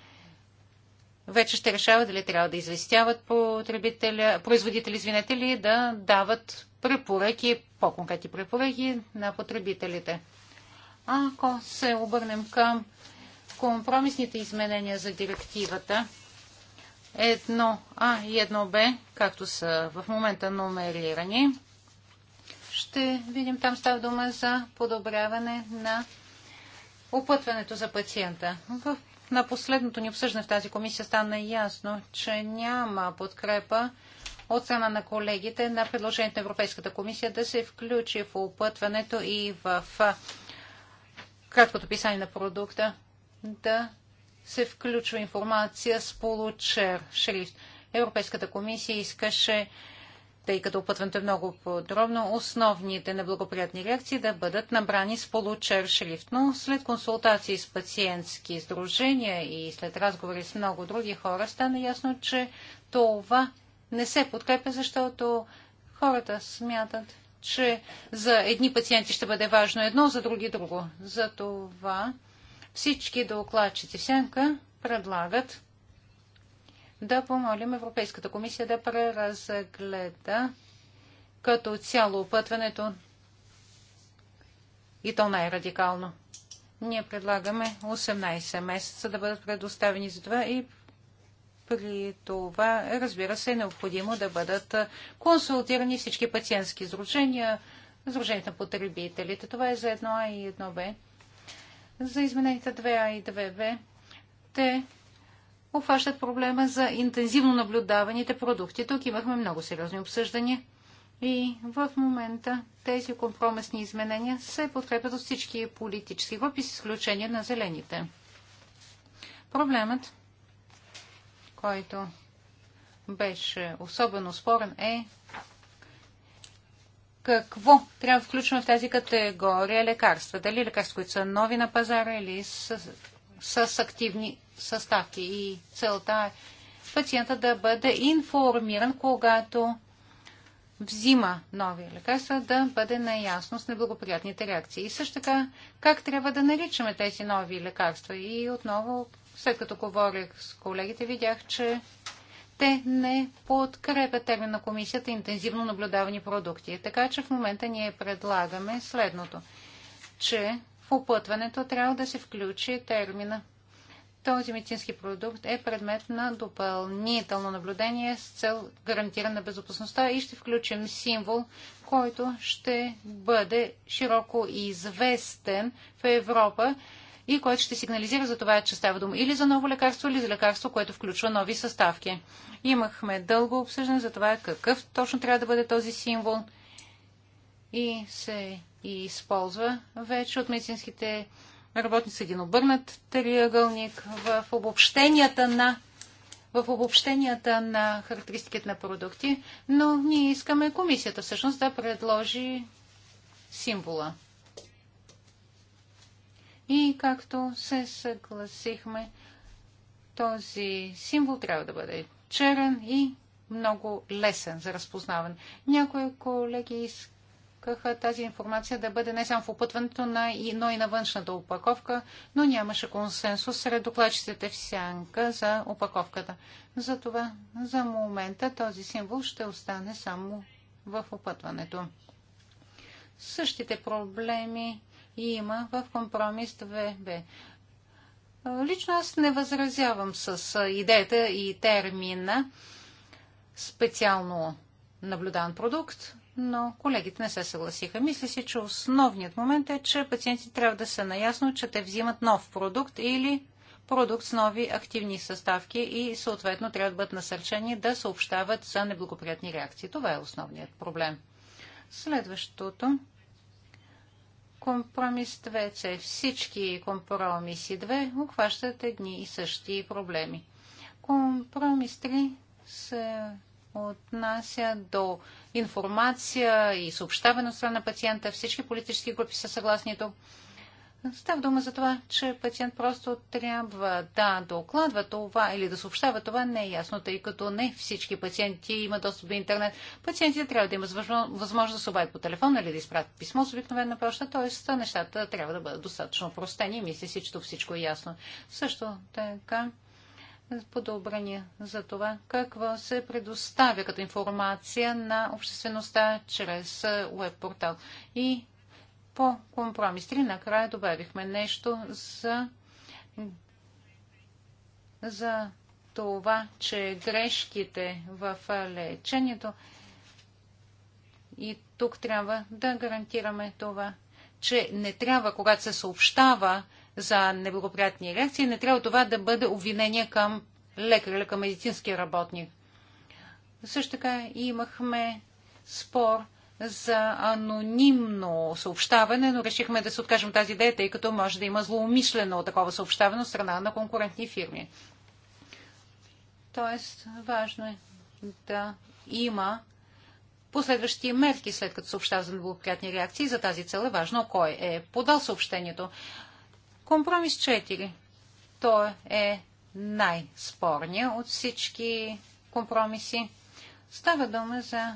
вече ще решават дали трябва да известяват потребителя, производители, извинете ли, да дават препоръки, по-конкретни препоръки на потребителите. Ако се обърнем към компромисните изменения за директивата 1А и 1Б, както са в момента номерирани, ще видим там става дума за подобряване на опътването за пациента. В, на последното ни обсъждане в тази комисия стана ясно, че няма подкрепа от страна на колегите на предложението на Европейската комисия да се включи в опътването и в краткото писание на продукта да се включва информация с получер шрифт. Европейската комисия искаше, тъй като опътването е много подробно, основните неблагоприятни реакции да бъдат набрани с получер шрифт. Но след консултации с пациентски издружения и след разговори с много други хора стана ясно, че това не се подкрепя, защото хората смятат, че за едни пациенти ще бъде важно едно, за други друго. За това всички докладчици в сянка предлагат да помолим Европейската комисия да преразгледа като цяло опътването и то най-радикално. Ние предлагаме 18 месеца да бъдат предоставени за това и при това, разбира се, е необходимо да бъдат консултирани всички пациентски изружения, изружението на потребителите. Това е за едно А и едно Б за измененията 2А и 2Б. Те обхващат проблема за интензивно наблюдаваните продукти. Тук имахме много сериозни обсъждания и в момента тези компромисни изменения се подкрепят от всички политически групи, с изключение на зелените. Проблемът, който беше особено спорен, е какво трябва да включваме в тази категория лекарства. Дали лекарства, които са нови на пазара или с, с, активни съставки. И целта е пациента да бъде информиран, когато взима нови лекарства, да бъде наясно с неблагоприятните реакции. И също така, как трябва да наричаме тези нови лекарства. И отново, след като говорих с колегите, видях, че те не подкрепят термин на комисията интензивно наблюдавани продукти. Така че в момента ние предлагаме следното, че в опътването трябва да се включи термина. Този медицински продукт е предмет на допълнително наблюдение с цел гарантиране на безопасността и ще включим символ, който ще бъде широко известен в Европа и който ще сигнализира за това, че става дума или за ново лекарство, или за лекарство, което включва нови съставки. Имахме дълго обсъждане за това какъв точно трябва да бъде този символ и се и използва вече от медицинските работници един обърнат триъгълник в обобщенията на в обобщенията на характеристиките на продукти, но ние искаме комисията всъщност да предложи символа. И както се съгласихме, този символ трябва да бъде черен и много лесен за разпознаване. Някои колеги искаха тази информация да бъде не само в опътването, но и на външната опаковка, но нямаше консенсус сред докладчиците в сянка за опаковката. Затова за момента този символ ще остане само в опътването. Същите проблеми и има в компромис 2Б. Лично аз не възразявам с идеята и термина специално наблюдан продукт, но колегите не се съгласиха. Мисля си, че основният момент е, че пациентите трябва да са наясно, че те взимат нов продукт или продукт с нови активни съставки и съответно трябва да бъдат насърчени да съобщават за неблагоприятни реакции. Това е основният проблем. Следващото Компромис 2C. Всички компромиси 2 обхващат едни и същи проблеми. Компромис 3 се отнася до информация и съобщаване от страна на пациента. Всички политически групи са съгласни до Става дума за това, че пациент просто трябва да докладва това или да съобщава това, не е ясно, тъй като не всички пациенти имат достъп до интернет. Пациентите трябва да имат възможност да се обадят по телефон или да изпратят писмо с обикновена почта, т.е. нещата трябва да бъдат достатъчно простени и мисля си, че тук всичко е ясно. Също така подобрение за това какво се предоставя като информация на обществеността чрез веб-портал. И по компромис Три накрая добавихме нещо за, за това, че грешките в лечението и тук трябва да гарантираме това, че не трябва, когато се съобщава за неблагоприятни реакции, не трябва това да бъде обвинение към лекар или към медицинския работник. Също така имахме спор за анонимно съобщаване, но решихме да се откажем тази идея, тъй като може да има злоумишлено такова съобщаване от страна на конкурентни фирми. Тоест, важно е да има последващи мерки, след като съобщава за неблагоприятни реакции. За тази цел е важно кой е подал съобщението. Компромис 4. Той е най-спорния от всички компромиси. Става дума за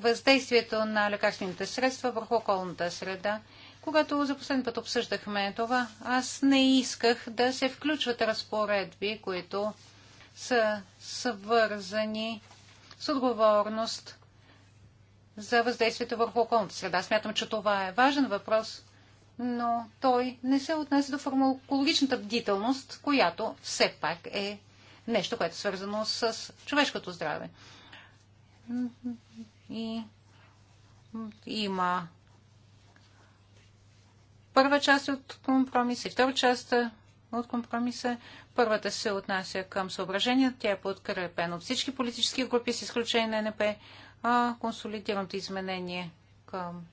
въздействието на лекарствените средства върху околната среда. Когато за последен път обсъждахме това, аз не исках да се включват разпоредби, които са свързани с отговорност за въздействието върху околната среда. Смятам, че това е важен въпрос, но той не се отнася до фармакологичната бдителност, която все пак е нещо, което е свързано с човешкото здраве. И има първа част от компромиса и втора част от компромиса. Първата се отнася към съображението. Тя е подкрепена от всички политически групи, с изключение на НП. А консолидираното изменение към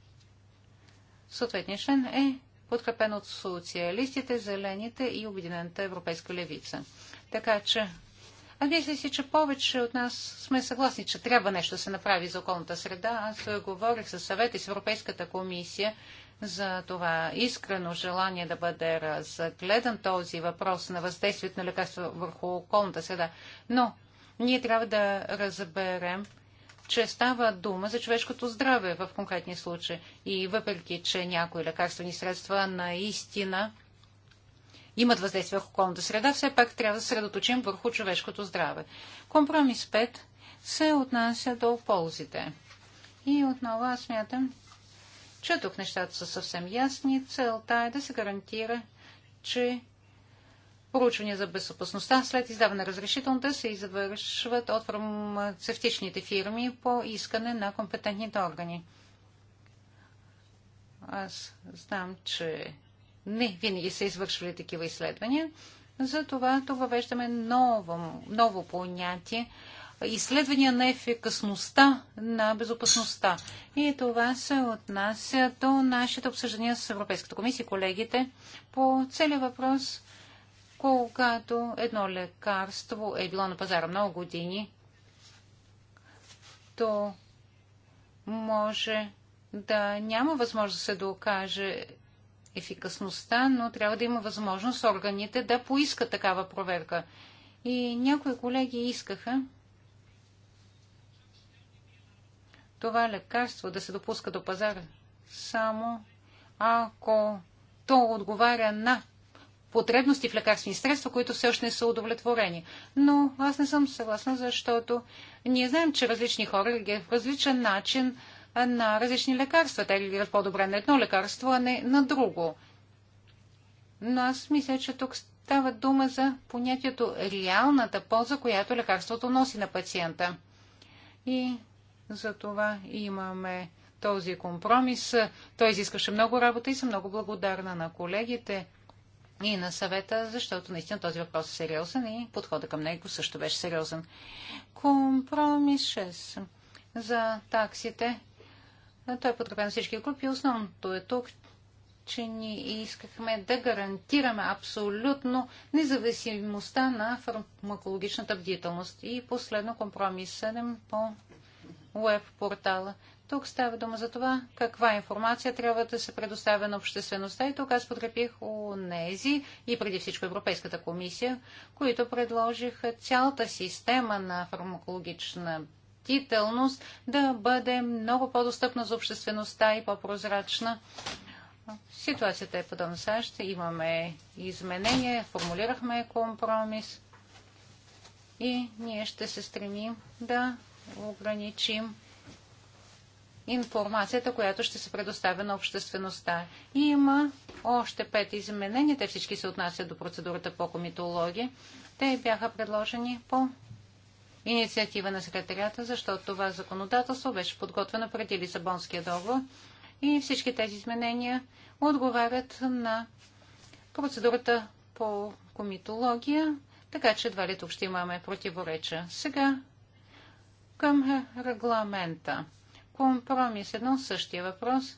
съответния член е подкрепен от социалистите, зелените и Обединената европейска левица. Така че а мисля си, че повече от нас сме съгласни, че трябва нещо да се направи за околната среда. Аз говорих със съвет и с Европейската комисия за това искрено желание да бъде разгледан този въпрос на въздействието на лекарства върху околната среда. Но ние трябва да разберем, че става дума за човешкото здраве в конкретния случай. И въпреки, че някои лекарствени средства наистина имат въздействие върху околната среда, все пак трябва да се средоточим върху човешкото здраве. Компромис 5 се отнася до ползите. И отново аз смятам, че тук нещата са съвсем ясни. Целта е да се гарантира, че проучвания за безопасността след издаване на разрешителната да се извършват от фармацевтичните фирми по искане на компетентните органи. Аз знам, че не винаги са извършвали такива изследвания. Затова тук въвеждаме ново, ново понятие изследвания на ефикасността на безопасността. И това се отнася до нашите обсъждания с Европейската комисия и колегите по целият въпрос, когато едно лекарство е било на пазара много години, то може да няма възможност да се докаже ефикасността, но трябва да има възможност органите да поискат такава проверка. И някои колеги искаха това лекарство да се допуска до пазара само ако то отговаря на потребности в лекарствени средства, които все още не са удовлетворени. Но аз не съм съгласна, защото ние знаем, че различни хора в различен начин на различни лекарства. Те реагират по-добре на едно лекарство, а не на друго. Но аз мисля, че тук става дума за понятието реалната полза, която лекарството носи на пациента. И за това имаме този компромис. Той изискаше много работа и съм много благодарна на колегите и на съвета, защото наистина този въпрос е сериозен и подхода към него също беше сериозен. Компромис 6 за таксите. Той е подкрепен всички групи. Основното е тук, че ни искахме да гарантираме абсолютно независимостта на фармакологичната бдителност. И последно компромис 7 по веб портала. Тук става дума за това каква информация трябва да се предоставя на обществеността и тук аз подкрепих нези и преди всичко Европейската комисия, които предложиха цялата система на фармакологична растителност да бъде много по-достъпна за обществеността и по-прозрачна. Ситуацията е подобна САЩ. Имаме изменения, формулирахме компромис и ние ще се стремим да ограничим информацията, която ще се предоставя на обществеността. И има още пет изменения. Те всички се отнасят до процедурата по комитология. Те бяха предложени по инициатива на секретарията, защото това законодателство беше подготвено преди Лисабонския договор и всички тези изменения отговарят на процедурата по комитология, така че едва ли тук ще имаме противореча. Сега към регламента. Компромис едно същия въпрос.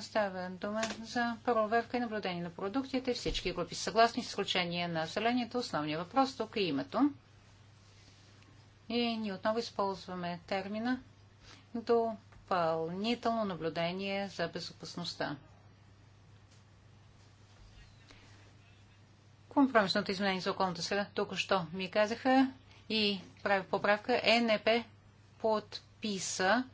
Става дума за проверка и наблюдение на продуктите. Всички групи съгласни, с изключение на населението. Основният въпрос тук е името. И ние отново използваме термина допълнително наблюдение за безопасността. Компромисното изменение за околната среда, току-що ми казаха и прави поправка, ЕНП подписа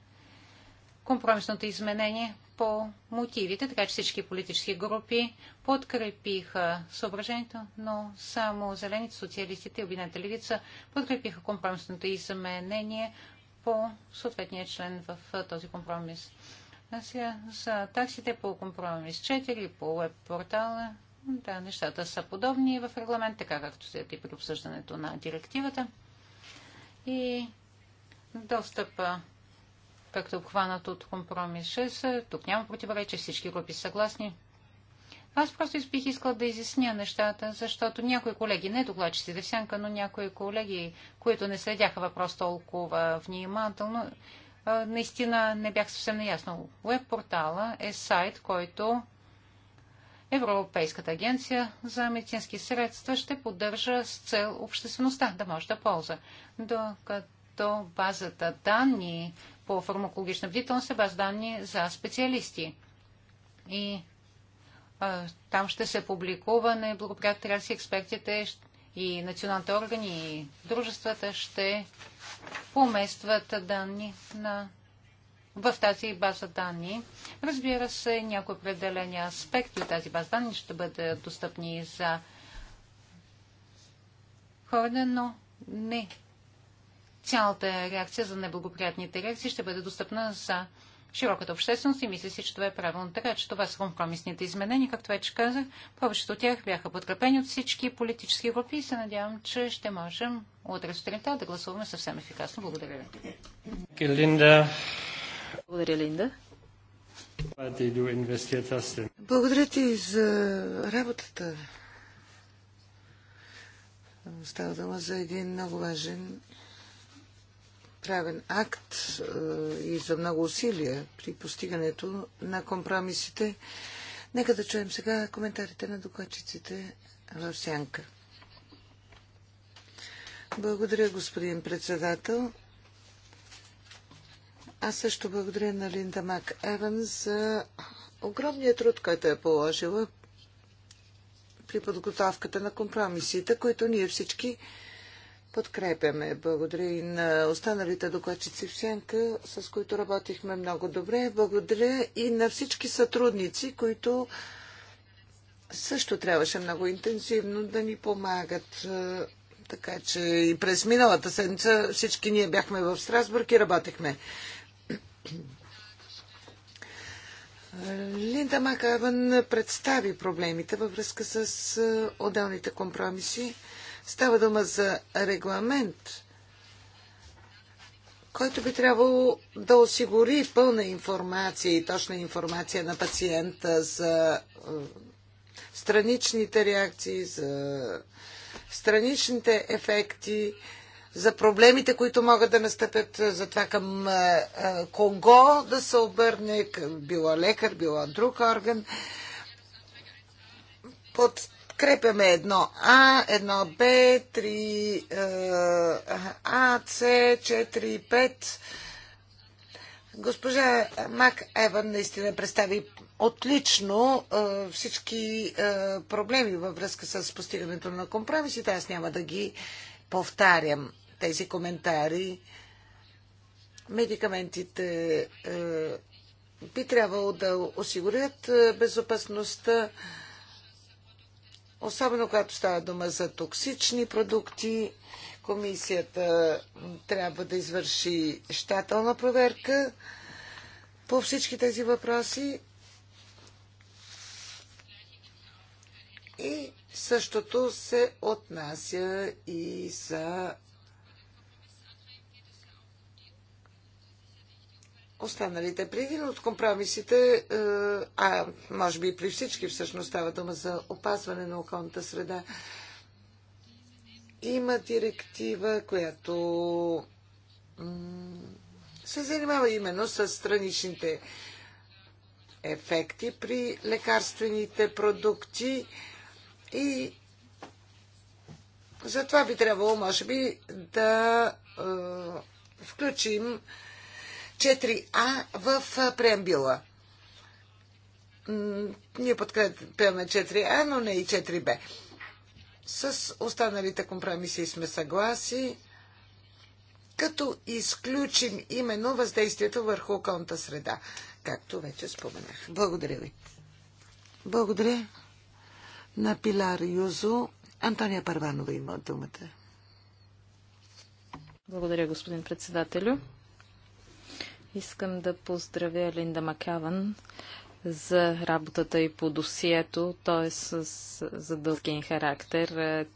компромисното изменение по мотивите, така че всички политически групи подкрепиха съображението, но само зелените, социалистите и обидната левица подкрепиха компромисното изменение по съответния член в този компромис. А сега за таксите по компромис 4 по веб портала. Да, нещата са подобни в регламент, така както се и при обсъждането на директивата. И достъпа както е обхванат от компромис 6. Тук няма противоречие, всички групи са съгласни. Аз просто бих искал да изясня нещата, защото някои колеги, не докладчици да сянка, но някои колеги, които не следяха въпрос толкова внимателно, наистина не бях съвсем наясно. Веб-портала е сайт, който Европейската агенция за медицински средства ще поддържа с цел обществеността да може да полза. Докато базата данни по фармакологична бдителност се база данни за специалисти. И а, там ще се публикува неблагоприятни реакции. Експертите и националните органи и дружествата ще поместват данни на в тази база данни. Разбира се, някои определени аспекти от тази база данни ще бъдат достъпни за хората, но не цялата реакция за неблагоприятните реакции ще бъде достъпна за широката общественост и мисля си, че това е правилно. Така че това са компромисните изменения, както вече казах. Повечето от тях бяха подкрепени от всички политически групи и се надявам, че ще можем утре сутринта да гласуваме съвсем ефикасно. Благодаря ви. Линда. Благодаря, Линда. Благодаря ти за работата. Става дума за един много важен правен акт е, и за много усилия при постигането на компромисите. Нека да чуем сега коментарите на докладчиците в сянка. Благодаря, господин председател. Аз също благодаря на Линда Мак Еван за огромния труд, който е положила при подготовката на компромисите, които ние всички подкрепяме. Благодаря и на останалите докладчици в Сенка, с които работихме много добре. Благодаря и на всички сътрудници, които също трябваше много интензивно да ни помагат. Е, така че и през миналата седмица всички ние бяхме в Страсбург и работехме. Линда Макавън представи проблемите във връзка с е, отделните компромиси. Става дума за регламент, който би трябвало да осигури пълна информация и точна информация на пациента за е, страничните реакции, за страничните ефекти, за проблемите, които могат да настъпят, е, за това към е, кого да се обърне, било лекар, било друг орган. Под подкрепяме едно А, едно Б, 3 е, А, С, 4, 5. Госпожа Мак Еван наистина представи отлично е, всички е, проблеми във връзка с постигането на компромисите. Аз няма да ги повтарям тези коментари. Медикаментите би трябвало да осигурят безопасността Особено когато става дума за токсични продукти, комисията трябва да извърши щателна проверка по всички тези въпроси и същото се отнася и за останалите при един от компромисите, е, а може би при всички всъщност става дума за опазване на околната среда, има директива, която се занимава именно с страничните ефекти при лекарствените продукти и затова би трябвало, може би, да е, включим 4А в преамбила. Ние подкрепяме 4А, но не и 4Б. С останалите компромиси сме съгласи, като изключим именно въздействието върху околната среда, както вече споменах. Благодаря ви. Благодаря на Пилар Юзо. Антония Парванова има думата. Благодаря, господин председателю. Искам да поздравя Линда Макаван за работата и по досието, т.е. за дългин характер.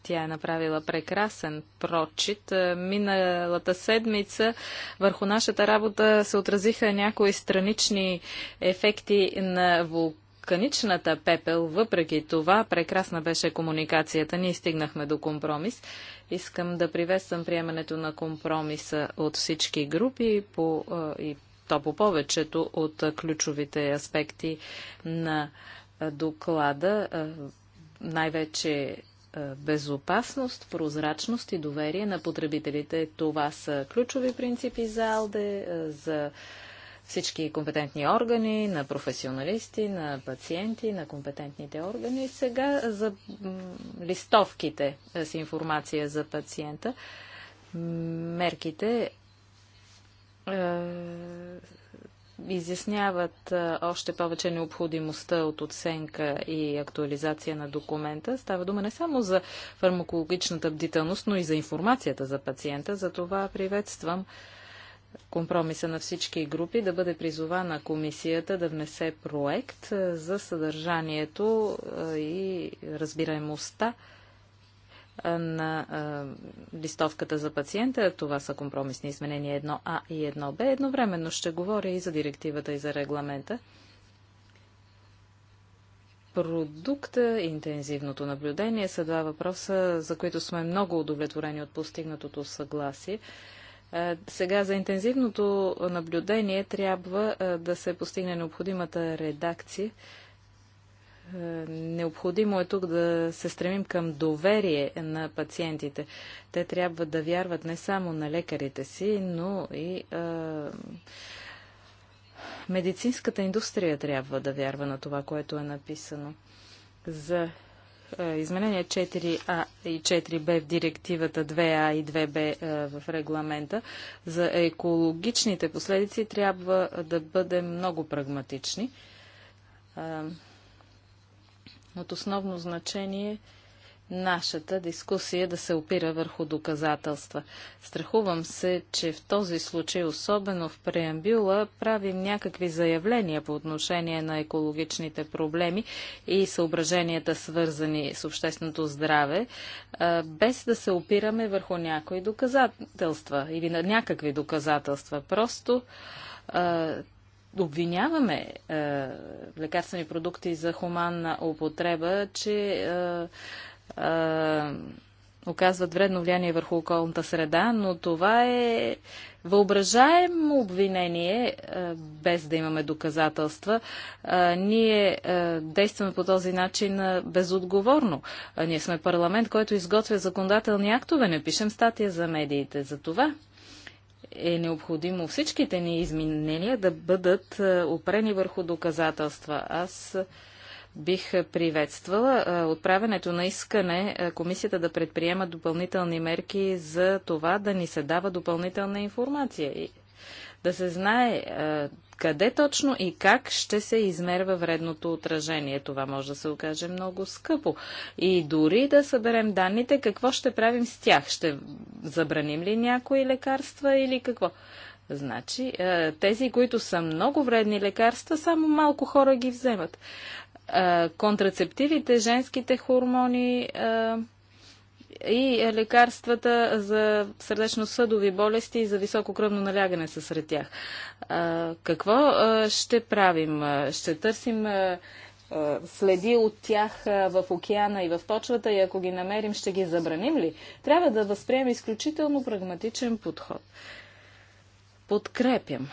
Тя е направила прекрасен прочит. Миналата седмица върху нашата работа се отразиха някои странични ефекти на вулкан вулканичната пепел, въпреки това прекрасна беше комуникацията, ние стигнахме до компромис. Искам да приветствам приемането на компромиса от всички групи по, и то по повечето от ключовите аспекти на доклада, най-вече безопасност, прозрачност и доверие на потребителите. Това са ключови принципи за АЛДЕ, за всички компетентни органи, на професионалисти, на пациенти, на компетентните органи. Сега за листовките е, с информация за пациента, мерките е, изясняват е, още повече необходимостта от оценка и актуализация на документа. Става дума не само за фармакологичната бдителност, но и за информацията за пациента. За това приветствам компромиса на всички групи да бъде призована комисията да внесе проект за съдържанието и разбираемостта на листовката за пациента. Това са компромисни изменения 1А и 1Б. Едновременно ще говоря и за директивата и за регламента. Продукта, интензивното наблюдение са два въпроса, за които сме много удовлетворени от постигнатото съгласие. Е, сега за интензивното наблюдение трябва е, да се постигне необходимата редакция. Е, необходимо е тук да се стремим към доверие на пациентите. Те трябва да вярват не само на лекарите си, но и а, медицинската индустрия трябва да вярва на това, което е написано. За е, изменения 4А и 4Б в директивата 2А и 2Б е, в регламента, за екологичните последици трябва да бъдем много прагматични. Е, от основно значение е нашата дискусия да се опира върху доказателства. Страхувам се, че в този случай, особено в преамбюла, правим някакви заявления по отношение на екологичните проблеми и съображенията, свързани с общественото здраве, без да се опираме върху някои доказателства или на някакви доказателства. Просто обвиняваме лекарствени продукти за хуманна употреба, че оказват вредно влияние върху околната среда, но това е въображаемо обвинение, без да имаме доказателства. Ние действаме по този начин безотговорно. Ние сме парламент, който изготвя законодателни актове, не пишем статия за медиите. За това е необходимо всичките ни изменения да бъдат опрени върху доказателства. Аз бих приветствала отправенето на искане комисията да предприема допълнителни мерки за това да ни се дава допълнителна информация и да се знае къде точно и как ще се измерва вредното отражение. Това може да се окаже много скъпо. И дори да съберем данните, какво ще правим с тях? Ще забраним ли някои лекарства или какво? Значи, тези, които са много вредни лекарства, само малко хора ги вземат контрацептивите, женските хормони а, и лекарствата за сърдечно-съдови болести и за високо кръвно налягане са сред тях. А, какво ще правим? Ще търсим следи от тях в океана и в почвата и ако ги намерим, ще ги забраним ли? Трябва да възприемем изключително прагматичен подход. Подкрепям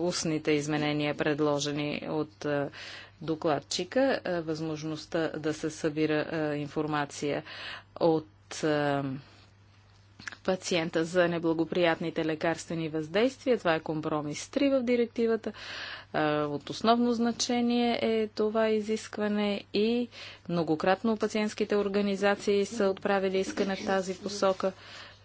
устните изменения, предложени от докладчика възможността да се събира информация от пациента за неблагоприятните лекарствени въздействия. Това е компромис 3 в директивата. От основно значение е това изискване и многократно пациентските организации са отправили искане в тази посока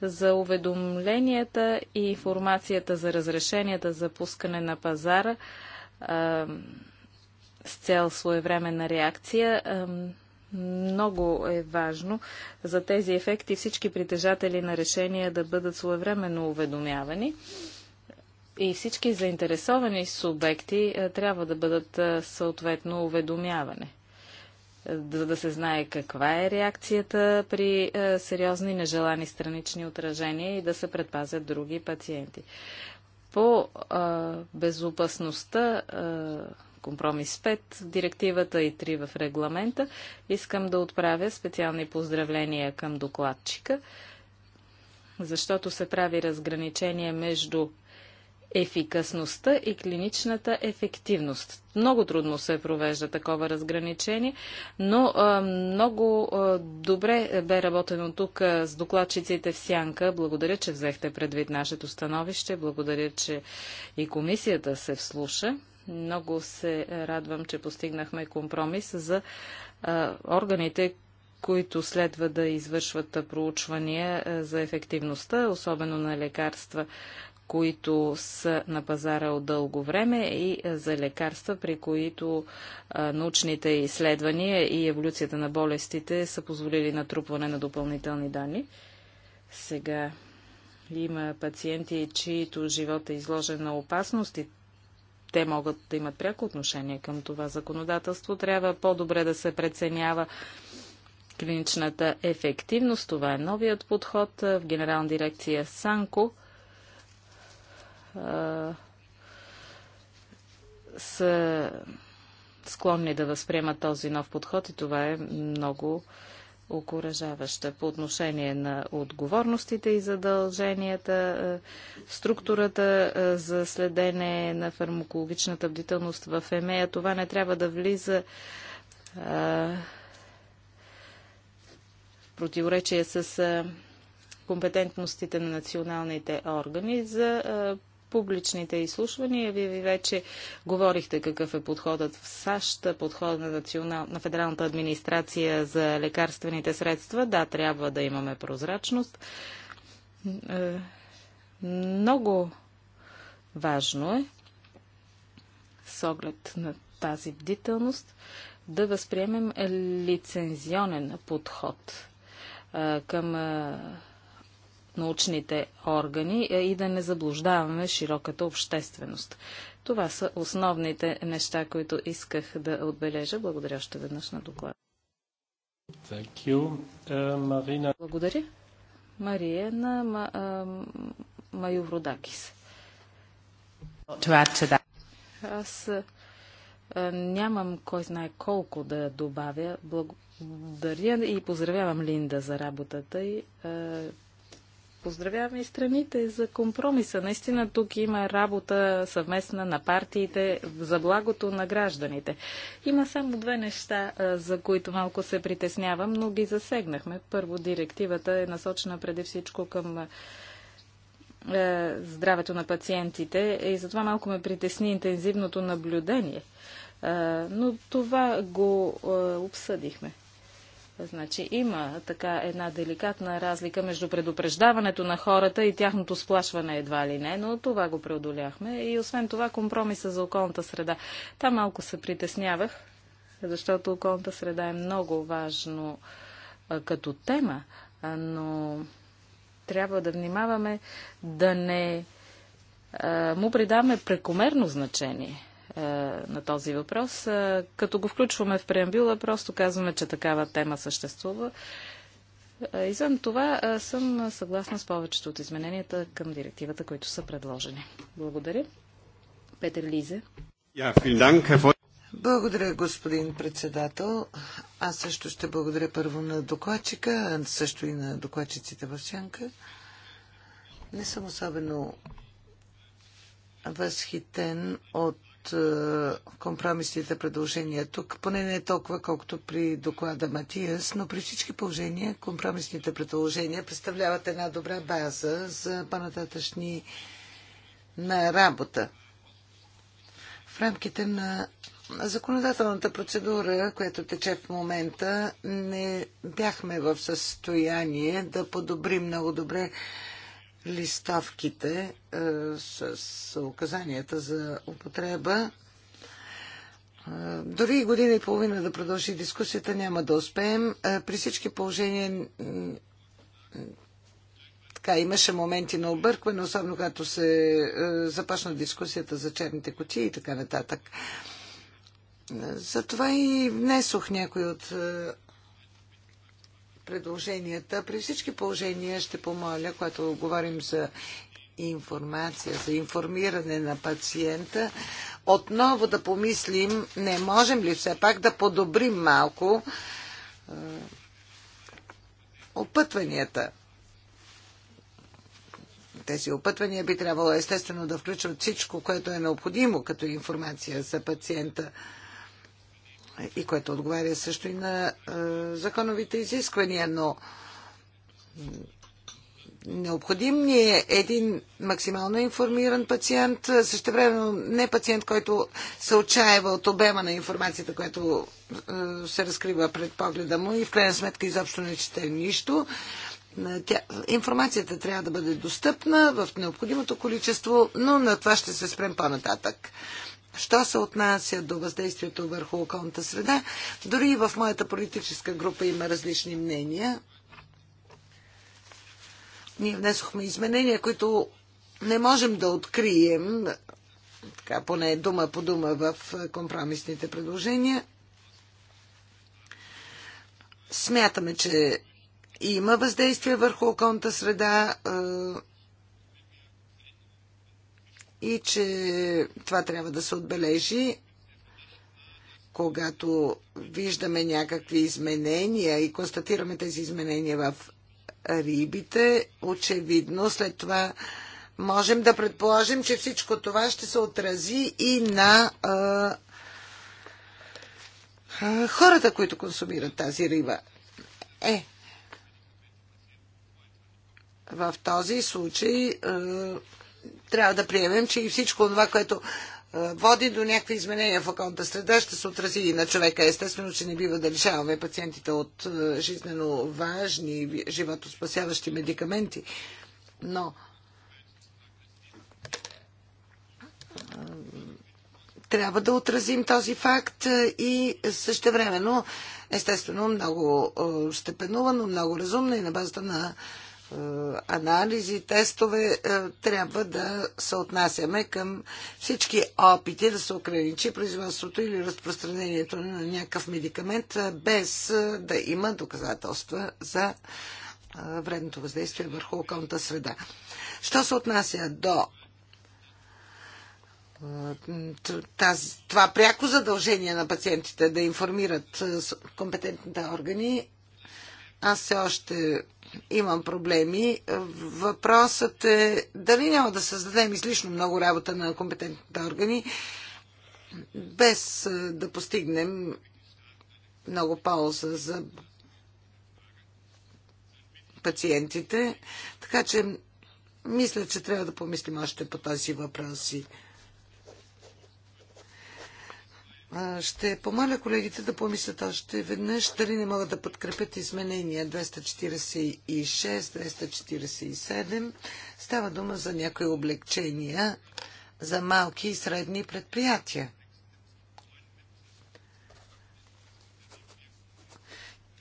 за уведомленията и информацията за разрешенията за пускане на пазара с цел своевременна реакция. Много е важно за тези ефекти всички притежатели на решения да бъдат своевременно уведомявани и всички заинтересовани субекти трябва да бъдат съответно уведомяване за да се знае каква е реакцията при сериозни нежелани странични отражения и да се предпазят други пациенти. По безопасността компромис 5 в директивата и 3 в регламента. Искам да отправя специални поздравления към докладчика, защото се прави разграничение между ефикасността и клиничната ефективност. Много трудно се провежда такова разграничение, но а, много а, добре бе работено тук а, с докладчиците в Сянка. Благодаря, че взехте предвид нашето становище. Благодаря, че и комисията се вслуша. Много се радвам, че постигнахме компромис за органите, които следва да извършват проучвания за ефективността, особено на лекарства, които са на пазара от дълго време и за лекарства, при които научните изследвания и еволюцията на болестите са позволили натрупване на допълнителни данни. Сега има пациенти, чието живот е изложен на опасности, те могат да имат пряко отношение към това законодателство. Трябва по-добре да се преценява клиничната ефективност. Това е новият подход в генерална дирекция Санко. са склонни да възприемат този нов подход и това е много окоръжаваща по отношение на отговорностите и задълженията, е, структурата е, за следене на фармакологичната бдителност в ЕМЕЯ. Това не трябва да влиза е, в противоречие с компетентностите на националните органи за а, публичните изслушвания. Вие ви вече говорихте какъв е подходът в САЩ, подходът на, национал... на Федералната администрация за лекарствените средства. Да, трябва да имаме прозрачност. Е, много важно е с оглед на тази бдителност да възприемем лицензионен подход е, към е, научните органи е, и да не заблуждаваме широката общественост. Това са основните неща, които исках да отбележа. Благодаря още веднъж на доклада. Uh, Благодаря. Мария на Майовродакис. Аз нямам кой знае колко да добавя. Благодаря и поздравявам Линда за работата и Поздравяваме и страните за компромиса. Наистина тук има работа съвместна на партиите за благото на гражданите. Има само две неща, за които малко се притеснявам, но ги засегнахме. Първо, директивата е насочена преди всичко към е, здравето на пациентите и затова малко ме притесни интензивното наблюдение. Но това го обсъдихме. Значи има така една деликатна разлика между предупреждаването на хората и тяхното сплашване едва ли не, но това го преодоляхме. И освен това компромиса за околната среда. Там малко се притеснявах, защото околната среда е много важно а, като тема, а, но трябва да внимаваме да не а, му придаваме прекомерно значение. Е, на този въпрос. Е, като го включваме в преамбюла, просто казваме, че такава тема съществува. Е, извън това съм съгласна с повечето от измененията към директивата, които са предложени. Благодаря. Петър Лизе. Благодаря, господин председател. Аз също ще благодаря първо на докладчика, а също и на докладчиците в Сянка. Не съм особено възхитен от от е, компромисните предложения тук, поне не толкова колкото при доклада Матиас, но при всички положения компромисните предложения представляват една добра база за по-нататъчни на работа. В рамките на законодателната процедура, която тече в момента, не бяхме в състояние да подобрим много добре листовките е, с указанията за употреба. Е, дори и година и половина да продължи дискусията няма да успеем. Е, при всички положения така, имаше моменти на объркване, особено когато се е, започна дискусията за черните коти и така нататък. Затова и внесох някои от предложенията. При всички положения ще помоля, когато говорим за информация, за информиране на пациента, отново да помислим, не можем ли все пак да подобрим малко опътванията. Тези опътвания би трябвало естествено да включват всичко, което е необходимо като информация за пациента и което отговаря също и на законовите изисквания, но необходим ни е един максимално информиран пациент, също време не пациент, който се отчаява от обема на информацията, която се разкрива пред погледа му и в крайна сметка изобщо не чете нищо. Тя, информацията трябва да бъде достъпна в необходимото количество, но на това ще се спрем по-нататък. Що се отнася до въздействието върху околната среда, дори и в моята политическа група има различни мнения. Ние внесохме изменения, които не можем да открием, така поне дума по дума в компромисните предложения. Смятаме, че има въздействие върху околната среда и че това трябва да се отбележи, когато виждаме някакви изменения и констатираме тези изменения в рибите, очевидно след това можем да предположим, че всичко това ще се отрази и на а, а, хората, които консумират тази риба. Е, в този случай а, трябва да приемем, че и всичко това, което води до някакви изменения в околната среда, ще се отрази и на човека. Естествено, че не бива да лишаваме пациентите от жизнено важни, животоспасяващи медикаменти. Но трябва да отразим този факт и също времено, естествено, много степенувано, много разумно и на базата на е, анализи, тестове, е, трябва да се отнасяме към всички опити да се ограничи производството или разпространението на някакъв медикамент, е, без да има доказателства за вредното въздействие върху околната среда. Що се отнася до тази, това пряко задължение на пациентите да информират компетентните органи, аз все още имам проблеми. Въпросът е дали няма да създадем излишно много работа на компетентните органи, без да постигнем много полза за пациентите. Така че мисля, че трябва да помислим още по този въпрос. Ще помоля колегите да помислят още веднъж дали не могат да подкрепят изменения 246-247. Става дума за някои облегчения за малки и средни предприятия.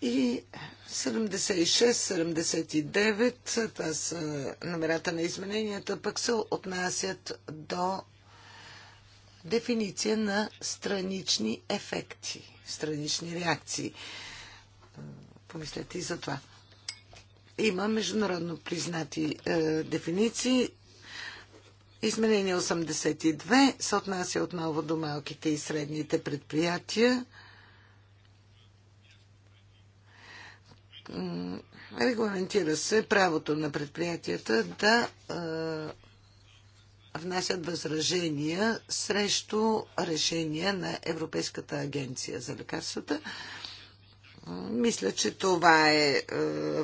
И 76-79, това са номерата на измененията, пък се отнасят до дефиниция на странични ефекти, странични реакции. Помислете и за това. Има международно признати е, дефиниции. Изменение 82 се отнася отново до малките и средните предприятия. Регламентира се правото на предприятията да е, внасят възражения срещу решения на Европейската агенция за лекарствата. Мисля, че това е, е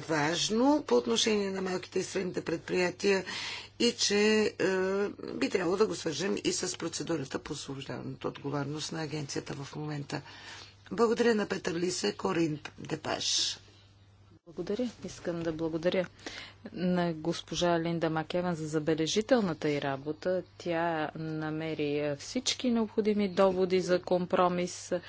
важно по отношение на малките и средните предприятия и че е, би трябвало да го свържем и с процедурата по освобождаването отговорност на агенцията в момента. Благодаря на Петър Лисе, Корин Депаш. Благодаря. Искам да благодаря на госпожа Линда Макеван за забележителната й работа. Тя намери е, всички необходими доводи за компромис, е,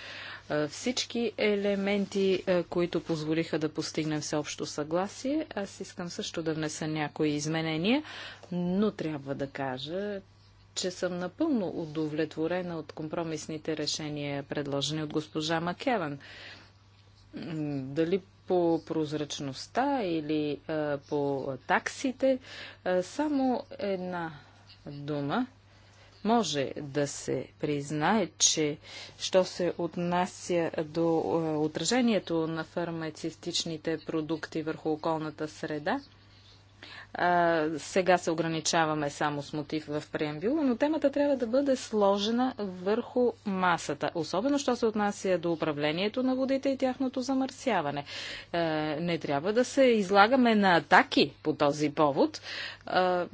всички елементи, е, които позволиха да постигнем всеобщо съгласие. Аз искам също да внеса някои изменения, но трябва да кажа, че съм напълно удовлетворена от компромисните решения, предложени от госпожа Макеван. Дали по прозрачността или а, по таксите, а, само една дума може да се признае, че що се отнася до а, отражението на фармацевтичните продукти върху околната среда, а, сега се ограничаваме само с мотив в преамбюла, но темата трябва да бъде сложена върху масата, особено що се отнася до управлението на водите и тяхното замърсяване. А, не трябва да се излагаме на атаки по този повод. А,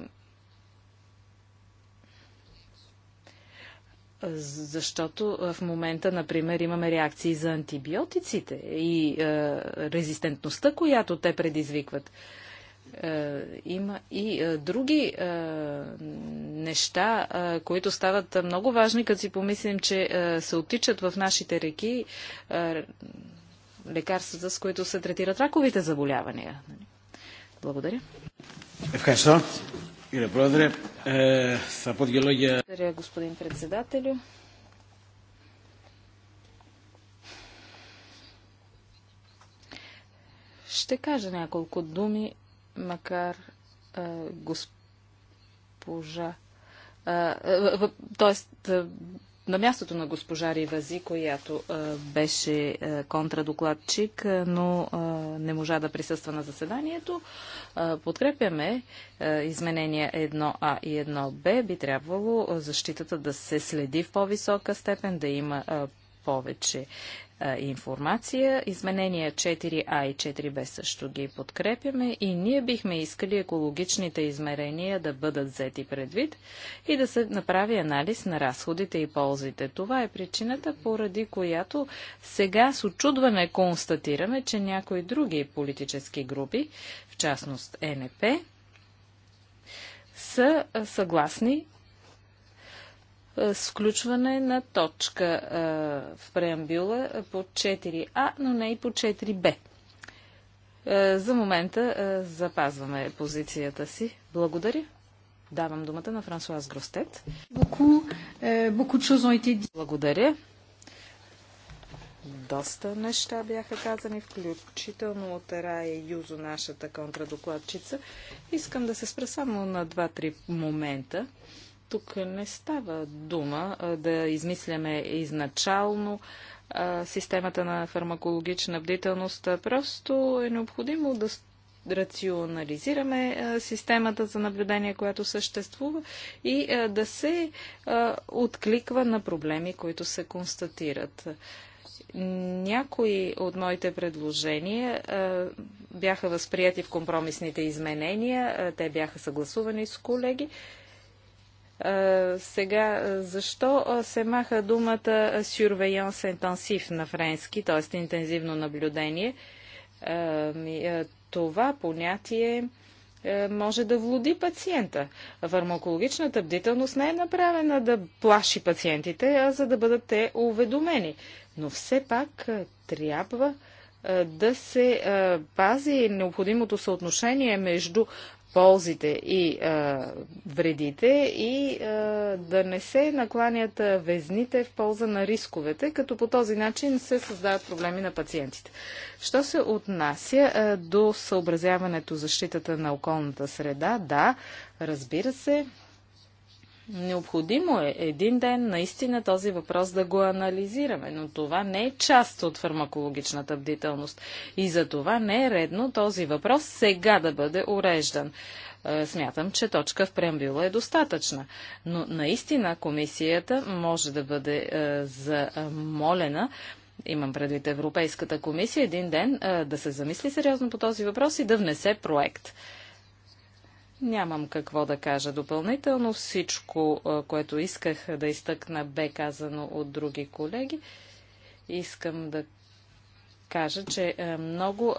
Защото в момента, например, имаме реакции за антибиотиците и е, резистентността, която те предизвикват. Е, е, има и е, други е, неща, които стават много важни, като си помислим, че се отичат в нашите реки лекарствата, с които се третират раковите заболявания. Благодаря. Ευχαριστώ, κύριε Πρόεδρε. Ε, θα πω δύο λόγια. Благодаря, господин председателю. Ще кажа няколко думи макар госпожа. Тоест, на мястото на госпожа Ривази, която беше контрадокладчик, но не можа да присъства на заседанието, подкрепяме изменения 1А и 1Б. Би трябвало защитата да се следи в по-висока степен, да има повече информация. Изменения 4А и 4Б също ги подкрепяме и ние бихме искали екологичните измерения да бъдат взети предвид и да се направи анализ на разходите и ползите. Това е причината, поради която сега с очудване констатираме, че някои други политически групи, в частност НП, са съгласни е, с включване на точка е, в преамбюла по 4А, но не и по 4Б. Е, за момента запазваме позицията си. Благодаря. Давам думата на Франсуаз Гростет. Благодаря. Доста неща бяха казани, включително от Рая Юзо, нашата контрадокладчица. Искам да се спра само на два-три момента. Тук не става дума да измисляме изначално системата на фармакологична бдителност. Просто е необходимо да рационализираме системата за наблюдение, която съществува и да се откликва на проблеми, които се констатират. Някои от моите предложения бяха възприяти в компромисните изменения, те бяха съгласувани с колеги сега, защо се маха думата surveillance интенсив на френски, т.е. интензивно наблюдение? Това понятие може да влуди пациента. Фармакологичната бдителност не е направена да плаши пациентите, а за да бъдат те уведомени. Но все пак трябва да се пази необходимото съотношение между ползите и а, вредите и а, да не се накланят везните в полза на рисковете, като по този начин се създават проблеми на пациентите. Що се отнася а, до съобразяването защитата на околната среда? Да, разбира се, Необходимо е един ден наистина този въпрос да го анализираме, но това не е част от фармакологичната бдителност. И за това не е редно този въпрос сега да бъде уреждан. Е, смятам, че точка в преамбюла е достатъчна. Но наистина комисията може да бъде е, замолена имам предвид Европейската комисия, един ден а, е, да се замисли сериозно по този въпрос и да внесе проект. Нямам какво да кажа допълнително. Всичко, което исках да изтъкна, бе казано от други колеги. Искам да кажа, че много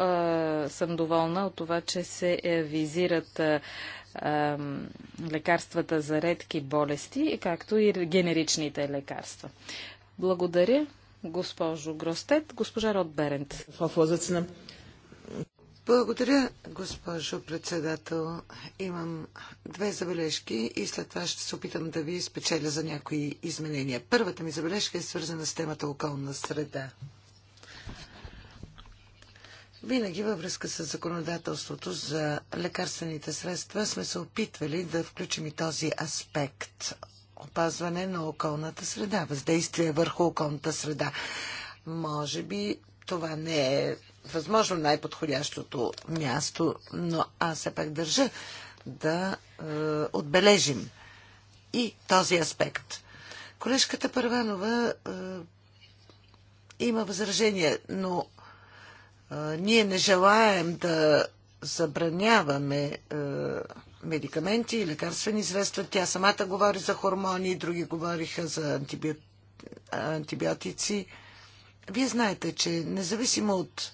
съм доволна от това, че се визират лекарствата за редки болести, както и генеричните лекарства. Благодаря, госпожо Гростет. Госпожа Род Берент. Благодаря, госпожо председател. Имам две забележки и след това ще се опитам да ви спечеля за някои изменения. Първата ми забележка е свързана с темата околна среда. Винаги във връзка с законодателството за лекарствените средства сме се опитвали да включим и този аспект опазване на околната среда, въздействие върху околната среда. Може би това не е възможно най-подходящото място, но аз все пак държа да е, отбележим и този аспект. Колежката Първанова е, има възражение, но е, ние не желаем да забраняваме е, медикаменти и лекарствени средства. Тя самата говори за хормони, други говориха за антибиотици. Антибиотици. Вие знаете, че независимо от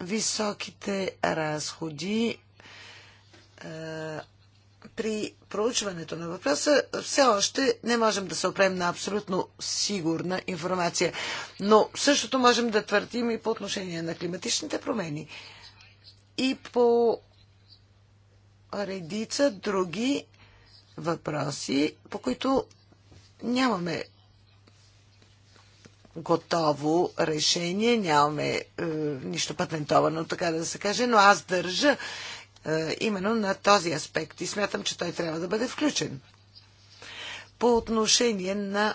високите разходи е, при проучването на въпроса все още не можем да се опрем на абсолютно сигурна информация. Но същото можем да твърдим и по отношение на климатичните промени и по редица други въпроси, по които нямаме готово решение, нямаме е, нищо патентовано, така да се каже, но аз държа е, именно на този аспект и смятам, че той трябва да бъде включен. По отношение на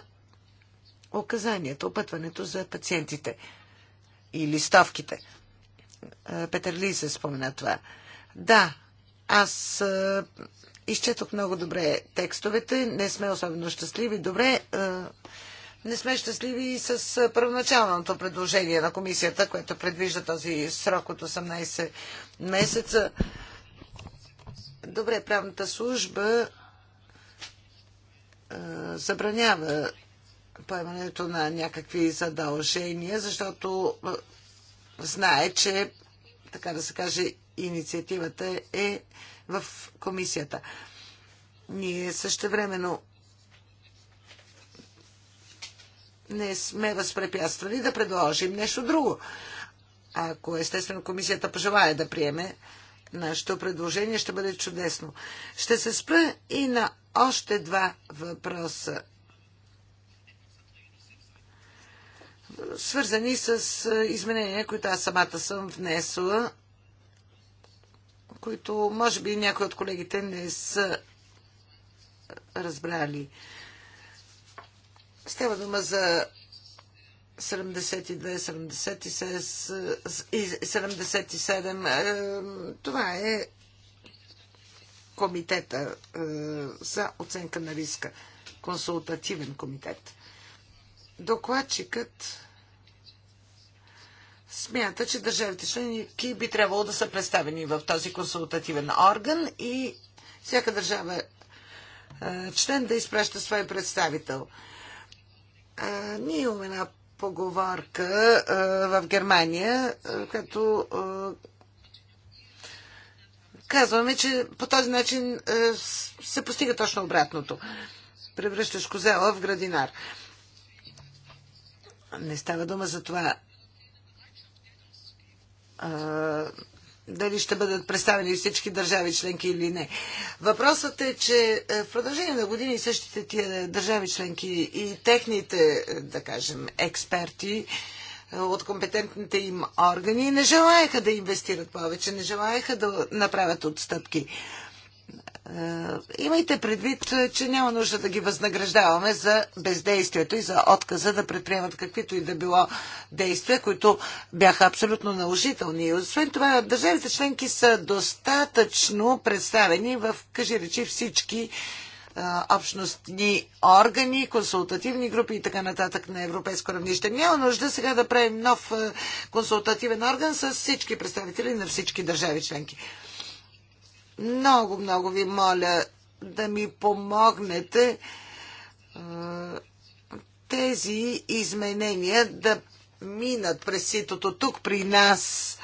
указанията, опътването за пациентите и листовките. Е, Петър Ли се спомена това. Да, аз е, изчетох много добре текстовете, не сме особено щастливи. Добре, е, не сме щастливи и с първоначалното предложение на комисията, което предвижда този срок от 18 месеца. Добре, правната служба забранява поемането на някакви задължения, защото знае, че, така да се каже, инициативата е в комисията. Ние също времено не сме възпрепятствани да предложим нещо друго. Ако естествено комисията пожелая да приеме нашето предложение, ще бъде чудесно. Ще се спра и на още два въпроса, свързани с изменения, които аз самата съм внесла, които може би някои от колегите не са разбрали. Става дума за 72-77. и 77. Е, това е комитета е, за оценка на риска. Консултативен комитет. Докладчикът смята, че държавите членки би трябвало да са представени в този консултативен орган и всяка държава е, член да изпраща своя представител. А, ние имаме една поговорка а, в Германия, а, като а, казваме, че по този начин а, се постига точно обратното. Превръщаш козела в градинар. Не става дума за това. А, дали ще бъдат представени всички държави членки или не. Въпросът е, че е, в продължение на години същите тия държави членки и техните, е, да кажем, експерти е, от компетентните им органи не желаяха да инвестират повече, не желаяха да направят отстъпки. Е, имайте предвид, че няма нужда да ги възнаграждаваме за бездействието и за отказа да предприемат каквито и да било действия, които бяха абсолютно наложителни. Освен това, държавите членки са достатъчно представени в, кажи речи, всички е, общностни органи, консултативни групи и така нататък на европейско равнище. Няма нужда сега да правим нов е, консултативен орган с всички представители на всички държави членки. Много, много ви моля да ми помогнете тези изменения да минат през ситото тук при нас.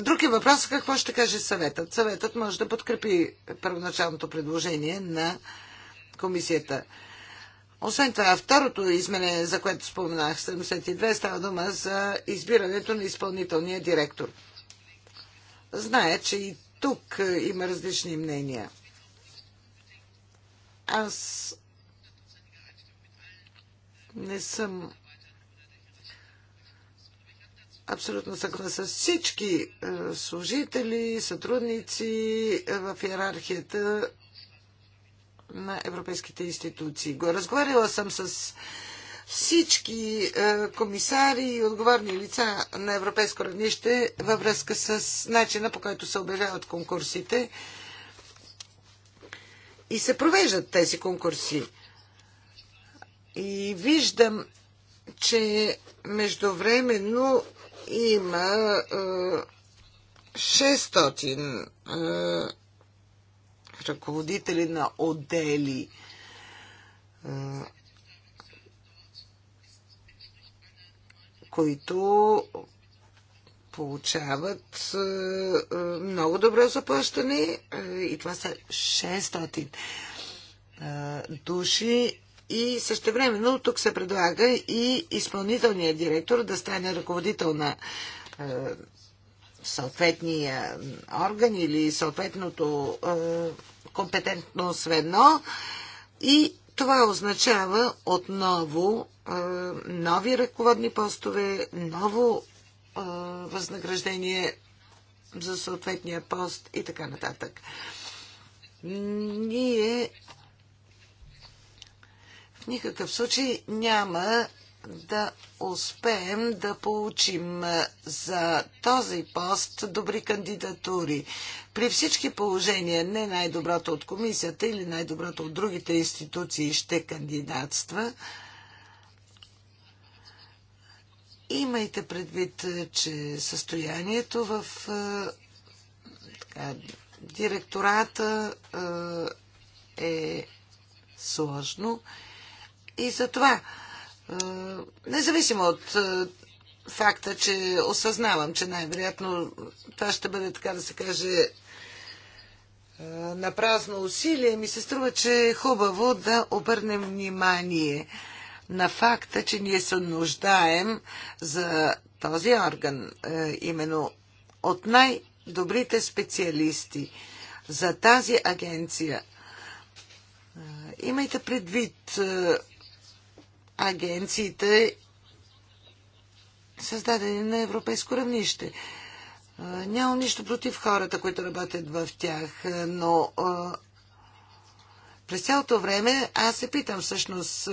Друг е въпрос какво ще каже съветът. Съветът може да подкрепи първоначалното предложение на комисията. Освен това, второто изменение, за което споменах, 72, става дума за избирането на изпълнителния директор. Зная, че и тук е, има различни мнения. Аз не съм абсолютно съгласна с всички е, служители, сътрудници е, в иерархията на европейските институции. Разговаряла съм с всички е, комисари и отговорни лица на европейско равнище във връзка с начина по който се обявяват конкурсите и се провеждат тези конкурси. И виждам, че междувременно има 600 е, е, ръководители на отдели които получават е, е, много добро заплащане е, и това са 600 души и същевременно тук се предлага и изпълнителният директор да стане ръководител на съответния орган или съответното компетентно сведно. И това означава отново нови ръководни постове, ново възнаграждение за съответния пост и така нататък. Ние в никакъв случай няма да успеем да получим за този пост добри кандидатури. При всички положения не най-доброто от комисията или най-доброто от другите институции ще кандидатства. Имайте предвид, е, че състоянието в е, така, директората е, е сложно и затова, независимо от факта, че осъзнавам, че най-вероятно това ще бъде, така да се каже, на празно усилие, ми се струва, че е хубаво да обърнем внимание на факта, че ние се нуждаем за този орган, е, именно от най-добрите специалисти за тази агенция. Е, имайте предвид е, агенциите, създадени на европейско равнище. Нямам нищо против хората, които работят в тях, но през цялото време аз се питам всъщност е,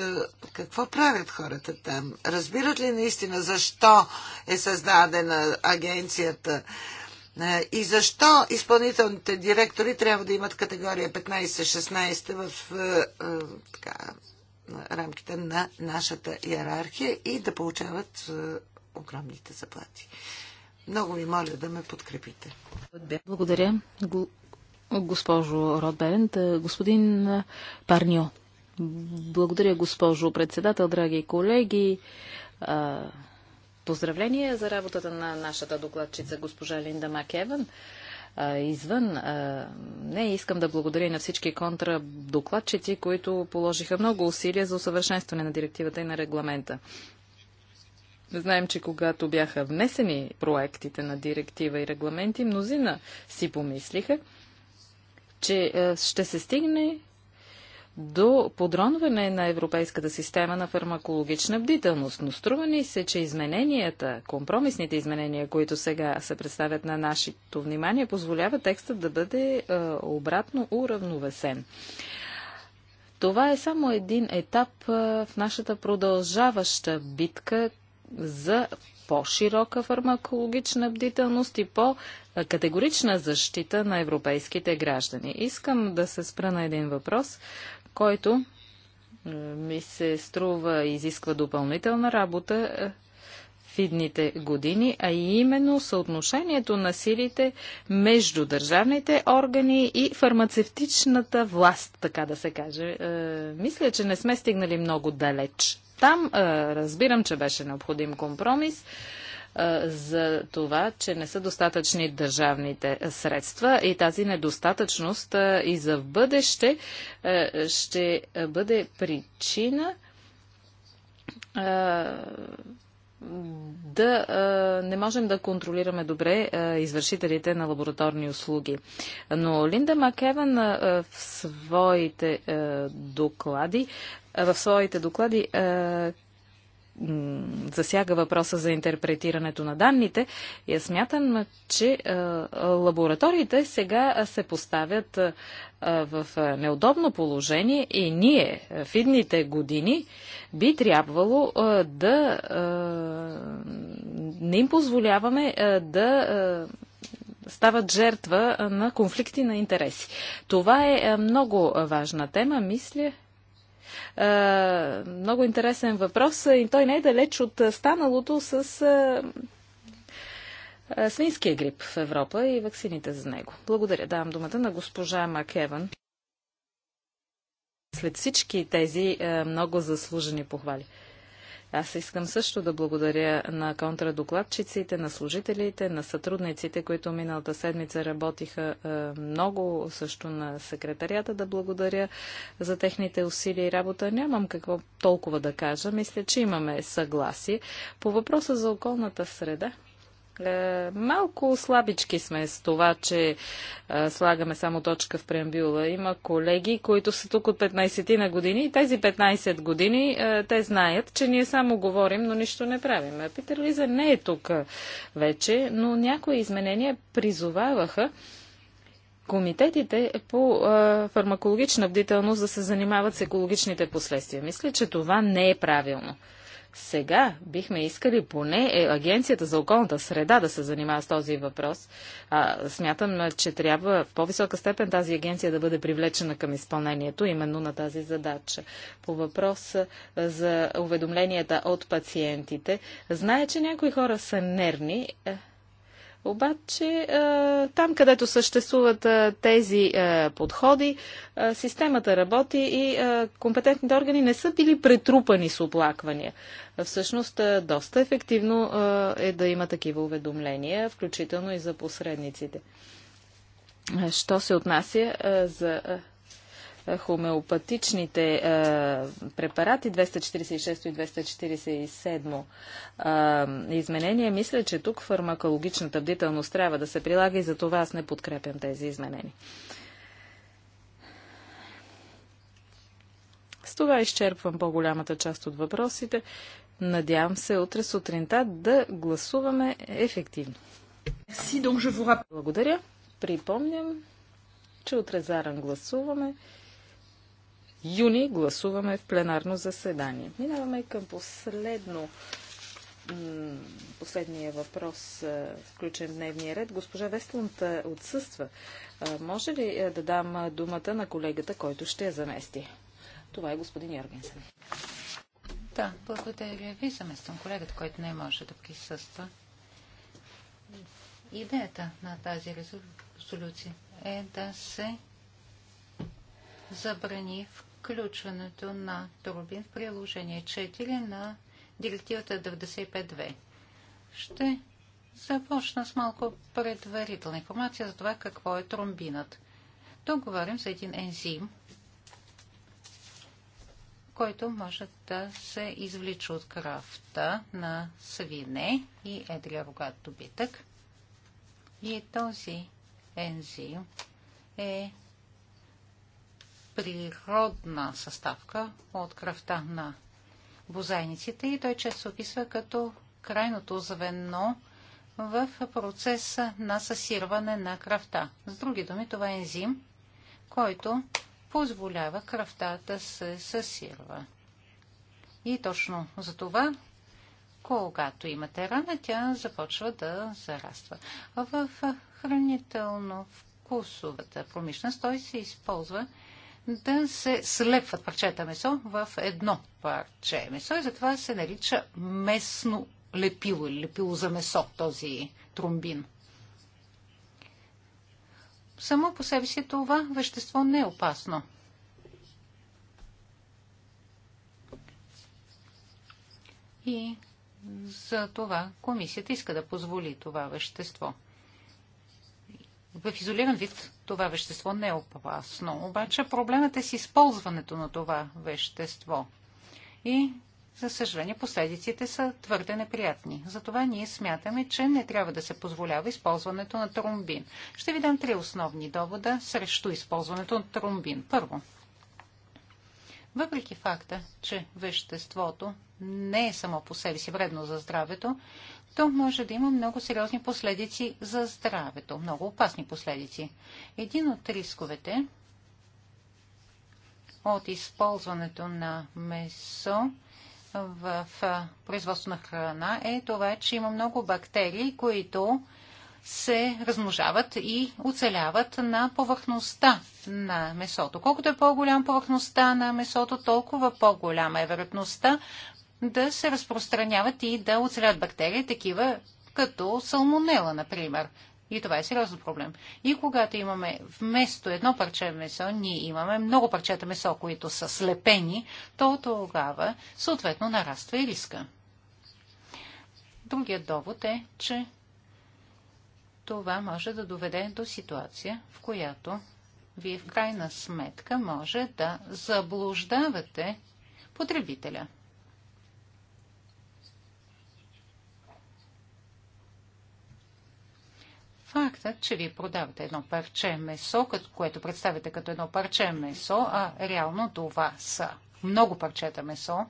какво правят хората там. Разбират ли наистина защо е създадена агенцията е, и защо изпълнителните директори трябва да имат категория 15-16 в е, така, рамките на нашата иерархия и да получават огромните заплати. Много ви моля да ме подкрепите. Благодаря. Госпожо Родберент, е, господин Парньо. Благодаря, госпожо председател, драги колеги. Е, поздравления за работата на нашата докладчица госпожа Линда Макеван е, извън. Не, искам да благодаря на всички контрадокладчици, които положиха много усилия за усъвършенстване на директивата и на регламента. Знаем, че когато бяха внесени проектите на директива и регламенти, мнозина си помислиха, че е, ще се стигне до подронване на европейската система на фармакологична бдителност. Но струва ни се, че измененията, компромисните изменения, които сега се представят на нашето внимание, позволява текстът да бъде е, обратно уравновесен. Това е само един етап е, в нашата продължаваща битка за по-широка фармакологична бдителност и по- категорична защита на европейските граждани. Искам да се спра на един въпрос, който е, ми се струва изисква допълнителна работа е, в идните години, а именно съотношението на силите между държавните органи и фармацевтичната власт, така да се каже. Е, мисля, че не сме стигнали много далеч. Там разбирам, че беше необходим компромис за това, че не са достатъчни държавните средства и тази недостатъчност и за в бъдеще ще бъде причина да не можем да контролираме добре извършителите на лабораторни услуги. Но Линда Макеван в своите доклади, в своите доклади засяга въпроса за интерпретирането на данните. Я смятам, че лабораториите сега се поставят в неудобно положение и ние в идните години би трябвало да не им позволяваме да стават жертва на конфликти на интереси. Това е много важна тема, мисля е, много интересен въпрос е, и той не е далеч от е, станалото с свинския грип в Европа и ваксините за него. Благодаря. Давам думата на госпожа Макеван. След всички тези много заслужени похвали. Аз искам също да благодаря на контрадокладчиците, на служителите, на сътрудниците, които миналата седмица работиха е, много, също на секретарията да благодаря за техните усилия и работа. Нямам какво толкова да кажа. Мисля, че имаме съгласие. По въпроса за околната среда, е, малко слабички сме с това, че е, слагаме само точка в преамбюла. Има колеги, които са тук от 15 ти на години и тези 15 години е, те знаят, че ние само говорим, но нищо не правим. Питер Лиза не е тук вече, но някои изменения призоваваха комитетите по фармакологична бдителност да се занимават с екологичните последствия. Мисля, че това не е правилно. Сега бихме искали поне е, Агенцията за околната среда да се занимава с този въпрос. А, смятам, че трябва в по-висока степен тази агенция да бъде привлечена към изпълнението именно на тази задача. По въпроса за уведомленията от пациентите, знае, че някои хора са нервни. Е, обаче там, където съществуват тези подходи, системата работи и компетентните органи не са били претрупани с оплаквания. Всъщност, доста ефективно е да има такива уведомления, включително и за посредниците. Що се отнася за хомеопатичните е, препарати 246 и 247 е, изменения, мисля, че тук фармакологичната бдителност трябва да се прилага и за това аз не подкрепям тези изменения. С това изчерпвам по-голямата част от въпросите. Надявам се утре сутринта да гласуваме ефективно. Благодаря. Припомням, че утре заран гласуваме юни гласуваме в пленарно заседание. Минаваме към последно последния въпрос, включен в дневния ред. Госпожа Вестланта отсъства. Може ли да дам думата на колегата, който ще я замести? Това е господин Йоргенсен. Да, благодаря ви. Замествам колегата, който не може да присъства. Идеята на тази резолюция е да се забрани в включването на турбин в приложение 4 на директивата 95.2. Ще започна с малко предварителна информация за това какво е тромбинът. Тук говорим за един ензим, който може да се извлича от кравта на свине и едрия рогат добитък. И този ензим е природна съставка от кръвта на бозайниците и той често се описва като крайното звено в процеса на съсирване на кръвта. С други думи, това е ензим, който позволява кръвта да се съсирва. И точно за това, когато имате рана, тя започва да зараства. В хранително-вкусовата промишленост той се използва да се слепват парчета месо в едно парче месо и затова се нарича местно лепило или лепило за месо този тромбин. Само по себе си това вещество не е опасно. И за това комисията иска да позволи това вещество – в изолиран вид това вещество не е опасно, обаче проблемът е с използването на това вещество. И, за съжаление, последиците са твърде неприятни. Затова ние смятаме, че не трябва да се позволява използването на тромбин. Ще ви дам три основни довода срещу използването на тромбин. Първо, въпреки факта, че веществото не е само по себе си вредно за здравето, то може да има много сериозни последици за здравето, много опасни последици. Един от рисковете от използването на месо в производство на храна е това, че има много бактерии, които се размножават и оцеляват на повърхността на месото. Колкото е по-голям повърхността на месото, толкова по-голяма е вероятността да се разпространяват и да оцелят бактерии, такива като салмонела, например. И това е сериозен проблем. И когато имаме вместо едно парче месо, ние имаме много парчета месо, които са слепени, то тогава съответно нараства и риска. Другият довод е, че това може да доведе до ситуация, в която вие в крайна сметка може да заблуждавате потребителя – Факта, че вие продавате едно парче месо, което представите като едно парче месо, а реално това са много парчета месо,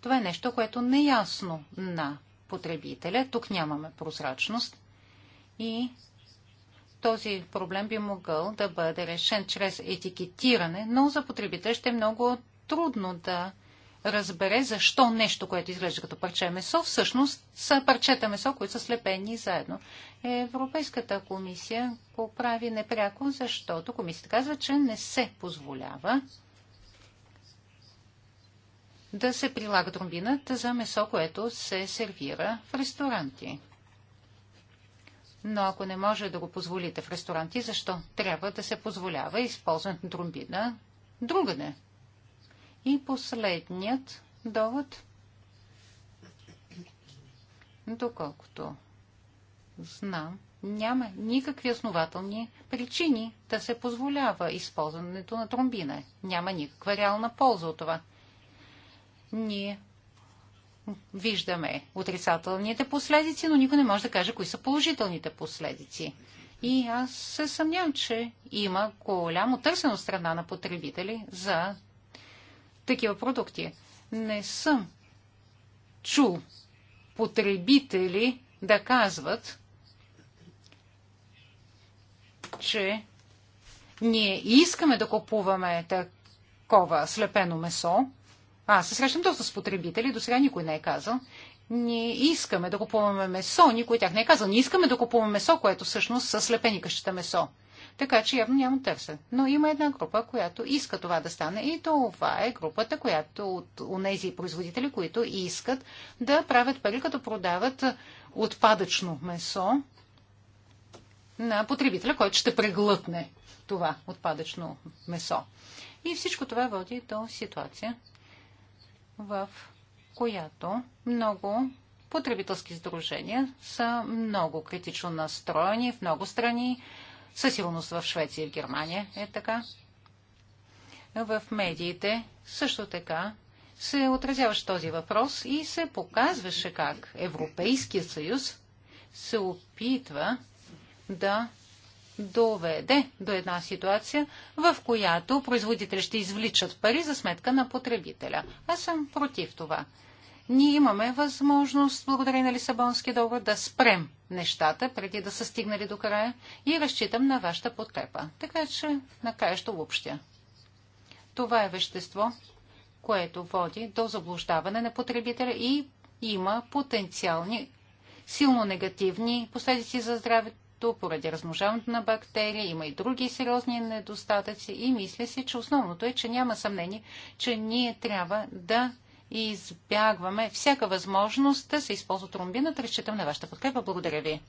това е нещо, което не е ясно на потребителя. Тук нямаме прозрачност и този проблем би могъл да бъде решен чрез етикетиране, но за потребителя ще е много трудно да разбере защо нещо, което изглежда като парче месо, всъщност са парчета месо, които са слепени заедно. Европейската комисия го прави непряко, защото комисията казва, че не се позволява да се прилага тромбината за месо, което се сервира в ресторанти. Но ако не може да го позволите в ресторанти, защо трябва да се позволява използването на тромбина другаде? И последният довод, доколкото знам, няма никакви основателни причини да се позволява използването на тромбина. Няма никаква реална полза от това. Ние виждаме отрицателните последици, но никой не може да каже кои са положителните последици. И аз се съмнявам, че има голямо търсено страна на потребители за такива продукти. Не съм чул потребители да казват, че ние искаме да купуваме такова слепено месо. Аз се срещам доста с потребители, до сега никой не е казал. Ние искаме да купуваме месо, никой тях не е казал. Ние искаме да купуваме месо, което всъщност са слепени къщата месо. Така че явно няма търсен. Но има една група, която иска това да стане и това е групата, която от тези производители, които искат да правят пари, като продават отпадъчно месо на потребителя, който ще преглътне това отпадъчно месо. И всичко това води до ситуация, в която много потребителски сдружения са много критично настроени в много страни. Със сигурност в Швеция и в Германия е така. В медиите също така се отразяваше този въпрос и се показваше как Европейският съюз се опитва да доведе до една ситуация, в която производители ще извличат пари за сметка на потребителя. Аз съм против това ние имаме възможност, благодарение на Лисабонския договор, да спрем нещата, преди да са стигнали до края и разчитам на вашата подкрепа. Така че, накрая ще обобщя. Това е вещество, което води до заблуждаване на потребителя и има потенциални, силно негативни последици за здравето поради размножаването на бактерии. Има и други сериозни недостатъци и мисля си, че основното е, че няма съмнение, че ние трябва да и избягваме всяка възможност да се използва тромбината. Разчитам на вашата подкрепа. Благодаря ви.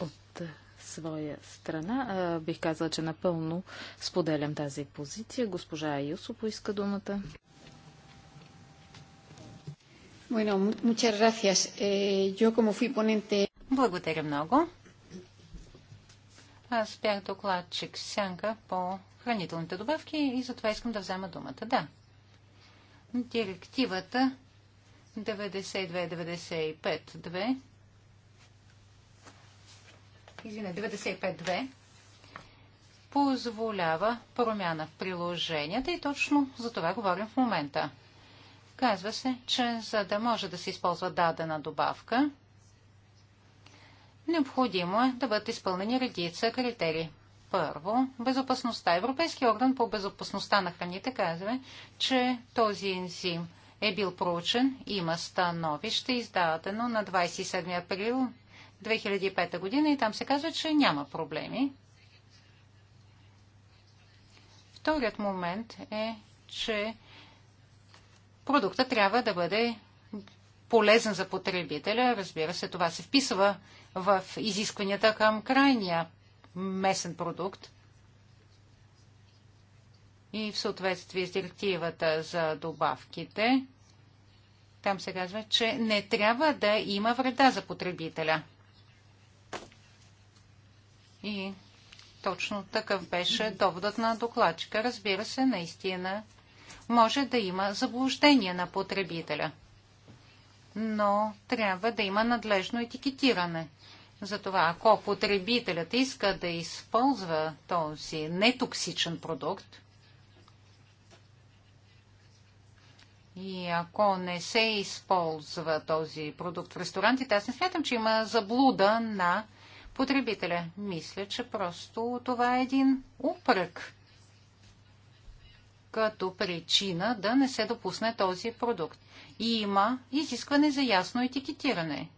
От е, своя страна е, бих казала, че напълно споделям тази позиция. Госпожа Юсо поиска думата. Bueno, muchas gracias. Eh, yo como fui ponente... Благодаря много. Аз бях докладчик Сянка по хранителните добавки и затова искам да взема думата. Да, директивата 92 95 извине, 952 позволява промяна в приложенията и точно за това говорим в момента. Казва се, че за да може да се използва дадена добавка, необходимо е да бъдат изпълнени редица критерии. Първо, безопасността. Европейския орган по безопасността на храните казва, че този ензим е бил проучен, има становище, издадено на 27 април 2005 година и там се казва, че няма проблеми. Вторият момент е, че продукта трябва да бъде полезен за потребителя. Разбира се, това се вписва в изискванията към крайния месен продукт. И в съответствие с директивата за добавките, там се казва, че не трябва да има вреда за потребителя. И точно такъв беше доводът на докладчика. Разбира се, наистина може да има заблуждение на потребителя. Но трябва да има надлежно етикетиране. Затова, ако потребителят иска да използва този нетоксичен продукт, И ако не се използва този продукт в ресторантите, аз не смятам, че има заблуда на потребителя. Мисля, че просто това е един упрек като причина да не се допусне този продукт. И има изискване за ясно етикетиране.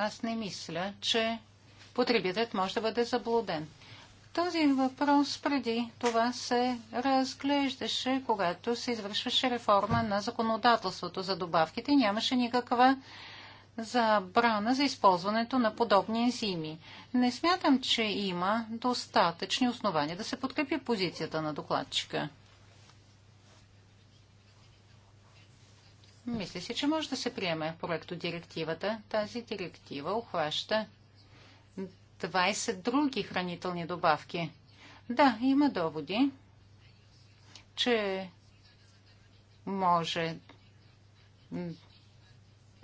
Аз не мисля, че потребителят може да бъде заблуден. Този въпрос преди това се разглеждаше, когато се извършваше реформа на законодателството за добавките. Нямаше никаква забрана за използването на подобни ензими. Не смятам, че има достатъчни основания да се подкрепи позицията на докладчика. Мисля си, че може да се приеме проекто директивата. Тази директива охваща 20 други хранителни добавки. Да, има доводи, че може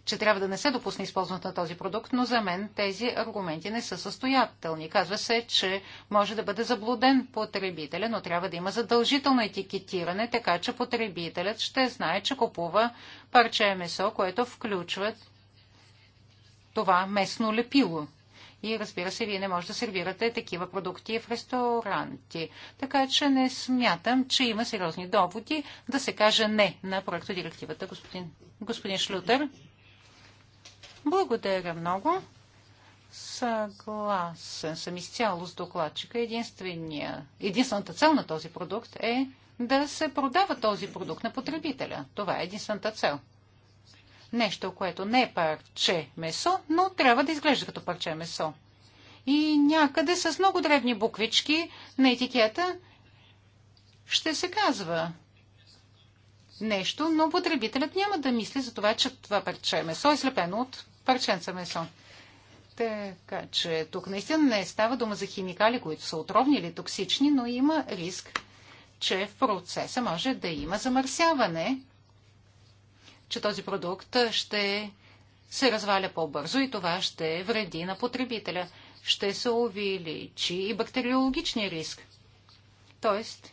че трябва да не се допусне използването на този продукт, но за мен тези аргументи не са състоятелни. Казва се, че може да бъде заблуден потребителя, но трябва да има задължително етикетиране, така че потребителят ще знае, че купува парче месо, което включва това местно лепило. И разбира се, вие не може да сервирате такива продукти в ресторанти. Така че не смятам, че има сериозни доводи да се каже не на проекто директивата, господин, господин Шлютер. Благодаря много. Съгласен съм изцяло с докладчика. единствената цел на този продукт е да се продава този продукт на потребителя. Това е единствената цел. Нещо, което не е парче месо, но трябва да изглежда като парче месо. И някъде с много древни буквички на етикета ще се казва нещо, но потребителят няма да мисли за това, че това парче месо е слепено от парченца месо. Така че тук наистина не става дума за химикали, които са отровни или токсични, но има риск, че в процеса може да има замърсяване, че този продукт ще се разваля по-бързо и това ще вреди на потребителя. Ще се увеличи и бактериологичния риск. Тоест,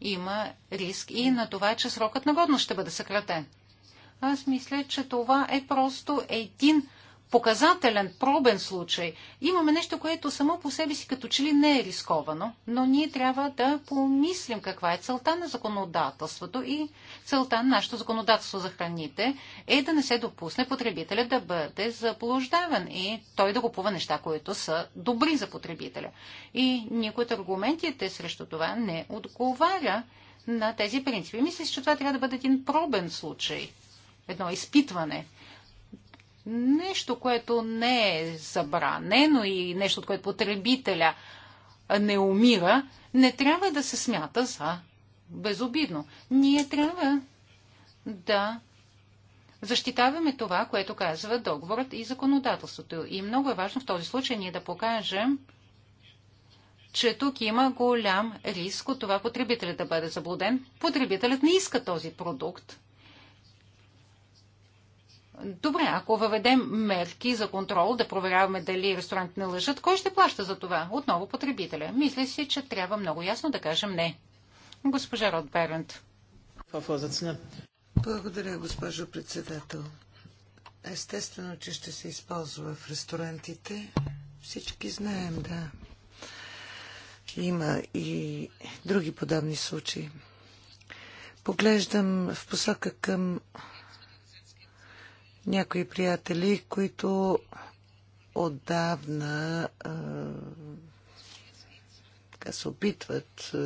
има риск и на това, че срокът на годност ще бъде съкратен. Аз мисля, че това е просто един показателен, пробен случай. Имаме нещо, което само по себе си като че ли не е рисковано, но ние трябва да помислим каква е целта на законодателството и целта на нашето законодателство за храните е да не се допусне потребителя да бъде заблуждаван и той да купува неща, които са добри за потребителя. И никой от аргументите срещу това не отговаря на тези принципи. Мисля, че това трябва да бъде един пробен случай – едно изпитване. Нещо, което не е забранено и нещо, от което потребителя не умира, не трябва да се смята за безобидно. Ние трябва да защитаваме това, което казва договорът и законодателството. И много е важно в този случай ние да покажем, че тук има голям риск от това потребителят да бъде заблуден. Потребителят не иска този продукт. Добре, ако въведем мерки за контрол, да проверяваме дали ресторантите не лъжат, кой ще плаща за това? Отново потребителя. Мисля си, че трябва много ясно да кажем не. Госпожа Род Берент. Благодаря, госпожо председател. Естествено, че ще се използва в ресторантите. Всички знаем, да. Има и други подобни случаи. Поглеждам в посока към някои приятели, които отдавна а, така се опитват а,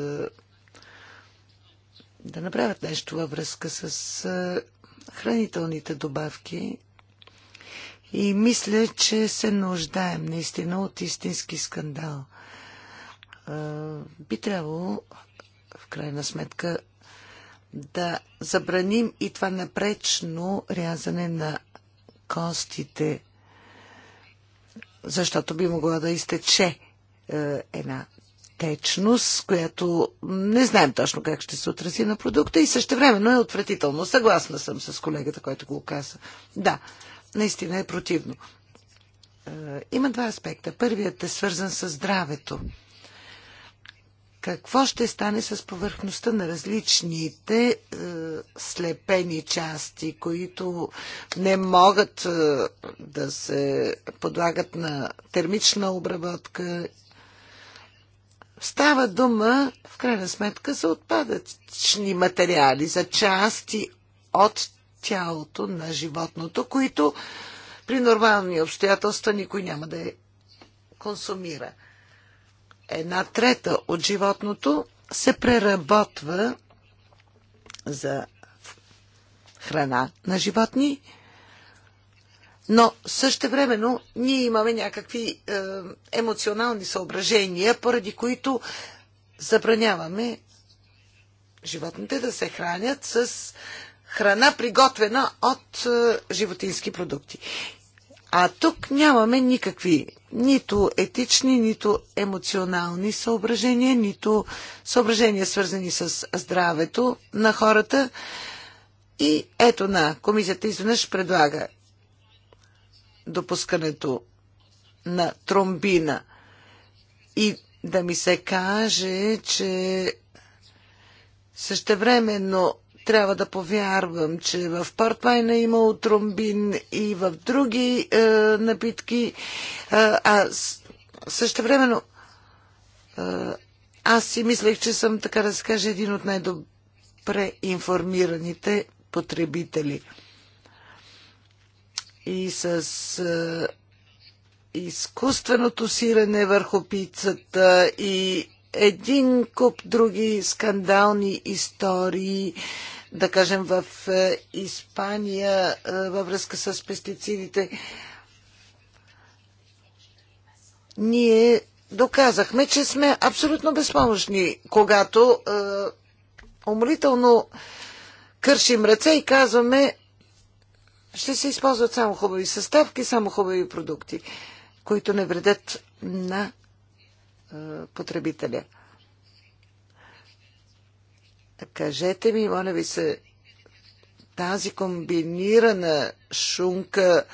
да направят нещо във връзка с а, хранителните добавки. И мисля, че се нуждаем наистина от истински скандал. А, би трябвало, в крайна сметка, да забраним и това напречно рязане на костите, защото би могла да изтече е, една течност, която не знаем точно как ще се отрази на продукта и също времено е отвратително. Съгласна съм с колегата, който го каза. Да, наистина е противно. Е, има два аспекта. Първият е свързан с здравето. Какво ще стане с повърхността на различните е, слепени части, които не могат е, да се подлагат на термична обработка? Става дума, в крайна сметка, за отпадъчни материали, за части от тялото на животното, които при нормални обстоятелства никой няма да е консумира една трета от животното се преработва за храна на животни, но времено ние имаме някакви е, емоционални съображения, поради които забраняваме животните да се хранят с храна, приготвена от е, животински продукти. А тук нямаме никакви нито етични, нито емоционални съображения, нито съображения свързани с здравето на хората. И ето на, комисията изведнъж предлага допускането на тромбина. И да ми се каже, че същевременно трябва да повярвам, че в портвайна е имало тромбин и в други е, напитки. Е, а също времено е, аз си мислех, че съм, така да се каже, един от най-добре информираните потребители. И с е, изкуственото сирене върху пицата и един куп други скандални истории. Uh, да кажем, в е, Испания е, във връзка с пестицидите. Ние доказахме, че сме абсолютно безпомощни, когато е, умолително кършим ръце и казваме, ще се използват само хубави съставки, само хубави продукти, които не вредят на потребителя. Кажете ми, моля ви се, тази комбинирана шунка,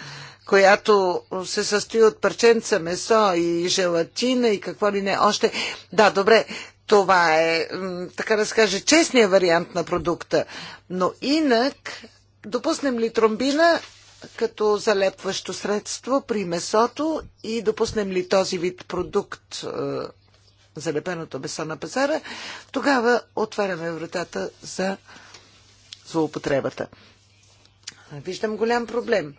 която се състои от парченца месо и желатина и какво ли не още. Да, добре, това е, така да се каже, честният вариант на продукта. Но инак, допуснем ли тромбина като залепващо средство при месото и допуснем ли този вид продукт е, залепеното месо на пазара, тогава отваряме вратата за злоупотребата. Виждам голям проблем.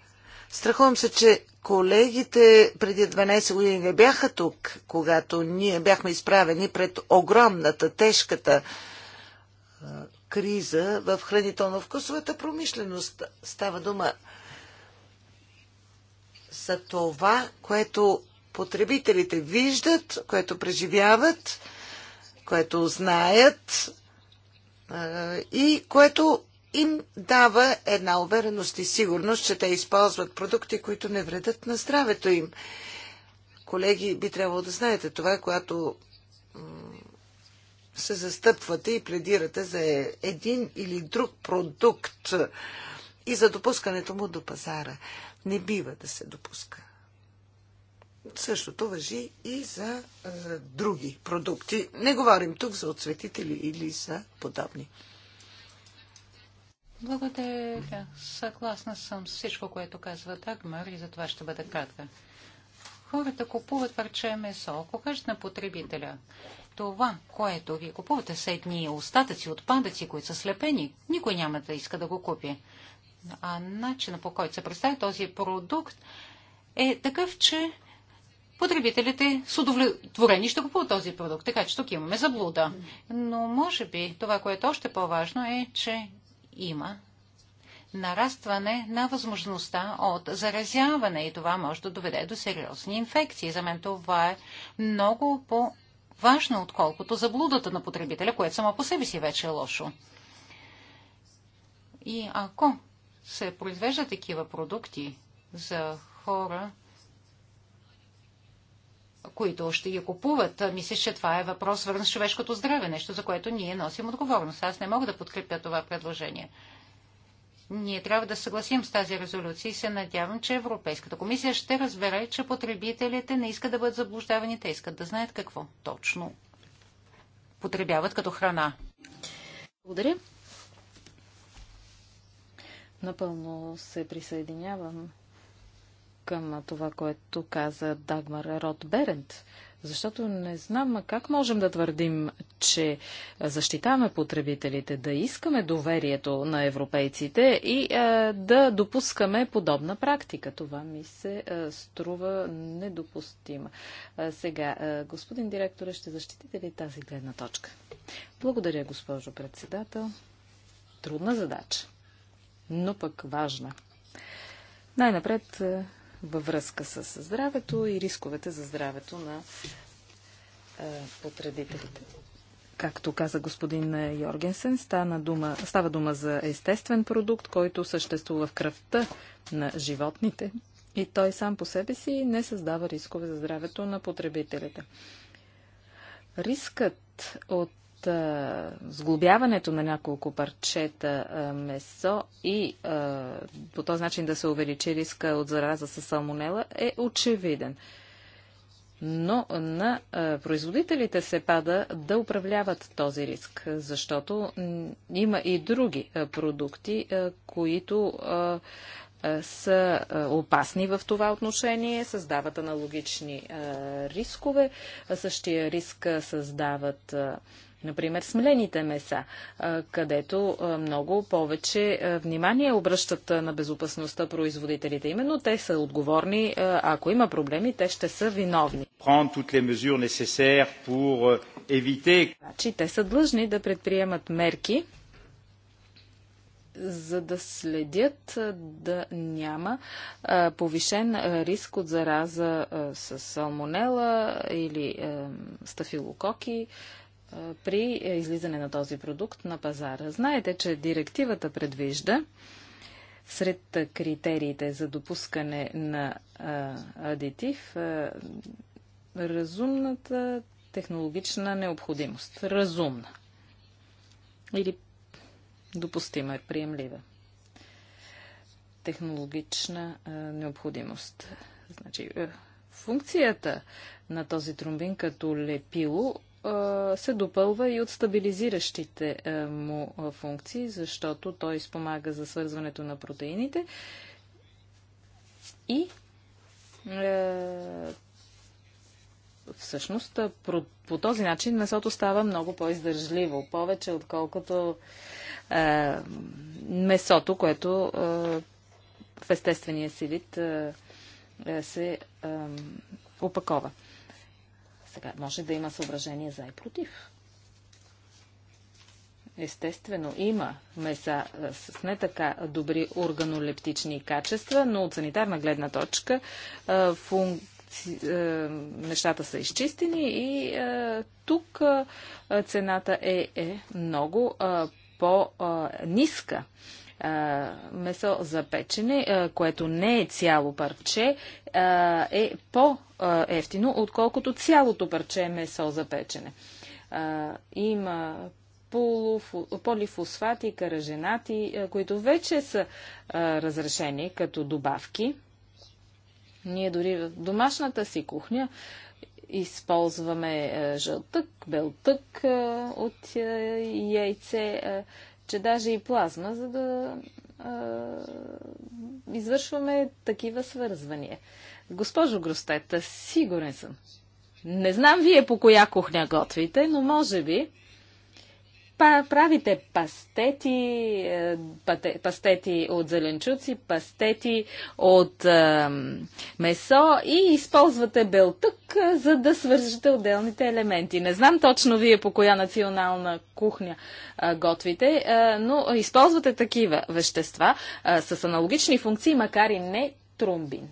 Страхувам се, че колегите преди 12 години не бяха тук, когато ние бяхме изправени пред огромната, тежката криза в хранително-вкусовата промишленост. Става дума за това, което потребителите виждат, което преживяват, което знаят и което им дава една увереност и сигурност, че те използват продукти, които не вредят на здравето им. Колеги, би трябвало да знаете това, когато се застъпвате и пледирате за е, един или друг продукт и за допускането му до пазара. Не бива да се допуска. Същото въжи и за е, други продукти. Не говорим тук за отцветители или за подобни. Благодаря. Съгласна съм с всичко, което казва Дагмар и за това ще бъда кратка. Хората купуват парче месо. Ако кажете на потребителя, това, което ви купувате, са едни остатъци, отпадъци, които са слепени, никой няма да иска да го купи. А начинът по който се представя този продукт е такъв, че потребителите с удовлетворени ще купуват този продукт. Така че тук имаме заблуда. Но може би това, което е още по-важно е, че има нарастване на възможността от заразяване и това може да доведе до сериозни инфекции. За мен това е много по-важно, отколкото заблудата на потребителя, което само по себе си вече е лошо. И ако се произвеждат такива продукти за хора, които ще ги купуват. Мисля, че това е въпрос свързан с човешкото здраве, нещо, за което ние носим отговорност. Аз не мога да подкрепя това предложение. Ние трябва да съгласим с тази резолюция и се надявам, че Европейската комисия ще разбере, че потребителите не искат да бъдат заблуждавани, те искат да знаят какво точно потребяват като храна. Благодаря. Напълно се присъединявам към това, което каза Дагмар Рот Берент. Защото не знам как можем да твърдим, че защитаваме потребителите, да искаме доверието на европейците и е, да допускаме подобна практика. Това ми се е, струва недопустима. Е, сега, е, господин директор, ще защитите ли тази гледна точка? Благодаря, госпожо председател. Трудна задача, но пък важна. Най-напред е, във връзка с здравето и рисковете за здравето на е, потребителите. Както каза господин Йоргенсен, стана дума, става дума за естествен продукт, който съществува в кръвта на животните и той сам по себе си не създава рискове за здравето на потребителите. Рискът от сглобяването на няколко парчета месо и по този начин да се увеличи риска от зараза с салмонела е очевиден. Но на производителите се пада да управляват този риск, защото има и други продукти, които. са опасни в това отношение, създават аналогични рискове. Същия риск създават Например, смелените меса, където много повече внимание обръщат на безопасността производителите. Именно те са отговорни. Ако има проблеми, те ще са виновни. Euh, значи, те са длъжни да предприемат мерки, за да следят да няма повишен риск от зараза с салмонела или стафилококи при излизане на този продукт на пазара. Знаете, че директивата предвижда сред критериите за допускане на адитив разумната технологична необходимост. Разумна. Или допустима, е приемлива. Технологична необходимост. Значи, функцията на този тромбин като лепило се допълва и от стабилизиращите му функции, защото той спомага за свързването на протеините. И всъщност по този начин месото става много по-издържливо, повече отколкото месото, което в естествения си вид се опакова. Сега може да има съображение за и против. Естествено, има меса с не така добри органолептични качества, но от санитарна гледна точка нещата са изчистени и тук цената е, е много по-ниска а, месо за печене, а, което не е цяло парче, а, е по-ефтино, отколкото цялото парче месо за печене. А, има полифосфати, караженати, които вече са а, разрешени като добавки. Ние дори в домашната си кухня използваме жълтък, белтък от яйце че даже и плазма, за да а, извършваме такива свързвания. Госпожо Гростета, сигурен съм. Не знам вие по коя кухня готвите, но може би правите пастети, е, пастети от зеленчуци, пастети от е, месо и използвате белтък, е, за да свържете отделните елементи. Не знам точно вие по коя национална кухня готвите, но използвате такива вещества с аналогични функции, макар и не тромбин.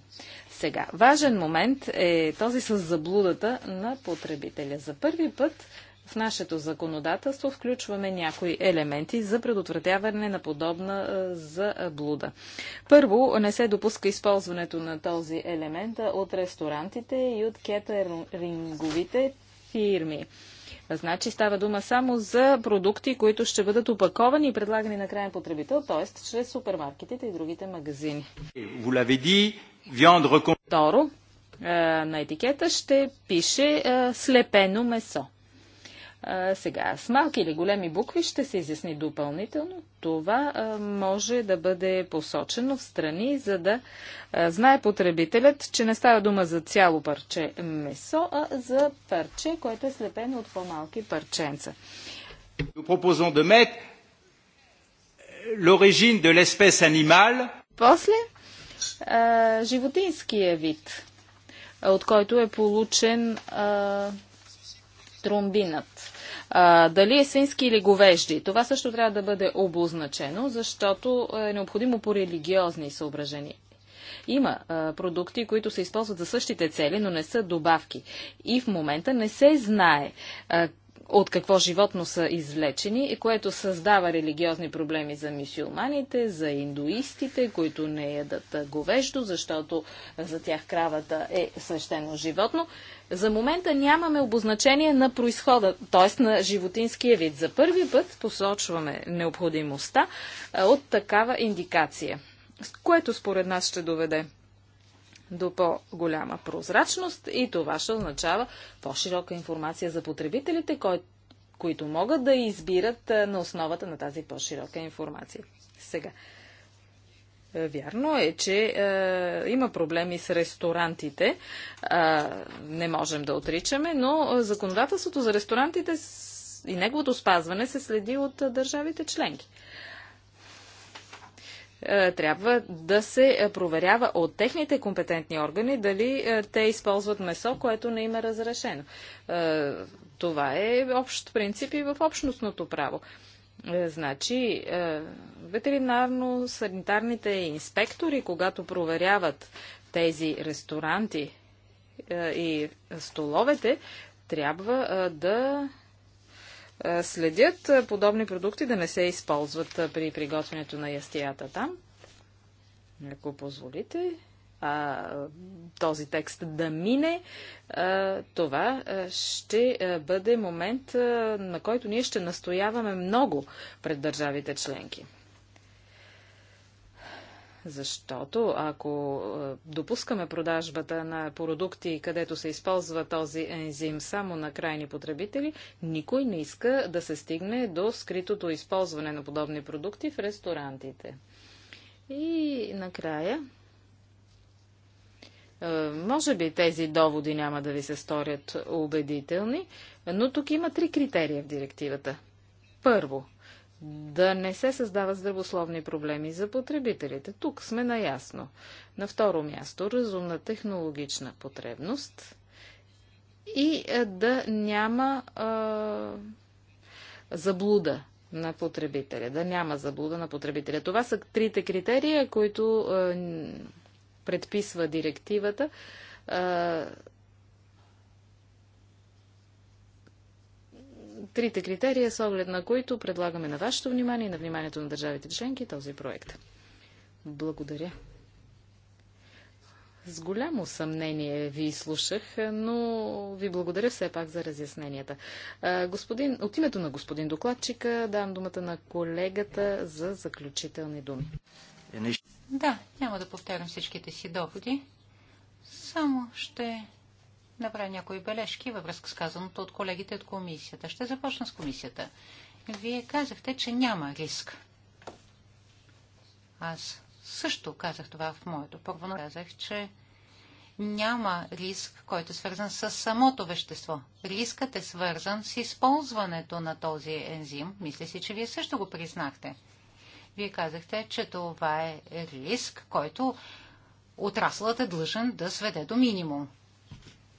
Сега, важен момент е този с заблудата на потребителя. За първи път в нашето законодателство включваме някои елементи за предотвратяване на подобна заблуда. Първо, не се допуска използването на този елемент от ресторантите и от кетеринговите фирми. Значи става дума само за продукти, които ще бъдат опаковани и предлагани на крайен потребител, т.е. чрез супермаркетите и другите магазини. Второ, на етикета ще пише слепено месо. А, сега, с малки или големи букви ще се изясни допълнително. Това а, може да бъде посочено в страни, за да а, знае потребителят, че не става дума за цяло парче месо, а за парче, което е слепено от по-малки парченца. l'origine de l'espèce animale. После а, животинския вид, от който е получен а, тромбинът а, дали е свински или говежди. Това също трябва да бъде обозначено, защото е необходимо по религиозни съображения. Има а, продукти, които се използват за същите цели, но не са добавки. И в момента не се знае а, от какво животно са извлечени, и което създава религиозни проблеми за мисюлманите, за индуистите, които не ядат говеждо, защото за тях кравата е свещено животно. За момента нямаме обозначение на происхода, т.е. на животинския вид. За първи път посочваме необходимостта от такава индикация, което според нас ще доведе до по-голяма прозрачност и това ще означава по-широка информация за потребителите, кои, които могат да избират на основата на тази по-широка информация. Сега. Е, вярно е, че е, има проблеми с ресторантите. Е, не можем да отричаме, но е, законодателството за ресторантите и неговото спазване се следи от е, държавите членки. Е, трябва да се е, проверява от техните компетентни органи дали е, те използват месо, което не им е разрешено. Това е общ принцип и в общностното право. Значи, ветеринарно-санитарните инспектори, когато проверяват тези ресторанти и столовете, трябва да е, следят е, подобни продукти да не се използват е, при приготвянето на ястията там. Ако позволите, а, този текст да мине, а, това ще бъде момент, на който ние ще настояваме много пред държавите членки. Защото ако е, допускаме продажбата на продукти, където се използва този ензим само на крайни потребители, никой не иска да се стигне до скритото използване на подобни продукти в ресторантите. И накрая, е, може би тези доводи няма да ви се сторят убедителни, но тук има три критерия в директивата. Първо, да не се създават здравословни проблеми за потребителите. Тук сме наясно. На второ място, разумна технологична потребност и е, да няма а, заблуда на потребителя, да няма заблуда на потребителя. Това са трите критерия, които а, е, предписва директивата а, трите критерия, с оглед на които предлагаме на вашето внимание и на вниманието на държавите членки този проект. Благодаря. С голямо съмнение ви слушах, но ви благодаря все пак за разясненията. Господин, от името на господин докладчика давам думата на колегата за заключителни думи. Да, няма да повтарям всичките си доводи. Само ще направя някои бележки във връзка с казаното от колегите от комисията. Ще започна с комисията. Вие казахте, че няма риск. Аз също казах това в моето първо. Казах, че няма риск, който е свързан с самото вещество. Рискът е свързан с използването на този ензим. Мисля си, че вие също го признахте. Вие казахте, че това е риск, който отраслът е длъжен да сведе до минимум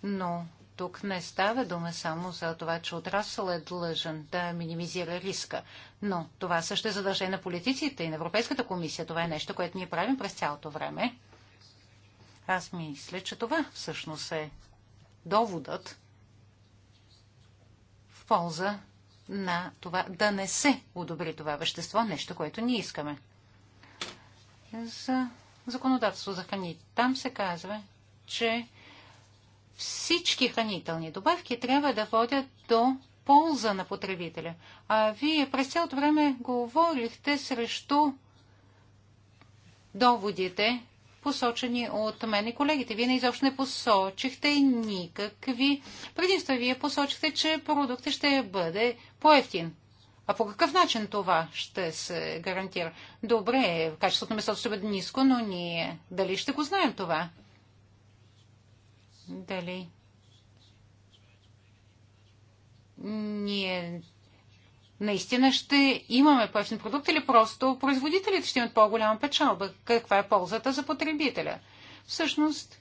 но тук не става дума само за това, че отрасъл е длъжен да минимизира риска. Но това също е задължение на политиците и на Европейската комисия. Това е нещо, което ние правим през цялото време. Аз мисля, че това всъщност е доводът в полза на това да не се одобри това вещество, нещо, което ние искаме. За законодателство за храни. Там се казва, че всички хранителни добавки трябва да водят до полза на потребителя. А вие през цялото време говорихте срещу доводите, посочени от мен и колегите. Вие не изобщо не посочихте никакви предимства. Вие посочихте, че продуктът ще бъде по-ефтин. А по какъв начин това ще се гарантира? Добре, качеството на месото ще бъде ниско, но ние дали ще го знаем това? дали ние наистина ще имаме повече продукт или просто производителите ще имат по-голяма печалба? Каква е ползата за потребителя? Всъщност,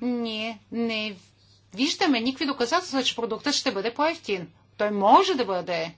ние не виждаме никакви доказателства, че продуктът ще бъде по-ефтин. Той може да бъде